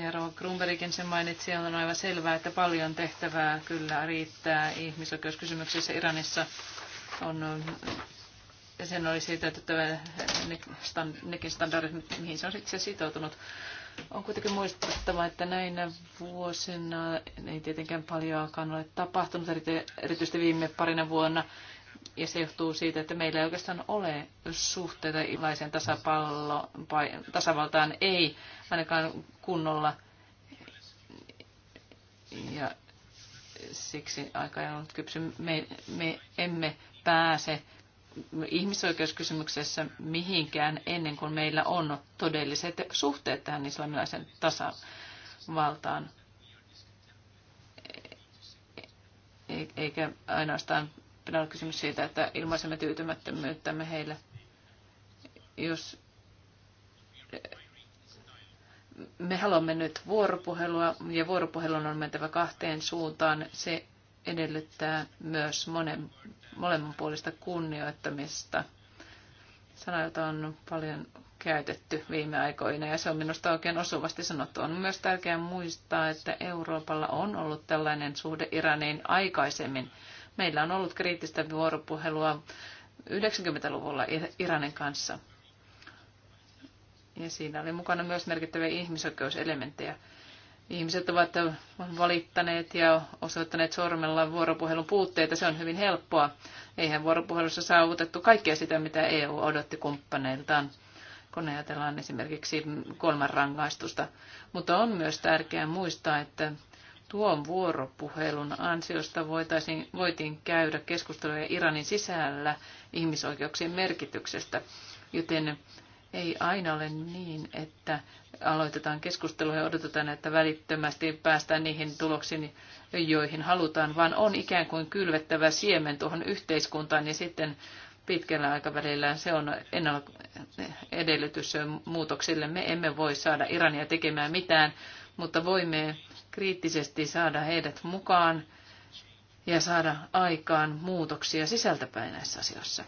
Ja Rova Grunbergin sen mainitsi, on aivan selvää, että paljon tehtävää kyllä riittää ihmisoikeuskysymyksissä Iranissa. On, ja sen oli siitä, että nekin standardit, mihin se on itse sitoutunut. On kuitenkin muistettava, että näinä vuosina ei tietenkään paljoakaan ole tapahtunut, erityisesti viime parina vuonna ja se johtuu siitä, että meillä ei oikeastaan ole suhteita ilaisen tasavaltaan, ei ainakaan kunnolla. Ja siksi aika ei ollut kypsy. Me, me emme pääse ihmisoikeuskysymyksessä mihinkään ennen kuin meillä on todelliset suhteet tähän islamilaisen tasavaltaan. E-, eikä ainoastaan ole kysymys siitä, että ilmaisemme tyytymättömyyttämme heille. Jos me haluamme nyt vuoropuhelua ja vuoropuhelun on mentävä kahteen suuntaan. Se edellyttää myös monen, molemminpuolista kunnioittamista. Sanoita jota on paljon käytetty viime aikoina ja se on minusta oikein osuvasti sanottu. On myös tärkeää muistaa, että Euroopalla on ollut tällainen suhde Iraniin aikaisemmin. Meillä on ollut kriittistä vuoropuhelua 90-luvulla Iranin kanssa. Ja siinä oli mukana myös merkittäviä ihmisoikeuselementtejä. Ihmiset ovat valittaneet ja osoittaneet sormella vuoropuhelun puutteita. Se on hyvin helppoa. Eihän vuoropuhelussa saavutettu kaikkea sitä, mitä EU odotti kumppaneiltaan, kun ajatellaan esimerkiksi kolman rangaistusta. Mutta on myös tärkeää muistaa, että Tuon vuoropuhelun ansiosta voitaisiin, voitiin käydä keskusteluja Iranin sisällä ihmisoikeuksien merkityksestä, joten ei aina ole niin, että aloitetaan keskustelua ja odotetaan, että välittömästi päästään niihin tuloksiin, joihin halutaan, vaan on ikään kuin kylvettävä siemen tuohon yhteiskuntaan ja sitten pitkällä aikavälillä se on edellytys muutoksille. Me emme voi saada Irania tekemään mitään, mutta voimme kriittisesti saada heidät mukaan ja saada aikaan muutoksia sisältäpäin näissä asioissa.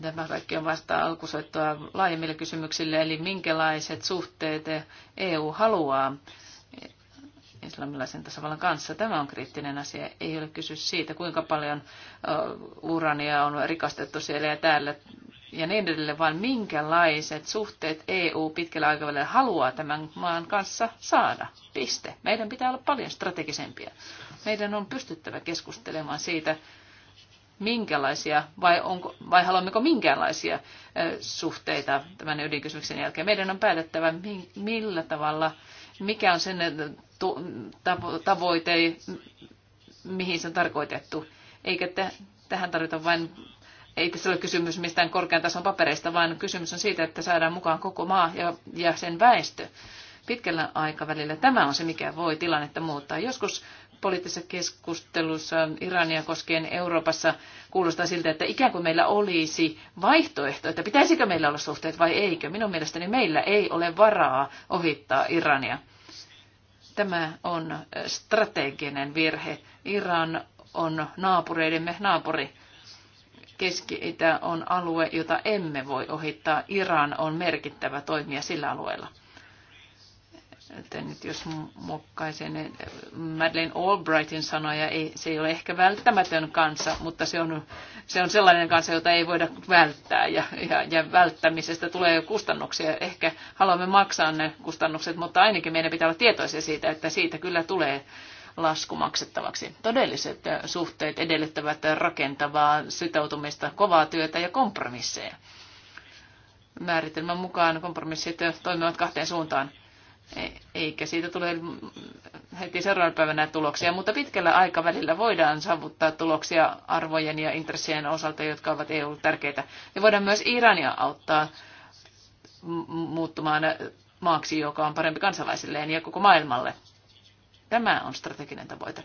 Tämä kaikki on vasta alkusoittoa laajemmille kysymyksille, eli minkälaiset suhteet EU haluaa islamilaisen tasavallan kanssa. Tämä on kriittinen asia. Ei ole kysy siitä, kuinka paljon urania on rikastettu siellä ja täällä ja niin edelleen, vaan minkälaiset suhteet EU pitkällä aikavälillä haluaa tämän maan kanssa saada. Piste. Meidän pitää olla paljon strategisempia. Meidän on pystyttävä keskustelemaan siitä, minkälaisia vai, onko, vai haluammeko minkäänlaisia suhteita tämän ydinkysymyksen jälkeen. Meidän on päätettävä, millä tavalla, mikä on sen tavoite, mihin se on tarkoitettu. Eikä te tähän tarvita vain ei tässä ole kysymys mistään korkean tason papereista, vaan kysymys on siitä, että saadaan mukaan koko maa ja, ja sen väestö. Pitkällä aikavälillä tämä on se, mikä voi tilannetta muuttaa. Joskus poliittisessa keskustelussa Irania koskien Euroopassa kuulostaa siltä, että ikään kuin meillä olisi vaihtoehto, että pitäisikö meillä olla suhteet vai eikö. Minun mielestäni meillä ei ole varaa ohittaa Irania. Tämä on strateginen virhe. Iran on naapureidemme naapuri Keski-Itä on alue, jota emme voi ohittaa. Iran on merkittävä toimija sillä alueella. nyt jos mokkaisen niin Madeleine Albrightin sanoja, ei, se ei ole ehkä välttämätön kansa, mutta se on, se on sellainen kansa, jota ei voida välttää. Ja, ja, ja välttämisestä tulee kustannuksia. Ehkä haluamme maksaa ne kustannukset, mutta ainakin meidän pitää olla tietoisia siitä, että siitä kyllä tulee lasku maksettavaksi. Todelliset suhteet edellyttävät rakentavaa sitoutumista, kovaa työtä ja kompromisseja. Määritelmän mukaan kompromissit toimivat kahteen suuntaan e, eikä siitä tule mm, heti seuraavana päivänä tuloksia, mutta pitkällä aikavälillä voidaan saavuttaa tuloksia arvojen ja intressien osalta, jotka ovat EU tärkeitä. Ja voidaan myös Irania auttaa muuttumaan maaksi, joka on parempi kansalaisilleen ja koko maailmalle. Tämä on strateginen tavoite.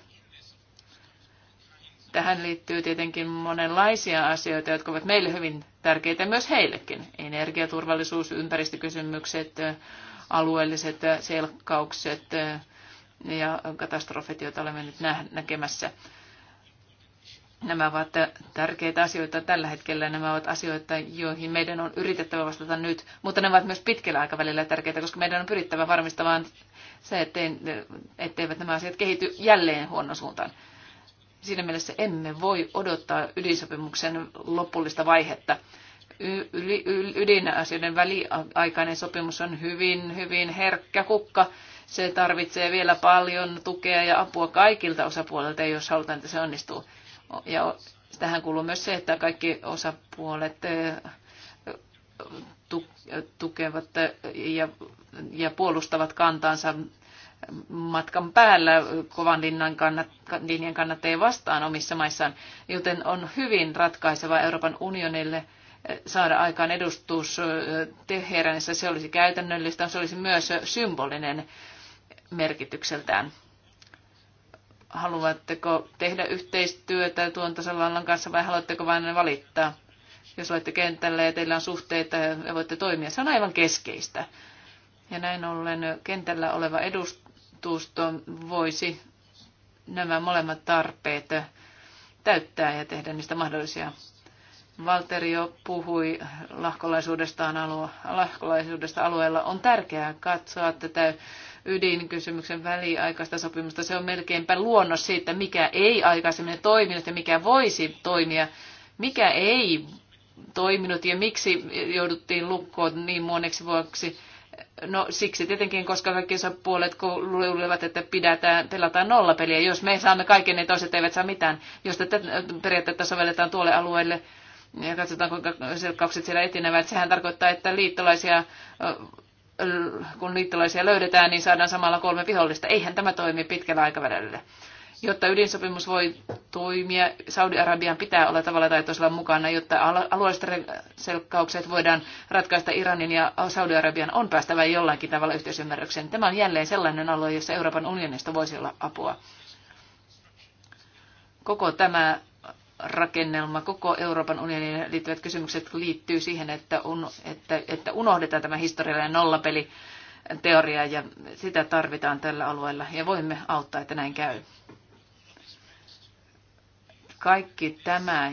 Tähän liittyy tietenkin monenlaisia asioita, jotka ovat meille hyvin tärkeitä myös heillekin. Energiaturvallisuus, ympäristökysymykset, alueelliset selkkaukset ja katastrofit, joita olemme nyt näkemässä. Nämä ovat tärkeitä asioita tällä hetkellä. Nämä ovat asioita, joihin meidän on yritettävä vastata nyt, mutta ne ovat myös pitkällä aikavälillä tärkeitä, koska meidän on pyrittävä varmistamaan se, ettei, etteivät nämä asiat kehity jälleen huonon suuntaan. Siinä mielessä emme voi odottaa ydinsopimuksen lopullista vaihetta. Ydinasioiden väliaikainen sopimus on hyvin, hyvin herkkä kukka. Se tarvitsee vielä paljon tukea ja apua kaikilta osapuolilta, jos halutaan, että se onnistuu. Ja tähän kuuluu myös se, että kaikki osapuolet tukevat ja, ja puolustavat kantaansa matkan päällä kovan linjan, kannat, linjan kannattajia vastaan omissa maissaan, joten on hyvin ratkaiseva Euroopan unionille saada aikaan edustus Teheranissa. Se olisi käytännöllistä, se olisi myös symbolinen merkitykseltään. Haluatteko tehdä yhteistyötä tuon tasavallan kanssa vai haluatteko vain valittaa? jos olette kentällä ja teillä on suhteita ja voitte toimia. Se on aivan keskeistä. Ja näin ollen kentällä oleva edustusto voisi nämä molemmat tarpeet täyttää ja tehdä niistä mahdollisia. Valteri jo puhui lahkolaisuudestaan alue, lahkolaisuudesta alueella. On tärkeää katsoa tätä ydinkysymyksen väliaikaista sopimusta. Se on melkeinpä luonnos siitä, mikä ei aikaisemmin toiminut ja mikä voisi toimia. Mikä ei toiminut ja miksi jouduttiin lukkoon niin moneksi vuoksi? No siksi tietenkin, koska kaikki puolet luulevat, että pidätään, pelataan nollapeliä. Jos me saamme kaiken, niin toiset eivät saa mitään. Jos tätä periaatteessa sovelletaan tuolle alueelle ja katsotaan, kuinka selkkaukset siellä etenevät, sehän tarkoittaa, että liittolaisia, kun liittolaisia löydetään, niin saadaan samalla kolme vihollista. Eihän tämä toimi pitkällä aikavälillä. Jotta ydinsopimus voi toimia, Saudi-Arabian pitää olla tavalla tai toisella mukana, jotta alueelliset selkkaukset voidaan ratkaista Iranin ja Saudi-Arabian on päästävä jollakin tavalla yhteisymmärrykseen. Tämä on jälleen sellainen alue, jossa Euroopan unionista voisi olla apua. Koko tämä rakennelma, koko Euroopan unioniin liittyvät kysymykset liittyy siihen, että, un, että, että unohdetaan tämä historiallinen nollapeli teoria ja sitä tarvitaan tällä alueella ja voimme auttaa, että näin käy. Kaikki tämä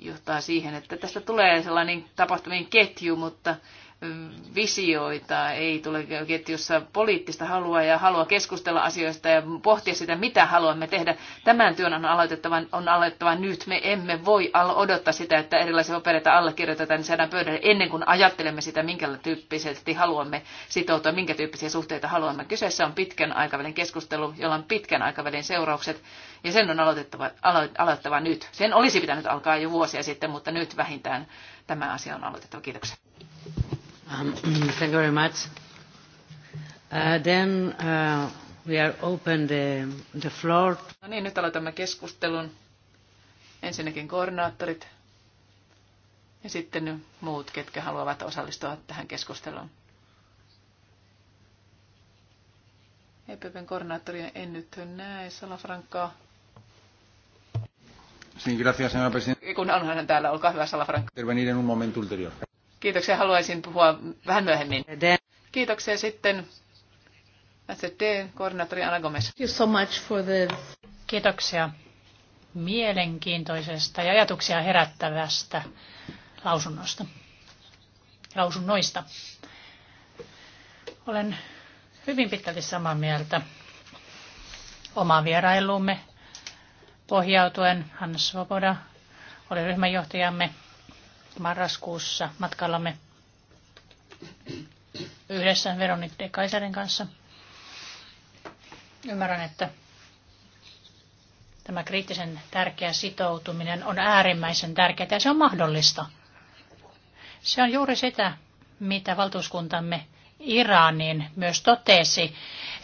johtaa siihen, että tästä tulee sellainen tapahtumien ketju, mutta visioita, ei tule ketjussa poliittista halua ja halua keskustella asioista ja pohtia sitä, mitä haluamme tehdä. Tämän työn on aloitettava, on aloitettava nyt. Me emme voi odottaa sitä, että erilaisia opereita allekirjoitetaan, niin saadaan pöydälle ennen kuin ajattelemme sitä, minkä tyyppisesti haluamme sitoutua, minkä tyyppisiä suhteita haluamme. Kyseessä on pitkän aikavälin keskustelu, jolla on pitkän aikavälin seuraukset, ja sen on aloitettava, alo, aloitettava nyt. Sen olisi pitänyt alkaa jo vuosia sitten, mutta nyt vähintään tämä asia on aloitettava. Kiitoksia. Um, thank you very much. Uh, then uh, we are open the, the floor. No niin, nyt aloitamme keskustelun. Ensinnäkin koordinaattorit ja sitten muut, ketkä haluavat osallistua tähän keskusteluun. EPPn koordinaattoria en nyt näe. Salafrankkaa. Sin gracias, señora presidenta. Kun onhan hän täällä, olkaa hyvä Salafranca. Intervenir en un momento ulterior. Kiitoksia. Haluaisin puhua vähän myöhemmin. Kiitoksia sitten SD-koordinaattori Ana Gomez. so much for Kiitoksia mielenkiintoisesta ja ajatuksia herättävästä lausunnosta. Lausunnoista. Olen hyvin pitkälti samaa mieltä omaan vierailuumme pohjautuen. Hannes Svoboda oli ryhmänjohtajamme marraskuussa matkallamme yhdessä Veronik de Kaisarin kanssa. Ymmärrän, että tämä kriittisen tärkeä sitoutuminen on äärimmäisen tärkeää ja se on mahdollista. Se on juuri sitä, mitä valtuuskuntamme Iranin myös totesi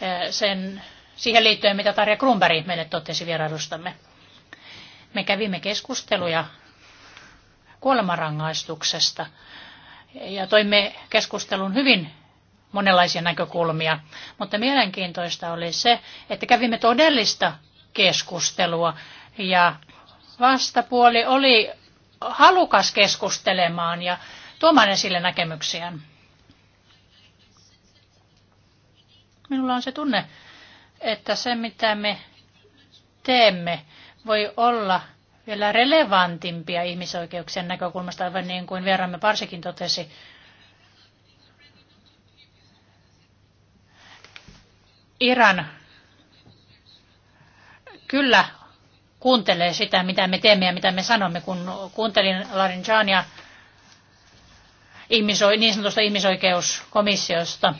eh, sen, siihen liittyen, mitä Tarja Grunberg meille totesi vierailustamme. Me kävimme keskusteluja kuolemanrangaistuksesta ja toimme keskustelun hyvin monenlaisia näkökulmia, mutta mielenkiintoista oli se, että kävimme todellista keskustelua ja vastapuoli oli halukas keskustelemaan ja tuomaan esille näkemyksiään. Minulla on se tunne, että se mitä me teemme voi olla vielä relevantimpia ihmisoikeuksien näkökulmasta, aivan niin kuin vieraamme Parsikin totesi. Iran kyllä kuuntelee sitä, mitä me teemme ja mitä me sanomme. Kun kuuntelin Larinjania ihmiso- niin sanotusta ihmisoikeuskomissiosta,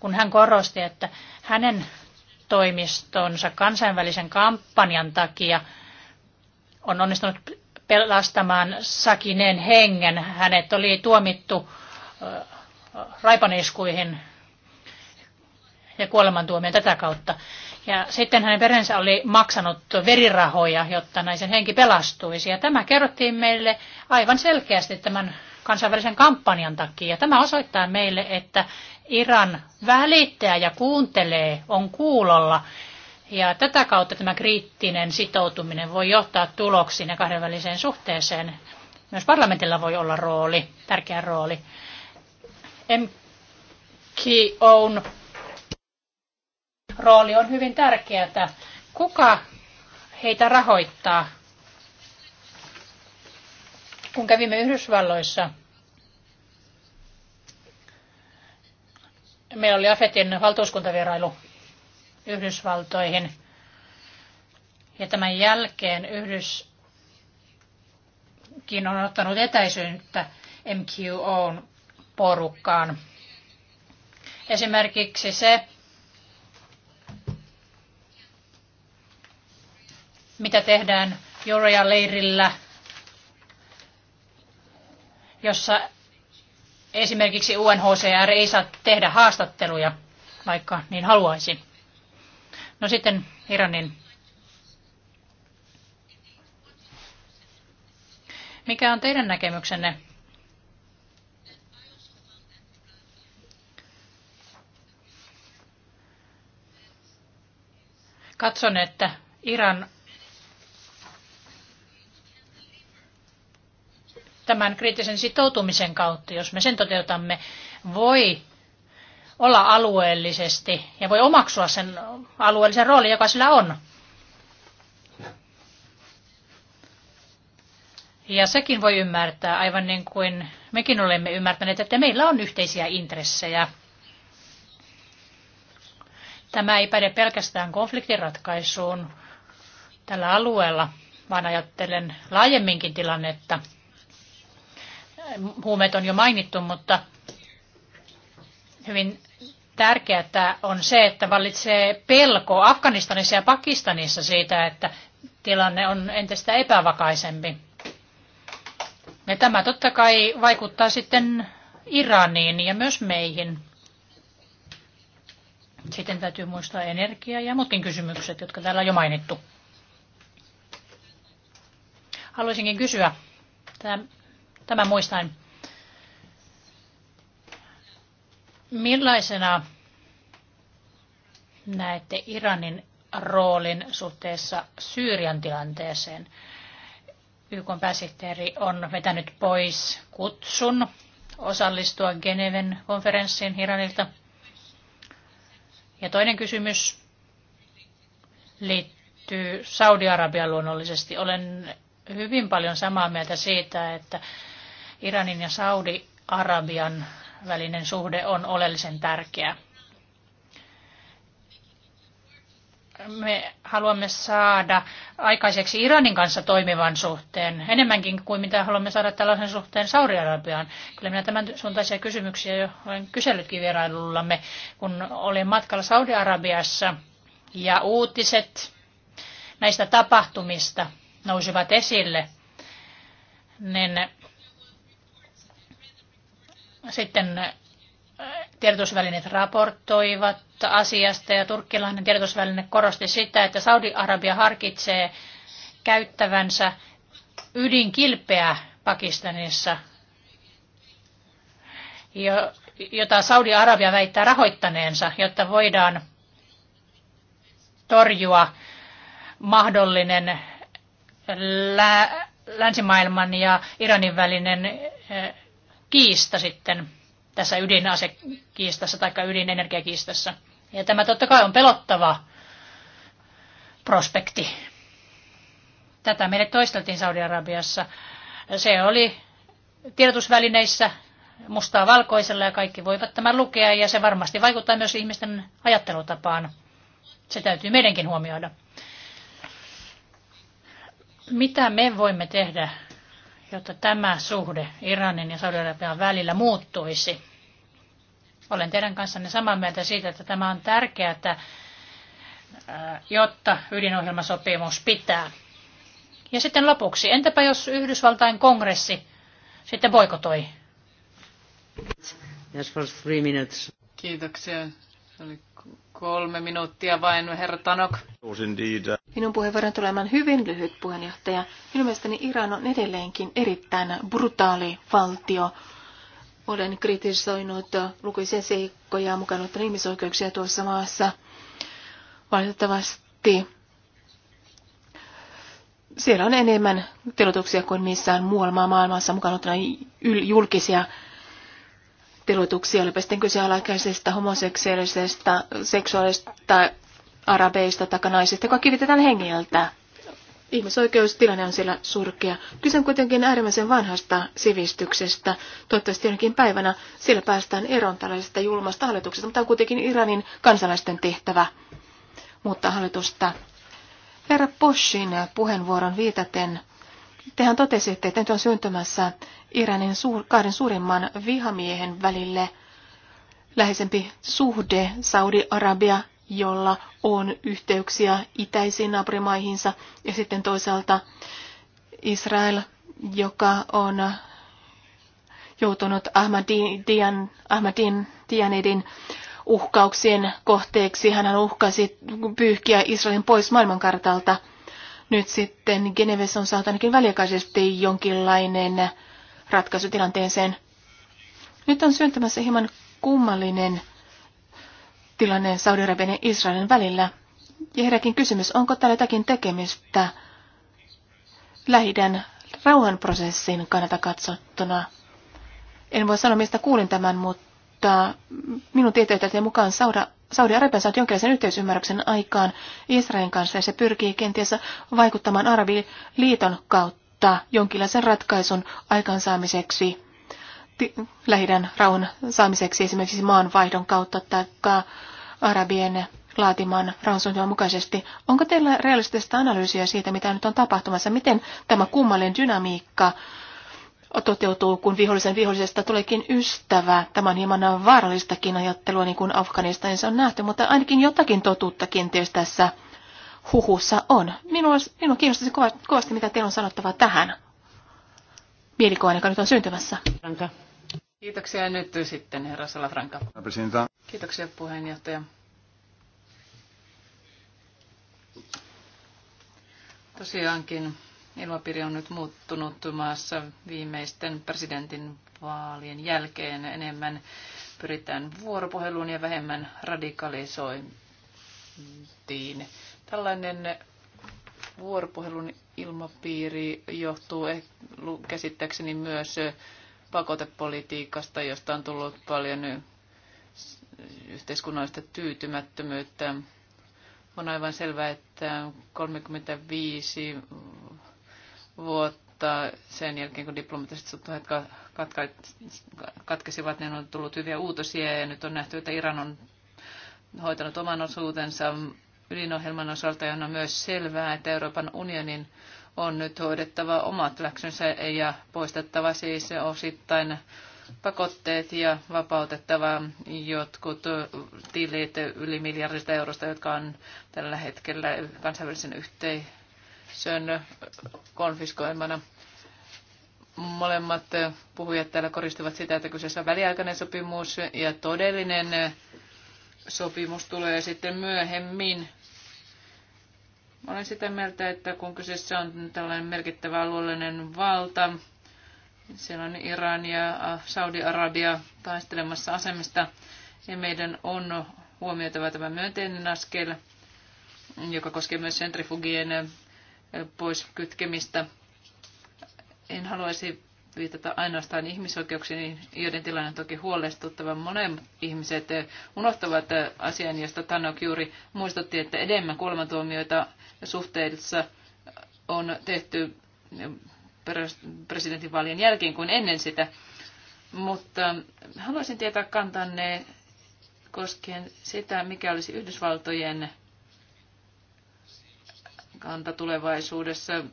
kun hän korosti, että hänen toimistonsa kansainvälisen kampanjan takia – on onnistunut pelastamaan Sakinen hengen. Hänet oli tuomittu raipaniskuihin ja kuolemantuomioon tätä kautta. Ja sitten hänen perheensä oli maksanut verirahoja, jotta naisen henki pelastuisi. Ja tämä kerrottiin meille aivan selkeästi tämän kansainvälisen kampanjan takia. Tämä osoittaa meille, että Iran välittää ja kuuntelee, on kuulolla ja tätä kautta tämä kriittinen sitoutuminen voi johtaa tuloksiin ja kahdenväliseen suhteeseen. Myös parlamentilla voi olla rooli, tärkeä rooli. MKOn rooli on hyvin tärkeää. Kuka heitä rahoittaa? Kun kävimme Yhdysvalloissa, meillä oli AFETin valtuuskuntavierailu Yhdysvaltoihin. Ja tämän jälkeen Yhdyskin on ottanut etäisyyttä MQOn porukkaan. Esimerkiksi se, mitä tehdään Joria-leirillä, jossa esimerkiksi UNHCR ei saa tehdä haastatteluja, vaikka niin haluaisi. No sitten Iranin. Mikä on teidän näkemyksenne katson, että Iran tämän kriittisen sitoutumisen kautta, jos me sen toteutamme, voi olla alueellisesti ja voi omaksua sen alueellisen roolin, joka sillä on. Ja sekin voi ymmärtää, aivan niin kuin mekin olemme ymmärtäneet, että meillä on yhteisiä intressejä. Tämä ei päde pelkästään konfliktiratkaisuun tällä alueella, vaan ajattelen laajemminkin tilannetta. Huumeet on jo mainittu, mutta hyvin tärkeää on se, että vallitsee pelko Afganistanissa ja Pakistanissa siitä, että tilanne on entistä epävakaisempi. Ja tämä totta kai vaikuttaa sitten Iraniin ja myös meihin. Sitten täytyy muistaa energia ja muutkin kysymykset, jotka täällä on jo mainittu. Haluaisinkin kysyä, tämä muistain. Millaisena näette Iranin roolin suhteessa Syyrian tilanteeseen? YK pääsihteeri on vetänyt pois kutsun osallistua Geneven konferenssiin Iranilta. Ja toinen kysymys liittyy saudi arabian luonnollisesti. Olen hyvin paljon samaa mieltä siitä, että Iranin ja Saudi-Arabian välinen suhde on oleellisen tärkeä. me haluamme saada aikaiseksi Iranin kanssa toimivan suhteen, enemmänkin kuin mitä haluamme saada tällaisen suhteen Saudi-Arabiaan. Kyllä minä tämän suuntaisia kysymyksiä jo olen kyselytkin vierailullamme, kun olin matkalla Saudi-Arabiassa ja uutiset näistä tapahtumista nousivat esille, niin sitten äh, tiedotusvälineet raportoivat asiasta ja turkkilainen tiedotusväline korosti sitä, että Saudi-Arabia harkitsee käyttävänsä ydinkilpeä Pakistanissa, jota Saudi-Arabia väittää rahoittaneensa, jotta voidaan torjua mahdollinen länsimaailman ja Iranin välinen äh, kiista sitten tässä ydinasekiistassa tai ydinenergiakiistassa. Ja tämä totta kai on pelottava prospekti. Tätä meille toisteltiin Saudi-Arabiassa. Se oli tiedotusvälineissä mustaa valkoisella ja kaikki voivat tämän lukea ja se varmasti vaikuttaa myös ihmisten ajattelutapaan. Se täytyy meidänkin huomioida. Mitä me voimme tehdä jotta tämä suhde Iranin ja Saudi-Arabian välillä muuttuisi. Olen teidän kanssanne samaa mieltä siitä, että tämä on tärkeää, että, äh, jotta ydinohjelmasopimus pitää. Ja sitten lopuksi, entäpä jos Yhdysvaltain kongressi sitten boikotoi? Kiitoksia. Se oli Kolme minuuttia vain, herra Tanok. Uh, Minun puheenvuoron tulemaan hyvin lyhyt puheenjohtaja. Minun mielestäni Iran on edelleenkin erittäin brutaali valtio. Olen kritisoinut lukuisia seikkoja mukaan ottanut ihmisoikeuksia tuossa maassa. Valitettavasti siellä on enemmän telotuksia kuin missään muualla maailmassa mukaan ottanut julkisia teloituksia, olipa sitten kyse alakäisestä, homoseksuaalisesta, seksuaalista, arabeista tai naisista, joka kivitetään hengiltä. Ihmisoikeustilanne on siellä surkea. Kyse on kuitenkin äärimmäisen vanhasta sivistyksestä. Toivottavasti jonkin päivänä siellä päästään eroon tällaisesta julmasta hallituksesta, mutta on kuitenkin Iranin kansalaisten tehtävä muuttaa hallitusta. Herra Poshin puheenvuoron viitaten Tehän totesitte, että nyt on syntymässä Iranin suur, kahden suurimman vihamiehen välille läheisempi suhde Saudi-Arabia, jolla on yhteyksiä itäisiin naapurimaihinsa, ja sitten toisaalta Israel, joka on joutunut Ahmadin, Ahmadin, uhkauksien kohteeksi. Hän uhkasi pyyhkiä Israelin pois maailmankartalta – nyt sitten Genevessä on saatu ainakin väliaikaisesti jonkinlainen ratkaisutilanteeseen. Nyt on syntymässä hieman kummallinen tilanne saudi ja Israelin välillä. Ja heräkin kysymys, onko täällä jotakin tekemistä lähidän rauhanprosessin kannalta katsottuna? En voi sanoa, mistä kuulin tämän, mutta minun tietojen mukaan Saudi-Arabia saat jonkinlaisen yhteisymmärryksen aikaan Israelin kanssa ja se pyrkii kenties vaikuttamaan Arabiliiton kautta jonkinlaisen ratkaisun aikaansaamiseksi, lähidän rauhan saamiseksi esimerkiksi maanvaihdon kautta tai Arabien laatimaan rauhansuunnitelman mukaisesti. Onko teillä realistista analyysiä siitä, mitä nyt on tapahtumassa? Miten tämä kummallinen dynamiikka toteutuu, kun vihollisen vihollisesta tuleekin ystävä. Tämä on hieman vaarallistakin ajattelua, niin kuin Afganistanissa on nähty, mutta ainakin jotakin totuutta kenties tässä huhussa on. Minua, minua kiinnostaisi kovasti, mitä teillä on sanottava tähän. mielikoon, joka nyt on syntymässä. Ranka. Kiitoksia nyt sitten, herra Salafranka. Kiitoksia puheenjohtaja. Tosiaankin Ilmapiiri on nyt muuttunut maassa viimeisten presidentin vaalien jälkeen. Enemmän pyritään vuoropuheluun ja vähemmän radikalisointiin. Tällainen vuoropuhelun ilmapiiri johtuu eh, käsittääkseni myös pakotepolitiikasta, josta on tullut paljon yhteiskunnallista tyytymättömyyttä. On aivan selvää, että 35 vuotta sen jälkeen, kun diplomaattiset suhteet katkesivat, niin on tullut hyviä uutisia ja nyt on nähty, että Iran on hoitanut oman osuutensa ydinohjelman osalta, ja on myös selvää, että Euroopan unionin on nyt hoidettava omat läksynsä ja poistettava siis osittain pakotteet ja vapautettava jotkut tilit yli miljardista eurosta, jotka on tällä hetkellä kansainvälisen yhteen sen konfiskoimana. Molemmat puhujat täällä koristivat sitä, että kyseessä on väliaikainen sopimus ja todellinen sopimus tulee sitten myöhemmin. Olen sitä mieltä, että kun kyseessä on tällainen merkittävä alueellinen valta, siellä on Iran ja Saudi-Arabia taistelemassa asemista, ja meidän on huomioitava tämä myönteinen askel, joka koskee myös sentrifugien pois kytkemistä. En haluaisi viitata ainoastaan ihmisoikeuksiin, joiden tilanne on toki huolestuttava. Monet ihmiset unohtavat asian, josta Tanok juuri muistutti, että enemmän kuolemantuomioita suhteessa on tehty presidentinvaalien jälkeen kuin ennen sitä. Mutta haluaisin tietää kantanne koskien sitä, mikä olisi Yhdysvaltojen kanta tulevaisuudessa.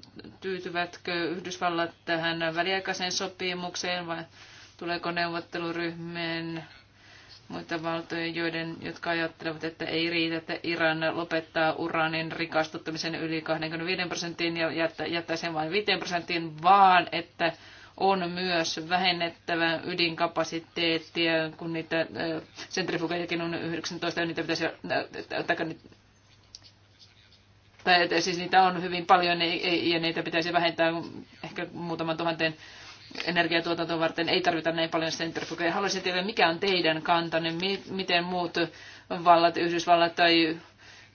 Tyytyvätkö Yhdysvallat tähän väliaikaiseen sopimukseen vai tuleeko neuvotteluryhmien muita valtoja, joiden, jotka ajattelevat, että ei riitä, että Iran lopettaa uraanin rikastuttamisen yli 25 prosenttiin ja jättää, sen vain 5 prosenttiin, vaan että on myös vähennettävä ydinkapasiteettia, kun niitä sentrifugeitakin on 19 ja niitä pitäisi, tai tai siis niitä on hyvin paljon ja niitä pitäisi vähentää ehkä muutaman tuhanteen energiatuotantoa varten ei tarvita näin paljon centrifugeja. Haluaisin tietää, mikä on teidän kantanne, miten muut vallat, Yhdysvallat tai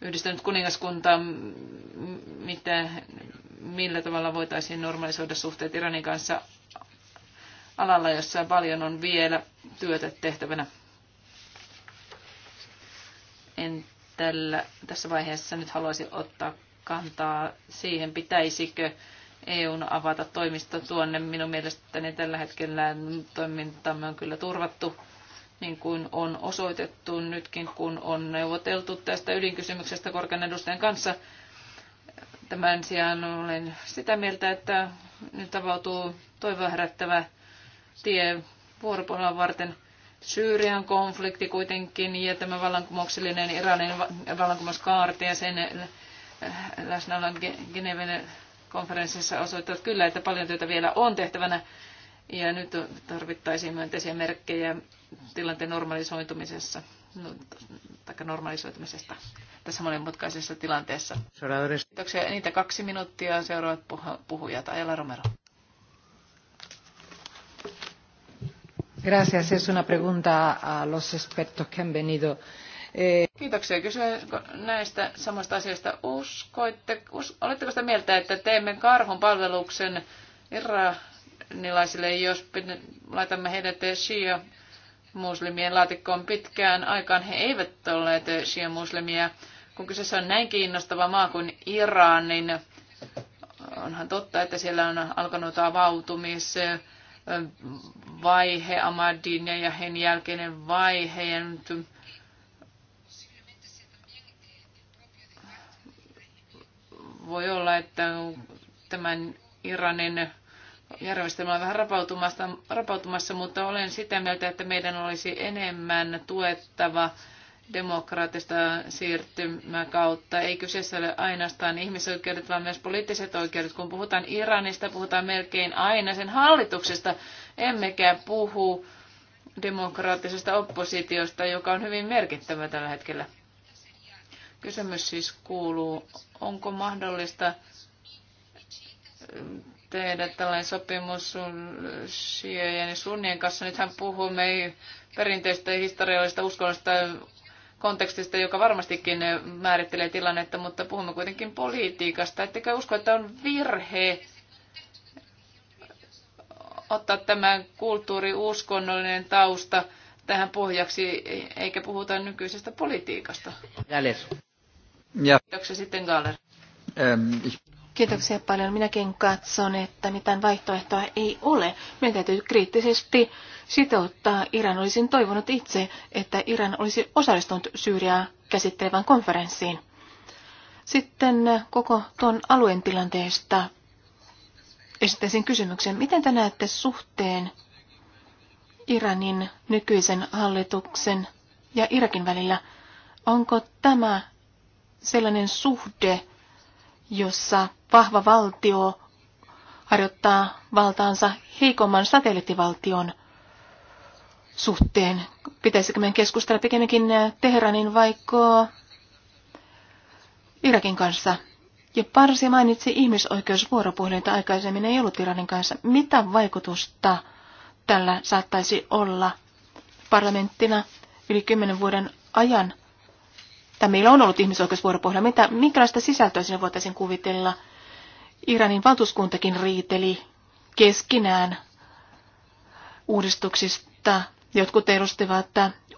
yhdistynyt kuningaskunta, mitä, millä tavalla voitaisiin normalisoida suhteet Iranin kanssa alalla, jossa paljon on vielä työtä tehtävänä. En tällä, tässä vaiheessa nyt haluaisin ottaa kantaa siihen, pitäisikö EUn avata toimisto tuonne. Minun mielestäni tällä hetkellä toimintamme on kyllä turvattu, niin kuin on osoitettu nytkin, kun on neuvoteltu tästä ydinkysymyksestä korkean edustajan kanssa. Tämän sijaan olen sitä mieltä, että nyt avautuu toivoa herättävä tie vuoropuolella varten Syyrian konflikti kuitenkin ja tämä vallankumouksellinen Iranin vallankumouskaarti ja sen äh, läsnäolon Geneven konferenssissa osoittavat kyllä, että paljon työtä vielä on tehtävänä ja nyt tarvittaisiin myönteisiä merkkejä tilanteen normalisoitumisessa no, normalisoitumisesta tässä monimutkaisessa tilanteessa. Kiitoksia. Niitä kaksi minuuttia seuraavat puhujat. Ajala Romero. Gracias. Es una pregunta a los expertos que han venido. Eh, Kiitoksia kysyä näistä samasta asiasta. Uskoitte, us, oletteko sitä mieltä, että teemme karhun palveluksen iranilaisille, jos laitamme heidät shia muslimien laatikkoon pitkään aikaan? He eivät olleet shia muslimia. Kun kyseessä on näin kiinnostava maa kuin Iran, niin onhan totta, että siellä on alkanut avautumis vaihe, Amadin ja hänen jälkeinen vaihe ja nyt voi olla, että tämän Iranin järjestelmä on vähän rapautumassa, rapautumassa, mutta olen sitä mieltä, että meidän olisi enemmän tuettava demokraattista siirtymäkautta. Ei kyseessä ole ainoastaan ihmisoikeudet, vaan myös poliittiset oikeudet. Kun puhutaan Iranista, puhutaan melkein aina sen hallituksesta, emmekä puhu demokraattisesta oppositiosta, joka on hyvin merkittävä tällä hetkellä. Kysymys siis kuuluu, onko mahdollista tehdä tällainen sopimus sun ja sunnien kanssa. Nythän puhumme perinteistä historiallista uskonnosta kontekstista, joka varmastikin määrittelee tilannetta, mutta puhumme kuitenkin politiikasta. Ettekö usko, että on virhe ottaa tämä kulttuuri, uskonnollinen tausta tähän pohjaksi, eikä puhuta nykyisestä politiikasta? Galler. Ja. Kiitoksia sitten Galler. Ähm, ich... Kiitoksia paljon. Minäkin katson, että mitään vaihtoehtoa ei ole. Meidän täytyy kriittisesti sitouttaa. Iran olisin toivonut itse, että Iran olisi osallistunut Syyriaa käsittelevään konferenssiin. Sitten koko tuon alueen tilanteesta esittäisin kysymyksen. Miten te näette suhteen Iranin nykyisen hallituksen ja Irakin välillä? Onko tämä sellainen suhde, jossa vahva valtio harjoittaa valtaansa heikomman satelliittivaltion suhteen. Pitäisikö meidän keskustella pikemminkin Teheranin vaikka Irakin kanssa? Ja Parsi mainitsi ihmisoikeusvuoropuhelinta aikaisemmin ei ollut Iranin kanssa. Mitä vaikutusta tällä saattaisi olla parlamenttina yli kymmenen vuoden ajan että meillä on ollut ihmisoikeusvuoropuhelua, mitä, minkälaista sisältöä sinne voitaisiin kuvitella. Iranin valtuuskuntakin riiteli keskinään uudistuksista. Jotkut edustivat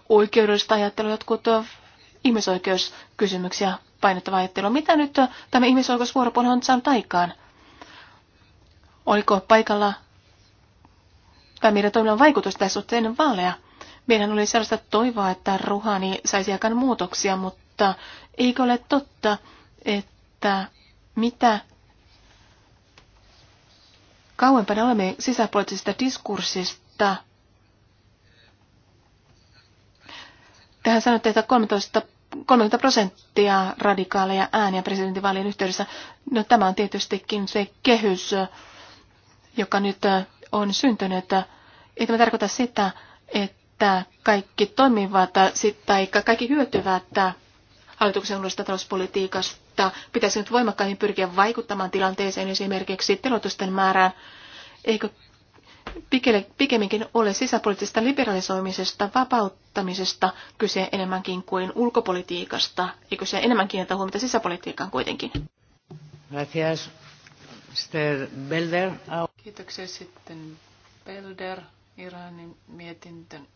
oikeudellista ajattelua, jotkut ihmisoikeuskysymyksiä painettava ajattelua. Mitä nyt tämä ihmisoikeusvuoropuhelu on saanut aikaan? Oliko paikalla tai meidän toiminnan vaikutus tässä suhteen ennen vaaleja? Meidän oli sellaista toivoa, että Ruhani saisi aikaan muutoksia, mutta mutta eikö ole totta, että mitä kauempana olemme sisäpoliittisesta diskurssista, Tähän sanotte, että 13, 30 prosenttia radikaaleja ääniä presidentinvaalien yhteydessä. No tämä on tietystikin se kehys, joka nyt on syntynyt. Ei tämä tarkoita sitä, että kaikki toimivat tai kaikki hyötyvät hallituksen uudesta talouspolitiikasta. Pitäisi nyt voimakkaammin pyrkiä vaikuttamaan tilanteeseen esimerkiksi teloitusten määrään. Eikö pikemminkin ole sisäpoliittisesta liberalisoimisesta, vapauttamisesta kyse enemmänkin kuin ulkopolitiikasta? Eikö se enemmän kiinnitä huomiota sisäpolitiikkaan kuitenkin? Gracias. Mr. Belder. Kiitoksia sitten Belder, Iranin mietintön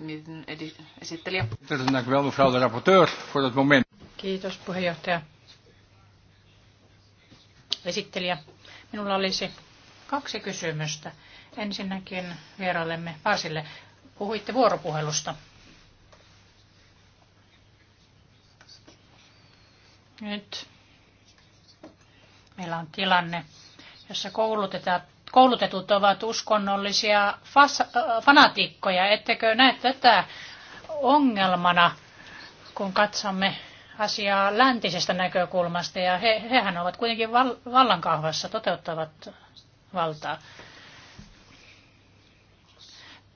mietinnön esittelijä. Kiitos puheenjohtaja. Esittelijä, minulla olisi kaksi kysymystä. Ensinnäkin vieraillemme Pasille. Puhuitte vuoropuhelusta. Nyt meillä on tilanne, jossa koulutetaan koulutetut ovat uskonnollisia äh, fanatikkoja, Ettekö näe tätä ongelmana, kun katsomme asiaa läntisestä näkökulmasta? Ja he, hehän ovat kuitenkin val, vallankahvassa, toteuttavat valtaa.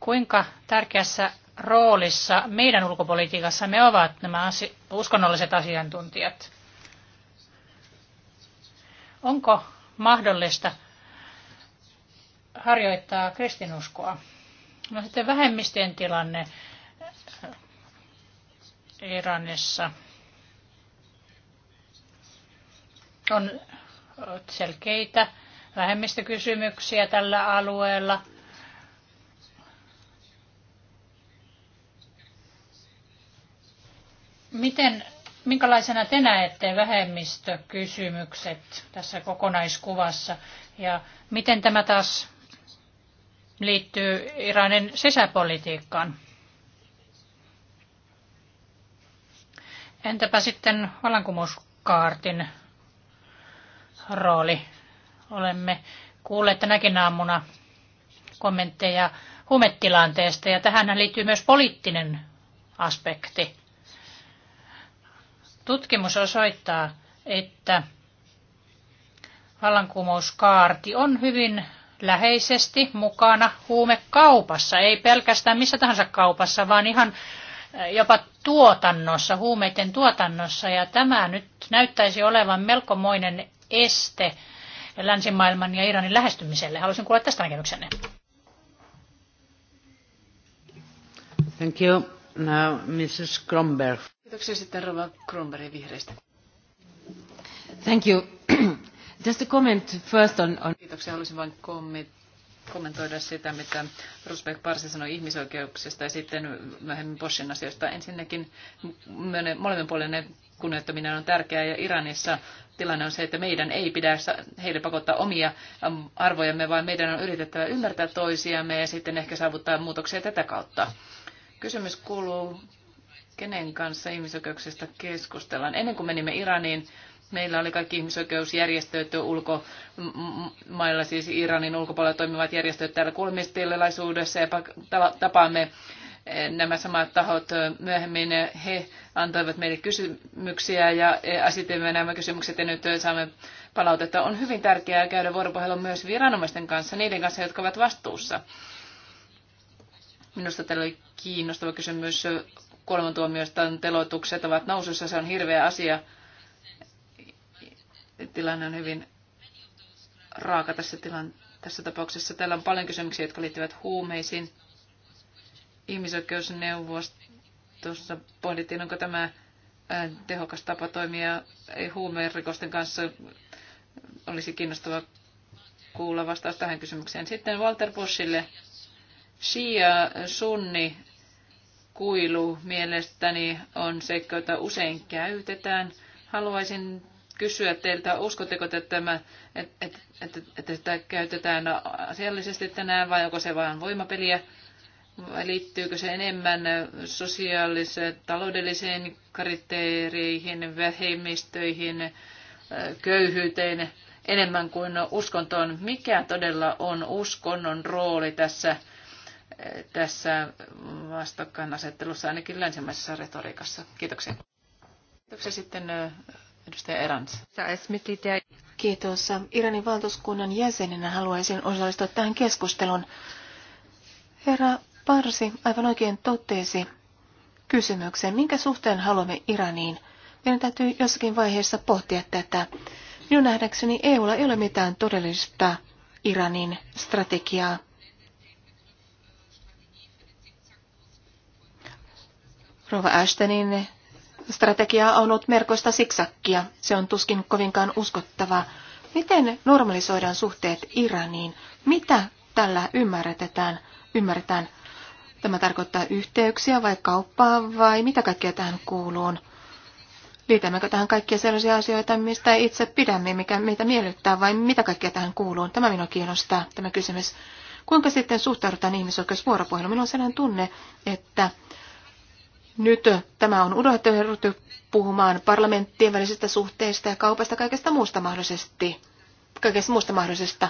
Kuinka tärkeässä roolissa meidän ulkopolitiikassa me ovat nämä asi- uskonnolliset asiantuntijat? Onko mahdollista – harjoittaa kristinuskoa. No sitten vähemmistöjen tilanne Iranissa on selkeitä vähemmistökysymyksiä tällä alueella. Miten, minkälaisena te näette vähemmistökysymykset tässä kokonaiskuvassa ja miten tämä taas liittyy Iranin sisäpolitiikkaan. Entäpä sitten vallankumouskaartin rooli? Olemme kuulleet tänäkin aamuna kommentteja humetilanteesta ja tähän liittyy myös poliittinen aspekti. Tutkimus osoittaa, että vallankumouskaarti on hyvin läheisesti mukana huumekaupassa, ei pelkästään missä tahansa kaupassa, vaan ihan eh, jopa tuotannossa, huumeiden tuotannossa. Ja tämä nyt näyttäisi olevan melkomoinen este länsimaailman ja Iranin lähestymiselle. Haluaisin kuulla tästä näkemyksenne. Thank you. Now, Mrs. Kronberg. Kiitoksia sitten Rova Kromberg vihreistä. Thank you. Just a comment first on, on Kiitoksia. Haluaisin vain kommentoida sitä, mitä Rusbeck Parsi sanoi ihmisoikeuksista ja sitten myöhemmin Boschin asioista. Ensinnäkin molemminpuolinen kunnioittaminen on tärkeää ja Iranissa tilanne on se, että meidän ei pidä heille pakottaa omia arvojamme, vaan meidän on yritettävä ymmärtää toisiamme ja sitten ehkä saavuttaa muutoksia tätä kautta. Kysymys kuuluu, kenen kanssa ihmisoikeuksista keskustellaan. Ennen kuin menimme Iraniin, Meillä oli kaikki ihmisoikeusjärjestöt ulkomailla, siis Iranin ulkopuolella toimivat järjestöt täällä kuulemistilaisuudessa ja tapaamme eh, nämä samat tahot eh, myöhemmin. He antoivat meille kysymyksiä ja eh, asitimme nämä kysymykset ja nyt saamme palautetta. On hyvin tärkeää käydä vuoropuhelua myös viranomaisten kanssa, niiden kanssa, jotka ovat vastuussa. Minusta tällä oli kiinnostava kysymys. Kuolemantuomioista teloitukset ovat nousussa, se on hirveä asia tilanne on hyvin raaka tässä, tilan, tässä tapauksessa. Täällä on paljon kysymyksiä, jotka liittyvät huumeisiin. Ihmisoikeusneuvostossa pohdittiin, onko tämä tehokas tapa toimia ei huumeen rikosten kanssa. Olisi kiinnostava kuulla vastaus tähän kysymykseen. Sitten Walter Boschille. Shia sunni kuilu mielestäni on seikka, jota usein käytetään. Haluaisin kysyä teiltä, uskotteko te tämä, että, että, että, että sitä käytetään asiallisesti tänään vai onko se vain voimapeliä? Vai liittyykö se enemmän sosiaaliseen, taloudelliseen kriteereihin, vähemmistöihin, köyhyyteen enemmän kuin uskontoon? Mikä todella on uskonnon rooli tässä, tässä vastakkainasettelussa, ainakin länsimaisessa retoriikassa? Kiitoksia. Kiitoksia sitten Edustaja Erans. Kiitos. Iranin valtuuskunnan jäsenenä haluaisin osallistua tähän keskusteluun. Herra Parsi aivan oikein totesi kysymykseen, minkä suhteen haluamme Iraniin. Meidän täytyy jossakin vaiheessa pohtia tätä. Minun nähdäkseni EUlla ei ole mitään todellista Iranin strategiaa. Rova Ashtonin strategia on ollut merkoista siksakkia. Se on tuskin kovinkaan uskottavaa. Miten normalisoidaan suhteet Iraniin? Mitä tällä ymmärretään? ymmärretään? Tämä tarkoittaa yhteyksiä vai kauppaa vai mitä kaikkea tähän kuuluu? Liitämmekö tähän kaikkia sellaisia asioita, mistä itse pidämme, mikä meitä miellyttää vai mitä kaikkea tähän kuuluu? Tämä minua kiinnostaa, tämä kysymys. Kuinka sitten suhtaudutaan ihmisoikeusvuoropuheluun? Minulla on sellainen tunne, että nyt tämä on unohdettu ja puhumaan parlamenttien välisistä suhteista ja kaupasta kaikesta muusta mahdollisesti. Kaikesta muusta mahdollisesta.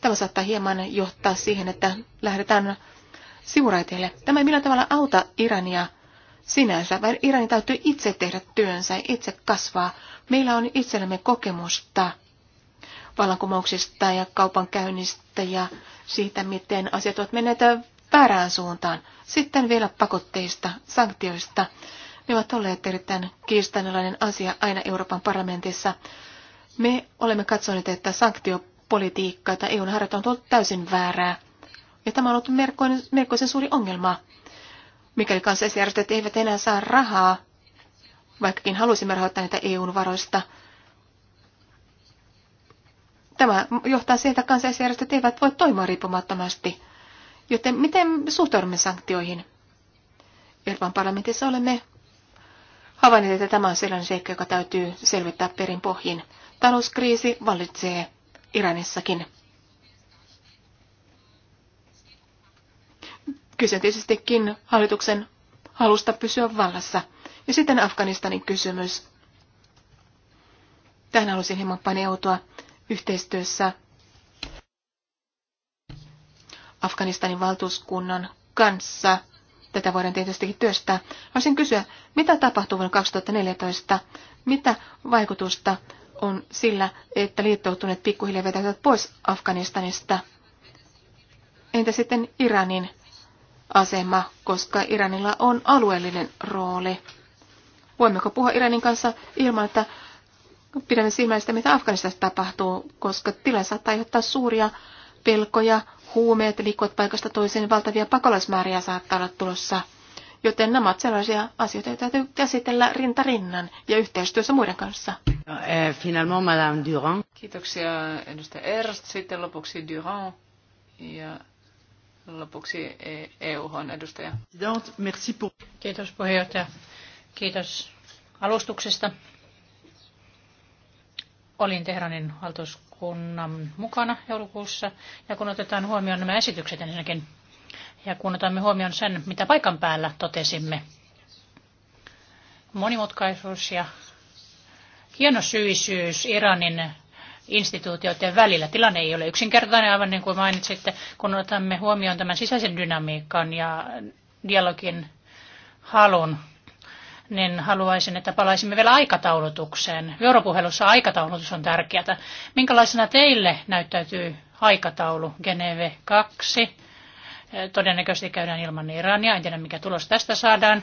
Tämä saattaa hieman johtaa siihen, että lähdetään sivuraiteille. Tämä ei millään tavalla auta Irania sinänsä, vaan Iranin täytyy itse tehdä työnsä, itse kasvaa. Meillä on itsellemme kokemusta vallankumouksista ja kaupankäynnistä ja siitä, miten asiat ovat menneet väärään suuntaan. Sitten vielä pakotteista, sanktioista. Ne ovat olleet erittäin kiistanalainen asia aina Euroopan parlamentissa. Me olemme katsoneet, että sanktiopolitiikka, jota EUn harjoittaa, on ollut täysin väärää. Ja tämä on ollut merkoinen, suuri ongelma. Mikäli kansalaisjärjestöt eivät enää saa rahaa, vaikkakin halusimme rahoittaa näitä EUn varoista, Tämä johtaa siihen, että kansalaisjärjestöt eivät voi toimia riippumattomasti. Joten miten suhtaudumme sanktioihin? Euroopan parlamentissa olemme havainneet, että tämä on sellainen seikka, joka täytyy selvittää perin pohjin. Talouskriisi vallitsee Iranissakin. Kyse tietystikin hallituksen halusta pysyä vallassa. Ja sitten Afganistanin kysymys. Tähän halusin hieman paneutua yhteistyössä Afganistanin valtuuskunnan kanssa. Tätä voidaan tietysti työstää. Haluaisin kysyä, mitä tapahtuu vuonna 2014? Mitä vaikutusta on sillä, että liittoutuneet pikkuhiljaa vetäytyvät pois Afganistanista? Entä sitten Iranin asema, koska Iranilla on alueellinen rooli? Voimmeko puhua Iranin kanssa ilman, että pidämme silmällä sitä, mitä Afganistassa tapahtuu, koska tilanne saattaa aiheuttaa suuria pelkoja huumeet liikkuvat paikasta toiseen, valtavia pakolaismääriä saattaa olla tulossa. Joten nämä ovat sellaisia asioita, joita täytyy käsitellä rinta rinnan ja yhteistyössä muiden kanssa. Eh, Finalement, Madame Durand. Kiitoksia edustaja Erst, sitten lopuksi Durand ja lopuksi EUHon e edustaja. Kiitos puheenjohtaja. Kiitos alustuksesta. Olin Tehranin valtuuskunnan valiokunnan mukana joulukuussa. Ja kun otetaan huomioon nämä esitykset ensinnäkin, ja kun otamme huomioon sen, mitä paikan päällä totesimme, monimutkaisuus ja hienosyisyys Iranin instituutioiden välillä. Tilanne ei ole yksinkertainen, aivan niin kuin mainitsitte, kun otamme huomioon tämän sisäisen dynamiikan ja dialogin halun niin haluaisin, että palaisimme vielä aikataulutukseen. Vuoropuhelussa aikataulutus on tärkeää. Minkälaisena teille näyttäytyy aikataulu Geneve 2? Todennäköisesti käydään ilman Irania, en tiedä mikä tulos tästä saadaan.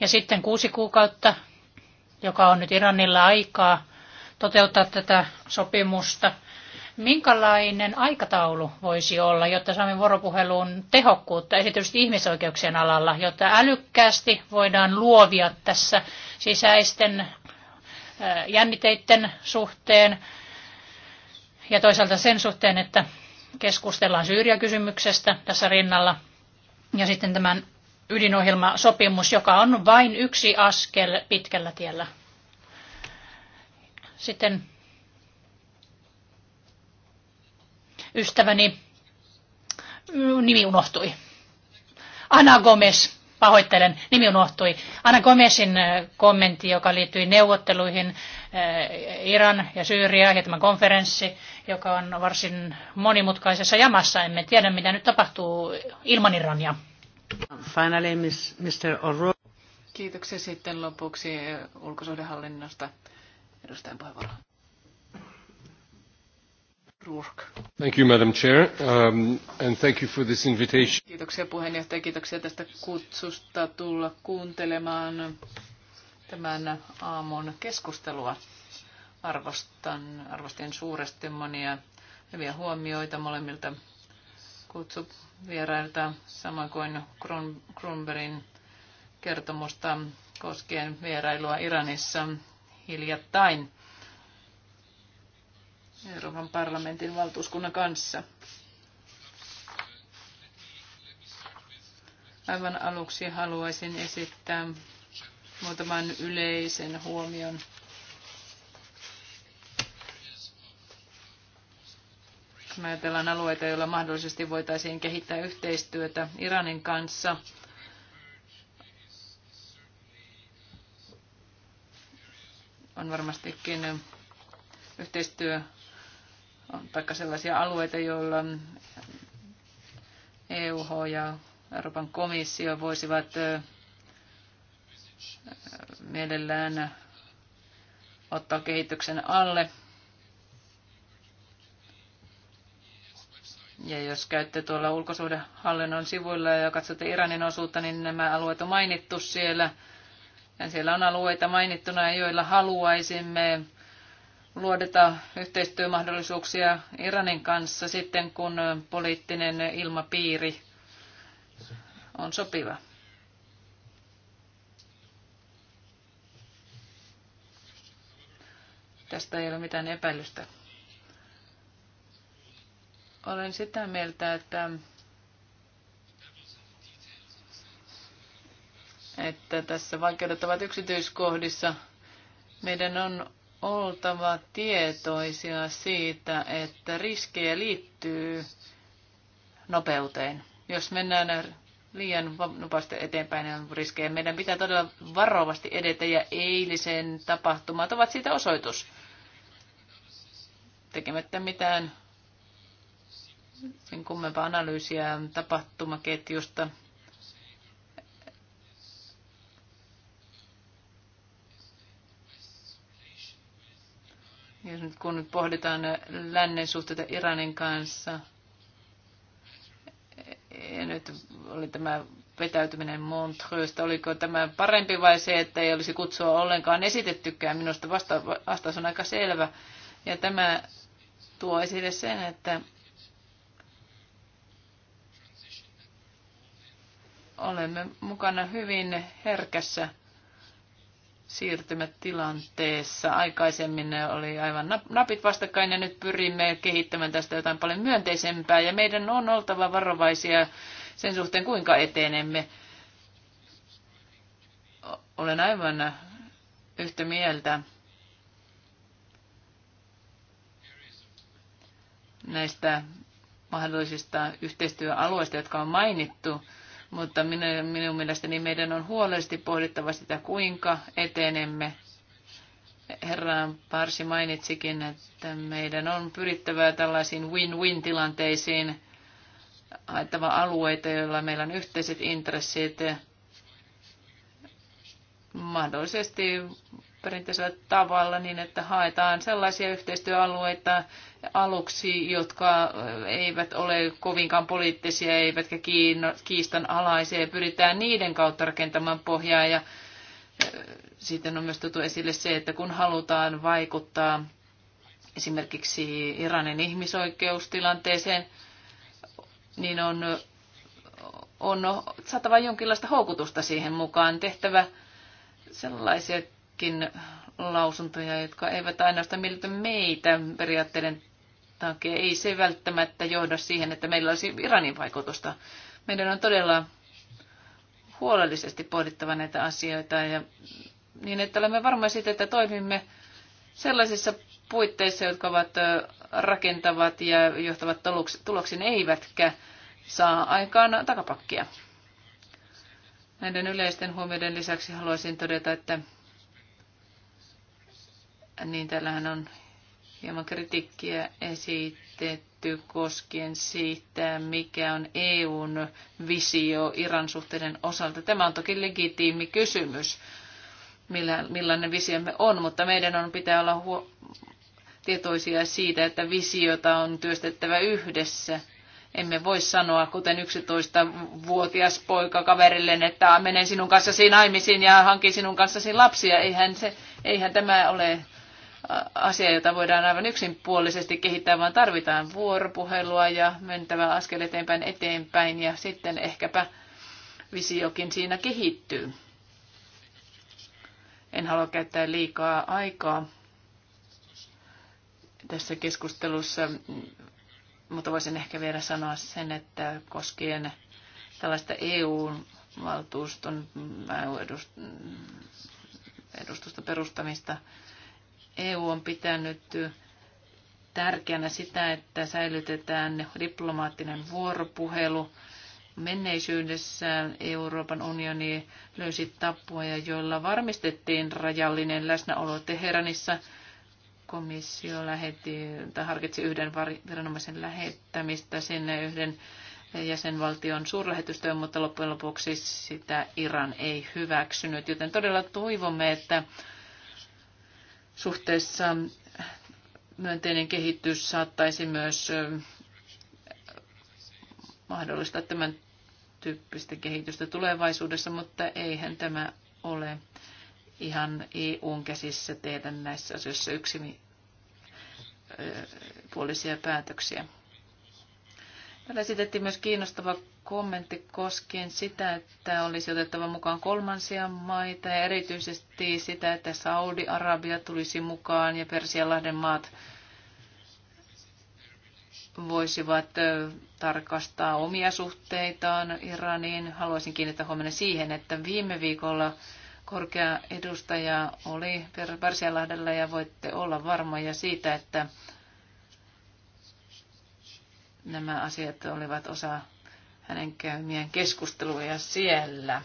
Ja sitten kuusi kuukautta, joka on nyt Iranilla aikaa toteuttaa tätä sopimusta – Minkälainen aikataulu voisi olla, jotta saamme vuoropuheluun tehokkuutta, esityisesti ihmisoikeuksien alalla, jotta älykkäästi voidaan luovia tässä sisäisten jänniteiden suhteen ja toisaalta sen suhteen, että keskustellaan syrjäkysymyksestä tässä rinnalla ja sitten tämän ydinohjelmasopimus, joka on vain yksi askel pitkällä tiellä. Sitten ystäväni mm, nimi unohtui. Ana Gomes, pahoittelen, nimi unohtui. Ana Gomesin äh, kommentti, joka liittyi neuvotteluihin, äh, Iran ja Syyria ja tämä konferenssi, joka on varsin monimutkaisessa jamassa. Emme tiedä, mitä nyt tapahtuu ilman Irania. Finally, Mr. Oro. Kiitoksia sitten lopuksi ulkosuhdehallinnosta. Edustajan puheenvuoro. Kiitoksia puheenjohtaja, kiitoksia tästä kutsusta tulla kuuntelemaan tämän aamun keskustelua. Arvostan, arvostin suuresti monia hyviä huomioita molemmilta kutsuvierailta, samoin kuin Grunbergin kertomusta koskien vierailua Iranissa hiljattain. Euroopan parlamentin valtuuskunnan kanssa. Aivan aluksi haluaisin esittää muutaman yleisen huomion. Me ajatellaan alueita, joilla mahdollisesti voitaisiin kehittää yhteistyötä Iranin kanssa, on varmastikin yhteistyö tai sellaisia alueita, joilla EUH ja Euroopan komissio voisivat mielellään ottaa kehityksen alle. Ja jos käytte tuolla ulkosuhdehallinnon sivuilla ja katsotte Iranin osuutta, niin nämä alueet on mainittu siellä. Ja siellä on alueita mainittuna, joilla haluaisimme luodeta yhteistyömahdollisuuksia Iranin kanssa sitten, kun poliittinen ilmapiiri on sopiva. Tästä ei ole mitään epäilystä. Olen sitä mieltä, että, että tässä vaikeudet ovat yksityiskohdissa. Meidän on oltava tietoisia siitä, että riskejä liittyy nopeuteen. Jos mennään liian nopeasti eteenpäin niin on riskejä. Meidän pitää todella varovasti edetä ja eilisen tapahtumat ovat siitä osoitus. Tekemättä mitään sen niin kummempaa analyysiä tapahtumaketjusta Jos nyt kun nyt pohditaan lännen suhteita Iranin kanssa, ja nyt oli tämä vetäytyminen Montreuxsta, oliko tämä parempi vai se, että ei olisi kutsua ollenkaan esitettykään, minusta vasta, vastaus on aika selvä. Ja tämä tuo esille sen, että olemme mukana hyvin herkässä siirtymätilanteessa. Aikaisemmin ne oli aivan napit vastakkain ja nyt pyrimme kehittämään tästä jotain paljon myönteisempää ja meidän on oltava varovaisia sen suhteen, kuinka etenemme. Olen aivan yhtä mieltä näistä mahdollisista yhteistyöalueista, jotka on mainittu mutta minun, minun mielestäni meidän on huolellisesti pohdittava sitä, kuinka etenemme. Herra Parsi mainitsikin, että meidän on pyrittävä tällaisiin win-win-tilanteisiin, haettava alueita, joilla meillä on yhteiset intressit, mahdollisesti perinteisellä tavalla niin, että haetaan sellaisia yhteistyöalueita aluksi, jotka eivät ole kovinkaan poliittisia eivätkä alaisia ja pyritään niiden kautta rakentamaan pohjaa ja sitten on myös tuttu esille se, että kun halutaan vaikuttaa esimerkiksi Iranin ihmisoikeustilanteeseen, niin on, on saatava jonkinlaista houkutusta siihen mukaan, tehtävä sellaisia muitakin lausuntoja, jotka eivät ainoastaan miellytä meitä periaatteiden takia. Ei se välttämättä johda siihen, että meillä olisi Iranin vaikutusta. Meidän on todella huolellisesti pohdittava näitä asioita ja niin, että olemme varmoja siitä, että toimimme sellaisissa puitteissa, jotka ovat rakentavat ja johtavat tuloksiin, eivätkä saa aikaan takapakkia. Näiden yleisten huomioiden lisäksi haluaisin todeta, että niin täällähän on hieman kritiikkiä esitetty koskien siitä, mikä on EUn visio Iran suhteiden osalta. Tämä on toki legitiimi kysymys, millä, millainen visiomme on, mutta meidän on pitää olla huo- tietoisia siitä, että visiota on työstettävä yhdessä. Emme voi sanoa, kuten 11-vuotias poika kaverille, että menen sinun kanssasi naimisiin ja hankin sinun kanssasi lapsia. Eihän, se, eihän tämä ole asia, jota voidaan aivan yksinpuolisesti kehittää, vaan tarvitaan vuoropuhelua ja mentävä askel eteenpäin eteenpäin ja sitten ehkäpä visiokin siinä kehittyy. En halua käyttää liikaa aikaa tässä keskustelussa, mutta voisin ehkä vielä sanoa sen, että koskien tällaista EU-valtuuston edustusta perustamista, EU on pitänyt tärkeänä sitä, että säilytetään diplomaattinen vuoropuhelu. Menneisyydessä Euroopan unioni löysi tapoja, joilla varmistettiin rajallinen läsnäolo Teheranissa. Komissio lähetti, tai harkitsi yhden viranomaisen lähettämistä sinne yhden jäsenvaltion suurlähetystöön, mutta loppujen lopuksi sitä Iran ei hyväksynyt. Joten todella toivomme, että suhteessa myönteinen kehitys saattaisi myös mahdollistaa tämän tyyppistä kehitystä tulevaisuudessa, mutta eihän tämä ole ihan EUn käsissä tehdä näissä asioissa yksipuolisia päätöksiä. Täällä esitettiin myös kiinnostava kommentti koskien sitä, että olisi otettava mukaan kolmansia maita ja erityisesti sitä, että Saudi-Arabia tulisi mukaan ja Persianlahden maat voisivat tarkastaa omia suhteitaan Iraniin. Haluaisin kiinnittää huomenna siihen, että viime viikolla korkea edustaja oli Persianlahdella ja voitte olla varmoja siitä, että Nämä asiat olivat osa hänen käymien keskusteluja siellä.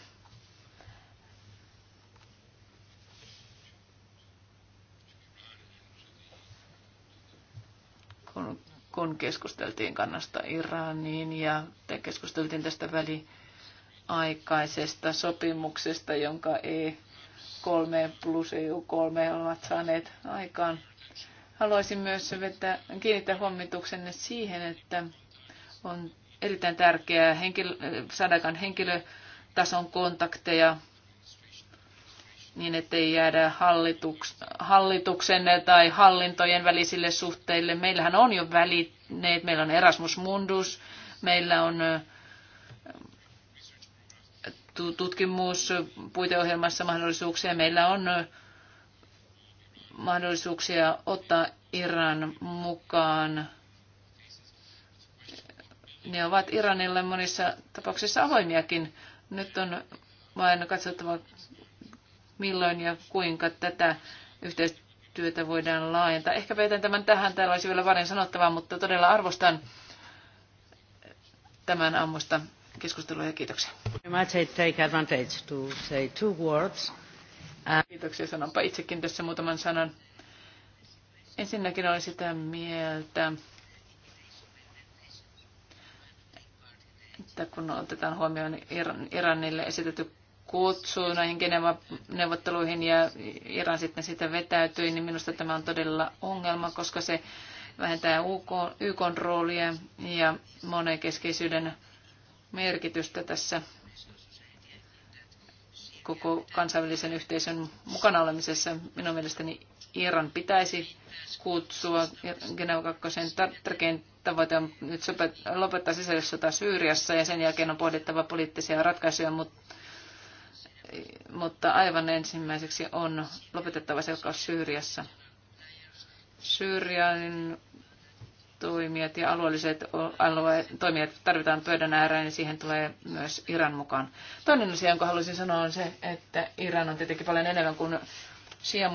Kun, kun keskusteltiin kannasta Iraniin ja te keskusteltiin tästä väliaikaisesta sopimuksesta, jonka E3 plus EU3 ovat saaneet aikaan Haluaisin myös vetää, kiinnittää huomituksenne siihen, että on erittäin tärkeää henkilö, sadakan henkilötason kontakteja niin, ettei jäädä hallituks, hallituksen tai hallintojen välisille suhteille. Meillähän on jo välineet, meillä on Erasmus Mundus, meillä on tutkimuspuiteohjelmassa mahdollisuuksia, meillä on mahdollisuuksia ottaa Iran mukaan. Ne ovat Iranille monissa tapauksissa avoimiakin. Nyt on vain katsottava, milloin ja kuinka tätä yhteistyötä voidaan laajentaa. Ehkä veitän tämän tähän, täällä olisi vielä paljon sanottavaa, mutta todella arvostan tämän aamusta keskustelua ja kiitoksia. might take advantage to say two words. Kiitoksia, sanonpa itsekin tässä muutaman sanan. Ensinnäkin olen sitä mieltä, että kun otetaan huomioon Iranille esitetty kutsu näihin Geneva-neuvotteluihin ja Iran sitten sitä vetäytyi, niin minusta tämä on todella ongelma, koska se vähentää UK, YK roolia ja monenkeskeisyyden merkitystä tässä koko kansainvälisen yhteisön mukana olemisessa. Minun mielestäni Iran pitäisi kutsua. Geneva 2 tärkein tavoite on nyt lopettaa sisällissota Syyriassa ja sen jälkeen on pohdittava poliittisia ratkaisuja, mutta mutta aivan ensimmäiseksi on lopetettava selkaus Syyriassa. Syyrian toimijat ja alueelliset alue, toimijat tarvitaan pöydän ääreen, niin siihen tulee myös Iran mukaan. Toinen asia, jonka haluaisin sanoa, on se, että Iran on tietenkin paljon enemmän kuin shia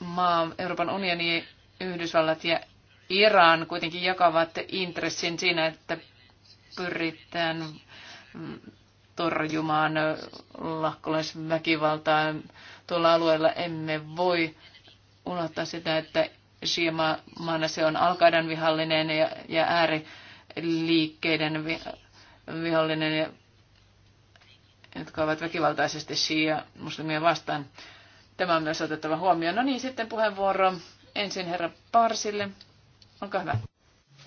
maa Euroopan unioni, Yhdysvallat ja Iran kuitenkin jakavat intressin siinä, että pyritään torjumaan lakkolaisväkivaltaa tuolla alueella. Emme voi unohtaa sitä, että shia se on Al-Qaidan vihollinen ja, ja ääriliikkeiden vi, vihollinen, ja, jotka ovat väkivaltaisesti shia muslimia vastaan. Tämä on myös otettava huomioon. No niin, sitten puheenvuoro ensin herra Parsille. Olkaa hyvä.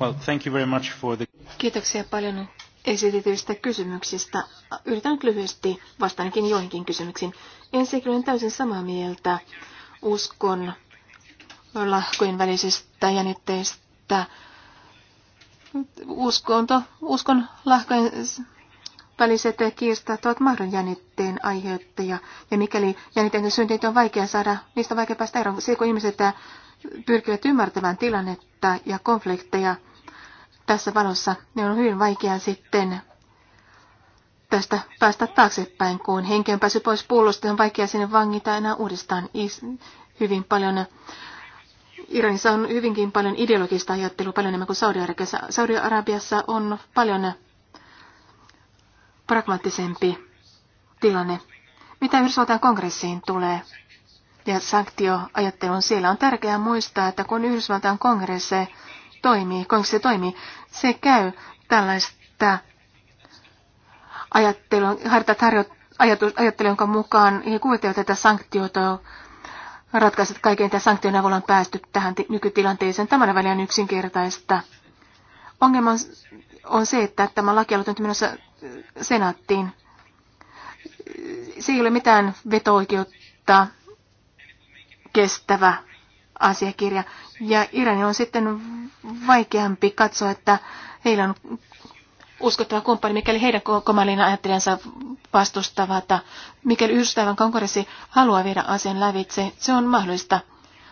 Well, thank you very much for the... Kiitoksia paljon esitetyistä kysymyksistä. Yritän nyt lyhyesti vastaankin joihinkin kysymyksiin. Ensinnäkin olen täysin samaa mieltä uskon lahkojen välisistä jännitteistä. Uskonto, uskon lahkojen väliset kiistat ovat mahdon jännitteen aiheuttaja. Ja mikäli jännitteen synteitä on vaikea saada, niistä on vaikea päästä eroon. Se, kun ihmiset pyrkivät ymmärtämään tilannetta ja konflikteja tässä valossa, ne niin on hyvin vaikea sitten tästä päästä taaksepäin, kun henki on päässyt pois pullosta, on vaikea sinne vangita enää uudestaan. Hyvin paljon Iranissa on hyvinkin paljon ideologista ajattelua, paljon enemmän kuin Saudi-Arabiassa. Saudi-Arabiassa on paljon pragmaattisempi tilanne. Mitä Yhdysvaltain kongressiin tulee ja sanktioajatteluun siellä, on tärkeää muistaa, että kun Yhdysvaltain kongressi toimii, kongressi toimii, se käy tällaista ajattelua, harjoittaa ajattelu, jonka mukaan ei kuvitelevat tätä sanktiota ratkaiset kaiken tämän sanktion avulla on päästy tähän nykytilanteeseen. Tämän väliin yksinkertaista. Ongelma on se, että tämä laki on menossa äh, senaattiin. Se ei ole mitään veto-oikeutta kestävä asiakirja. Ja Iranin on sitten vaikeampi katsoa, että heillä on uskottava kumppani, mikäli heidän komalina ajattelijansa vastustavat. Mikäli Yhdysvaltain kongressi haluaa viedä asian lävitse, se on mahdollista.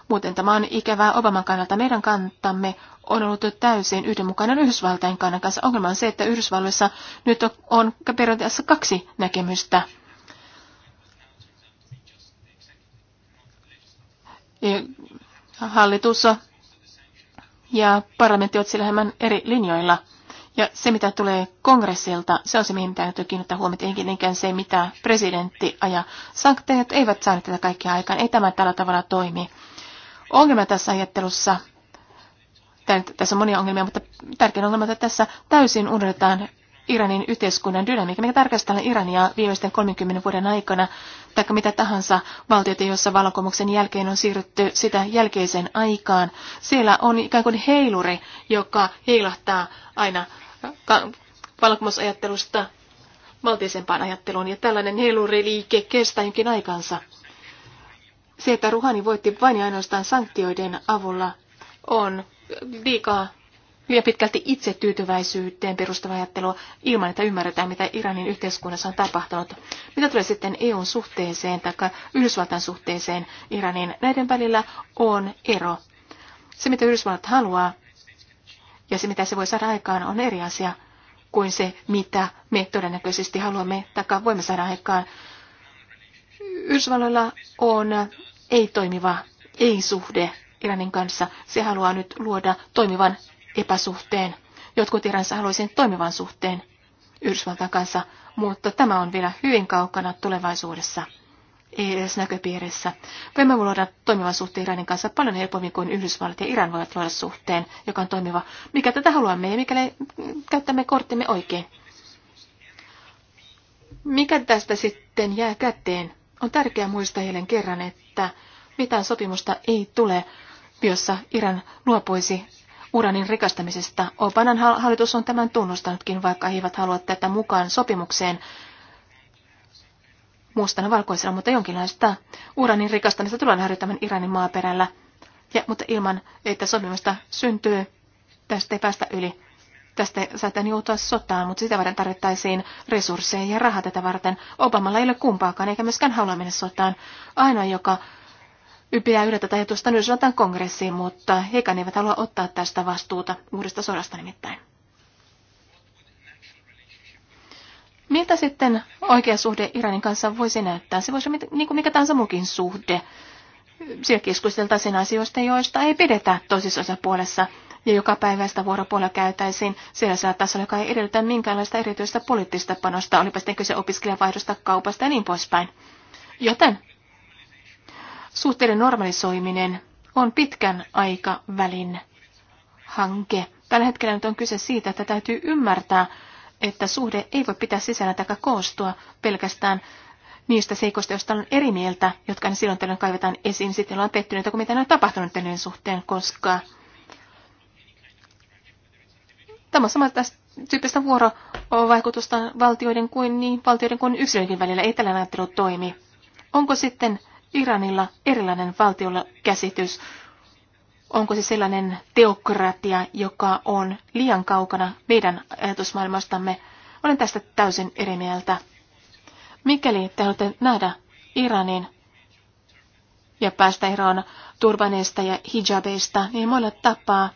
Muuten tämä on ikävää Obaman kannalta. Meidän kantamme on ollut täysin yhdenmukainen Yhdysvaltain kannan kanssa. Ongelma on se, että Yhdysvalloissa nyt on periaatteessa kaksi näkemystä. Hallitus ja parlamentti ovat sillä eri linjoilla. Ja se, mitä tulee kongressilta, se on se, mihin täytyy kiinnittää huomiota, enkä se, mitä presidentti ajaa. Sanktiot eivät saa tätä kaikkea aikaan, ei tämä tällä tavalla toimi. Ongelma tässä ajattelussa, tässä on monia ongelmia, mutta tärkein ongelma, että tässä täysin unohdetaan Iranin yhteiskunnan dynamiikka. Mikä tarkastellaan Irania viimeisten 30 vuoden aikana, tai mitä tahansa valtioita, joissa vallankumouksen jälkeen on siirrytty sitä jälkeiseen aikaan. Siellä on ikään kuin heiluri, joka heilahtaa aina vallankumousajattelusta valtiisempaan ajatteluun, ja tällainen heiluriliike kestää jonkin aikansa. Se, että Ruhani voitti vain ja ainoastaan sanktioiden avulla, on liikaa hyvin pitkälti itsetyytyväisyyteen perustava ajattelua ilman, että ymmärretään, mitä Iranin yhteiskunnassa on tapahtunut. Mitä tulee sitten EUn suhteeseen tai Yhdysvaltain suhteeseen Iranin, näiden välillä on ero. Se, mitä Yhdysvallat haluaa ja se, mitä se voi saada aikaan, on eri asia kuin se, mitä me todennäköisesti haluamme tai voimme saada aikaan. Yhdysvalloilla on ei-toimiva ei-suhde Iranin kanssa. Se haluaa nyt luoda toimivan epäsuhteen. Jotkut Iranissa haluaisivat toimivan suhteen Yhdysvaltain kanssa, mutta tämä on vielä hyvin kaukana tulevaisuudessa, ei edes näköpiirissä. Voimme luoda toimivan suhteen Iranin kanssa paljon helpommin kuin Yhdysvallat ja Iran voivat luoda suhteen, joka on toimiva. Mikä tätä haluamme ja mikäli käyttämme korttimme oikein. Mikä tästä sitten jää käteen? On tärkeää muistaa heille kerran, että mitään sopimusta ei tule, jossa Iran luopuisi uranin rikastamisesta. Obanan hallitus on tämän tunnustanutkin, vaikka he eivät halua tätä mukaan sopimukseen mustana valkoisella, mutta jonkinlaista uranin rikastamista tullaan harjoittamaan Iranin maaperällä. Ja, mutta ilman, että sopimusta syntyy, tästä ei päästä yli. Tästä saattaa joutua sotaan, mutta sitä varten tarvittaisiin resursseja ja rahaa tätä varten. Obamalla ei ole kumpaakaan, eikä myöskään halua mennä sotaan. Ainoa, joka ypiä yhdeltä tai tuosta Yhdysvaltain kongressiin, mutta hekään eivät halua ottaa tästä vastuuta uudesta sodasta nimittäin. Miltä sitten oikea suhde Iranin kanssa voisi näyttää? Se voisi olla niin kuin mikä tahansa muukin suhde. Siellä keskusteltaisiin asioista, joista ei pidetä toisessa puolessa ja joka päivästä vuoropuolella käytäisiin sellaisella tasolla, joka ei edellytä minkäänlaista erityistä poliittista panosta, olipa sitten kyse opiskelijavaihdosta, kaupasta ja niin poispäin. Joten Suhteiden normalisoiminen on pitkän aikavälin hanke. Tällä hetkellä nyt on kyse siitä, että täytyy ymmärtää, että suhde ei voi pitää sisällä tai koostua pelkästään niistä seikoista, joista on eri mieltä, jotka ne silloin tällöin kaivetaan esiin, sitten ollaan pettyneitä, kun mitä ne on tapahtunut tänne suhteen, koska tämä on samalla tästä tyyppistä vuorovaikutusta valtioiden kuin, niin valtioiden kuin yksilöiden välillä. Ei tällä ajattelu toimi. Onko sitten Iranilla erilainen valtiolla käsitys? Onko se sellainen teokratia, joka on liian kaukana meidän ajatusmaailmastamme? Olen tästä täysin eri mieltä. Mikäli te haluatte nähdä Iranin ja päästä eroon turvaneista ja hijabeista, niin monella tapaa,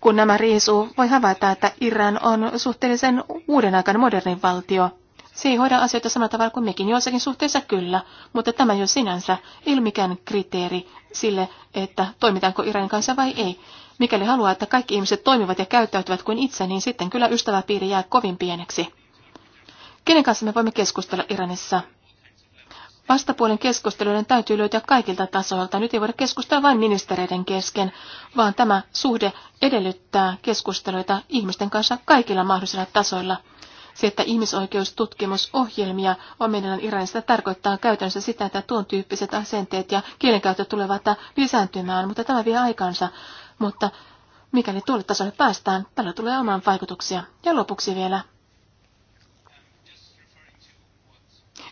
kun nämä riisuu, voi havaita, että Iran on suhteellisen uuden aikana modernin valtio. Se ei hoida asioita samalla tavalla kuin mekin. Joissakin suhteessa kyllä, mutta tämä jo sinänsä ei ole mikään kriteeri sille, että toimitaanko Iranin kanssa vai ei. Mikäli haluaa, että kaikki ihmiset toimivat ja käyttäytyvät kuin itse, niin sitten kyllä ystäväpiiri jää kovin pieneksi. Kenen kanssa me voimme keskustella Iranissa? Vastapuolen keskusteluiden täytyy löytää kaikilta tasoilta. Nyt ei voida keskustella vain ministereiden kesken, vaan tämä suhde edellyttää keskusteluita ihmisten kanssa kaikilla mahdollisilla tasoilla. Se, että ihmisoikeustutkimusohjelmia on meidän Iranista, tarkoittaa käytännössä sitä, että tuon tyyppiset asenteet ja kielenkäyttö tulevat lisääntymään, mutta tämä vie aikansa. Mutta mikäli tuolle tasolle päästään, tällä tulee omaan vaikutuksia. Ja lopuksi vielä.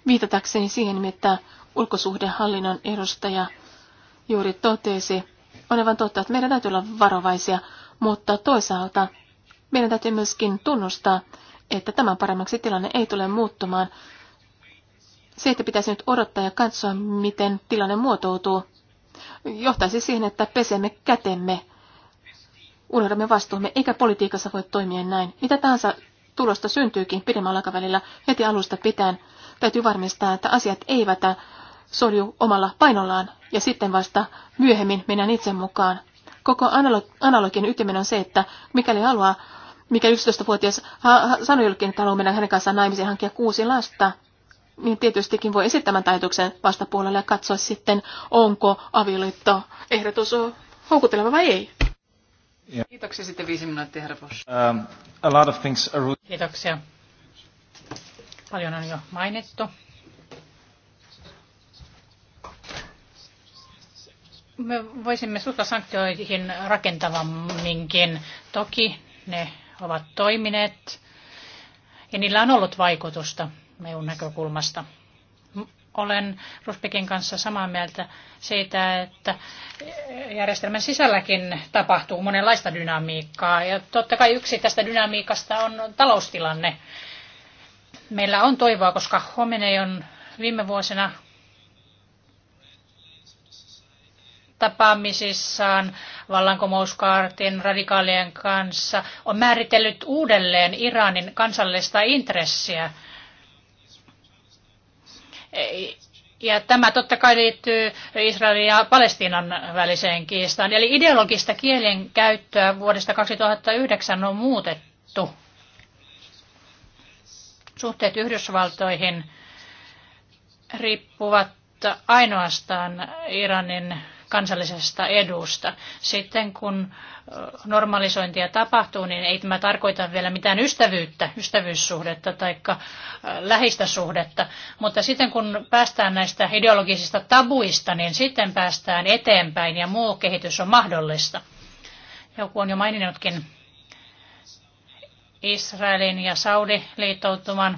Viitatakseni siihen, että ulkosuhdehallinnon edustaja juuri totesi, on aivan totta, että meidän täytyy olla varovaisia, mutta toisaalta meidän täytyy myöskin tunnustaa, että tämän paremmaksi tilanne ei tule muuttumaan. Se, että pitäisi nyt odottaa ja katsoa, miten tilanne muotoutuu, johtaisi siihen, että pesemme kätemme, unohdamme vastuumme, eikä politiikassa voi toimia näin. Mitä tahansa tulosta syntyykin pidemmällä aikavälillä heti alusta pitäen, täytyy varmistaa, että asiat eivät solju omalla painollaan ja sitten vasta myöhemmin mennään itse mukaan. Koko analogin ytimen on se, että mikäli haluaa mikä 11-vuotias sanoi jollekin, että haluaa mennä hänen kanssaan naimisiin hankkia kuusi lasta, niin tietystikin voi esittää tämän taituksen vastapuolelle ja katsoa sitten, onko avioliitto ehdotus houkutteleva vai ei. Yeah. Kiitoksia sitten viisi minuuttia, herra Bush. Um, a lot of things are... Kiitoksia. Paljon on jo mainittu. Me voisimme suhtaa sanktioihin rakentavamminkin. Toki ne ovat toimineet ja niillä on ollut vaikutusta meun näkökulmasta. Olen Ruspikin kanssa samaa mieltä siitä, että järjestelmän sisälläkin tapahtuu monenlaista dynamiikkaa. Ja totta kai yksi tästä dynamiikasta on taloustilanne. Meillä on toivoa, koska Homenei on viime vuosina tapaamisissaan vallankumouskaartin radikaalien kanssa on määritellyt uudelleen Iranin kansallista intressiä. Ja tämä totta kai liittyy Israelin ja Palestiinan väliseen kiistaan. Eli ideologista kielen käyttöä vuodesta 2009 on muutettu. Suhteet Yhdysvaltoihin riippuvat ainoastaan Iranin kansallisesta edusta. Sitten kun normalisointia tapahtuu, niin ei tämä tarkoita vielä mitään ystävyyttä, ystävyyssuhdetta tai lähistä suhdetta. Mutta sitten kun päästään näistä ideologisista tabuista, niin sitten päästään eteenpäin ja muu kehitys on mahdollista. Joku on jo maininnutkin Israelin ja Saudi-liittoutuman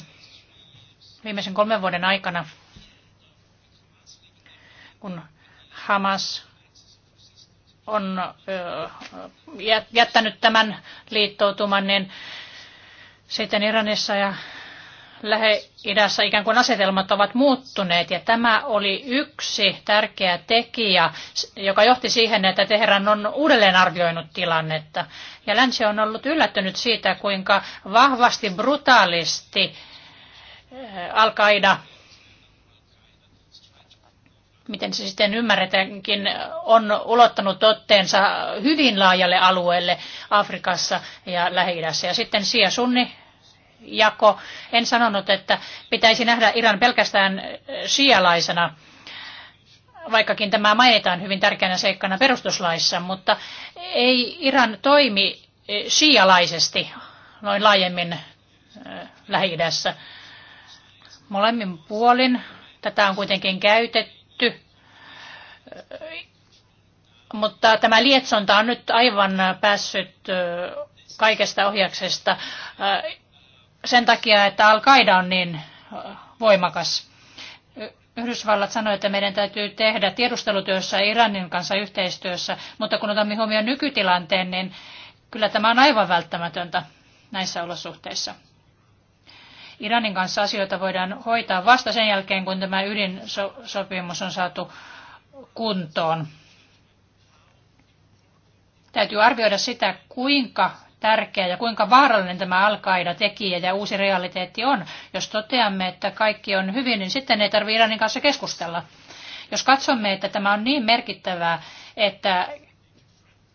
viimeisen kolmen vuoden aikana, kun Hamas on jättänyt tämän liittoutuman, niin sitten Iranissa ja lähe idässä ikään kuin asetelmat ovat muuttuneet ja tämä oli yksi tärkeä tekijä, joka johti siihen, että Teheran on uudelleen arvioinut tilannetta. Ja länsi on ollut yllättynyt siitä, kuinka vahvasti brutaalisti Al-Qaida miten se sitten ymmärretäänkin, on ulottanut otteensa hyvin laajalle alueelle Afrikassa ja Lähi-idässä. Ja sitten Sia Sunni jako. En sanonut, että pitäisi nähdä Iran pelkästään sialaisena, vaikkakin tämä mainitaan hyvin tärkeänä seikkana perustuslaissa, mutta ei Iran toimi sialaisesti noin laajemmin äh, Lähi-idässä. Molemmin puolin tätä on kuitenkin käytetty tehty, mutta tämä lietsonta on nyt aivan päässyt kaikesta ohjaksesta sen takia, että Al-Qaida on niin voimakas. Yhdysvallat sanoi, että meidän täytyy tehdä tiedustelutyössä Iranin kanssa yhteistyössä, mutta kun otamme huomioon nykytilanteen, niin kyllä tämä on aivan välttämätöntä näissä olosuhteissa. Iranin kanssa asioita voidaan hoitaa vasta sen jälkeen, kun tämä ydinsopimus on saatu kuntoon. Täytyy arvioida sitä, kuinka tärkeä ja kuinka vaarallinen tämä al tekijä ja uusi realiteetti on. Jos toteamme, että kaikki on hyvin, niin sitten ei tarvitse Iranin kanssa keskustella. Jos katsomme, että tämä on niin merkittävää, että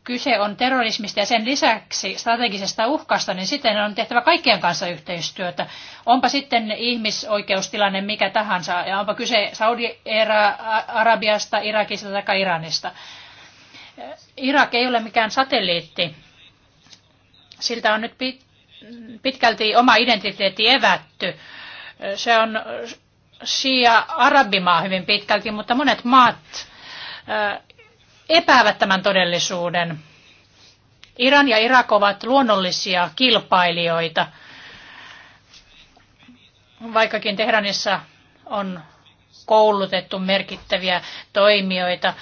kyse on terrorismista ja sen lisäksi strategisesta uhkasta, niin sitten on tehtävä kaikkien kanssa yhteistyötä. Onpa sitten ihmisoikeustilanne mikä tahansa, ja onpa kyse Saudi-Arabiasta, Irakista tai Iranista. Irak ei ole mikään satelliitti. Siltä on nyt pitkälti oma identiteetti evätty. Se on Shia-arabimaa hyvin pitkälti, mutta monet maat epäävät tämän todellisuuden. Iran ja Irak ovat luonnollisia kilpailijoita. Vaikkakin Teheranissa on koulutettu merkittäviä toimijoita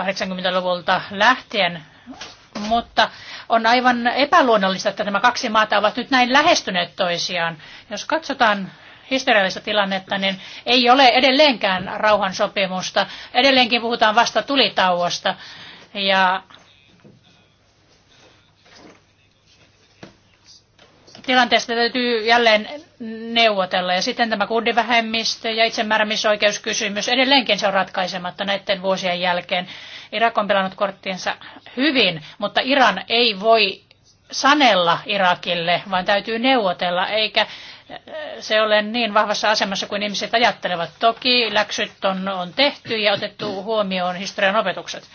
80-luvulta äh, lähtien, mutta on aivan epäluonnollista, että nämä kaksi maata ovat nyt näin lähestyneet toisiaan. Jos katsotaan historiallista tilannetta, niin ei ole edelleenkään rauhansopimusta. Edelleenkin puhutaan vasta tulitauosta. Ja tilanteesta täytyy jälleen neuvotella. Ja sitten tämä kurdivähemmistö ja itsemääräämisoikeuskysymys edelleenkin se on ratkaisematta näiden vuosien jälkeen. Irak on pelannut korttinsa hyvin, mutta Iran ei voi sanella Irakille, vaan täytyy neuvotella, eikä se ole niin vahvassa asemassa kuin ihmiset ajattelevat. Toki läksyt on, on tehty ja otettu huomioon historian opetukset.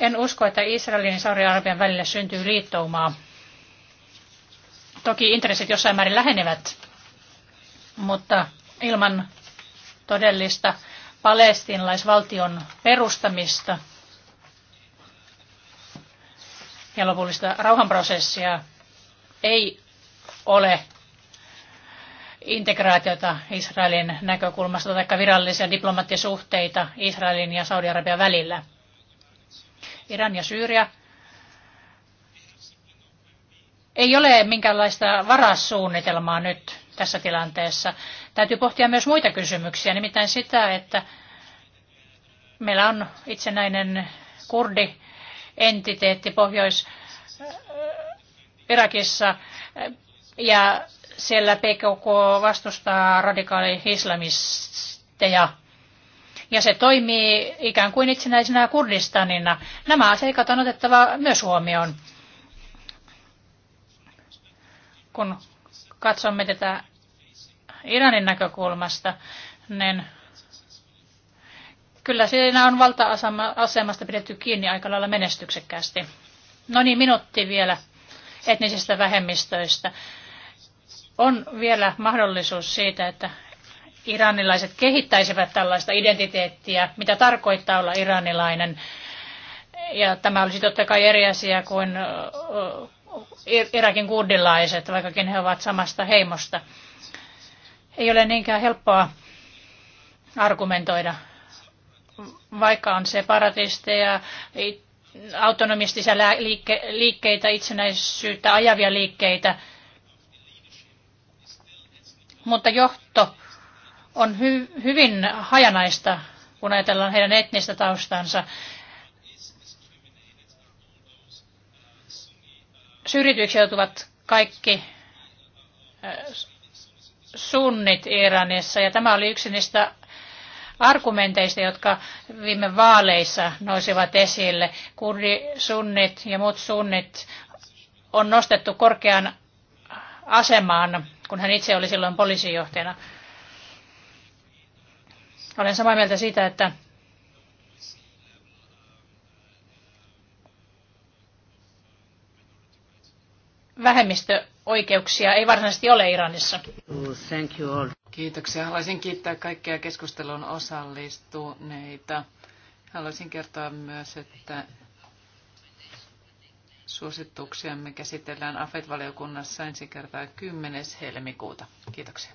En usko, että Israelin ja Saudi-Arabian välillä syntyy liittoumaa. Toki intressit jossain määrin lähenevät, mutta ilman todellista palestiinalaisvaltion perustamista ja lopullista rauhanprosessia ei ole integraatiota Israelin näkökulmasta tai virallisia diplomaattisuhteita Israelin ja Saudi-Arabian välillä. Iran ja Syyria ei ole minkäänlaista varassuunnitelmaa nyt tässä tilanteessa. Täytyy pohtia myös muita kysymyksiä, nimittäin sitä, että meillä on itsenäinen kurdi entiteetti Pohjois-Irakissa ja siellä PKK vastustaa radikaali-islamisteja ja se toimii ikään kuin itsenäisenä Kurdistanina. Nämä seikat on otettava myös huomioon, kun katsomme tätä Iranin näkökulmasta, niin kyllä siinä on valta-asemasta pidetty kiinni aika lailla menestyksekkäästi. No niin, minuutti vielä etnisistä vähemmistöistä on vielä mahdollisuus siitä, että iranilaiset kehittäisivät tällaista identiteettiä, mitä tarkoittaa olla iranilainen. Ja tämä olisi totta kai eri asia kuin Irakin kurdilaiset, vaikkakin he ovat samasta heimosta. Ei ole niinkään helppoa argumentoida, vaikka on separatisteja, autonomistisia liikkeitä, itsenäisyyttä ajavia liikkeitä – mutta johto on hy- hyvin hajanaista, kun ajatellaan heidän etnistä taustansa. Syrjityiksi joutuvat kaikki sunnit Iranissa, ja tämä oli yksi niistä argumenteista, jotka viime vaaleissa nousivat esille. Kurdisunnit ja muut sunnit on nostettu korkean asemaan kun hän itse oli silloin poliisijohtajana. Olen samaa mieltä siitä, että vähemmistöoikeuksia ei varsinaisesti ole Iranissa. Thank you all. Kiitoksia. Haluaisin kiittää kaikkia keskustelun osallistuneita. Haluaisin kertoa myös, että Suosituksiamme käsitellään AFET-valiokunnassa ensi kertaa 10. helmikuuta. Kiitoksia.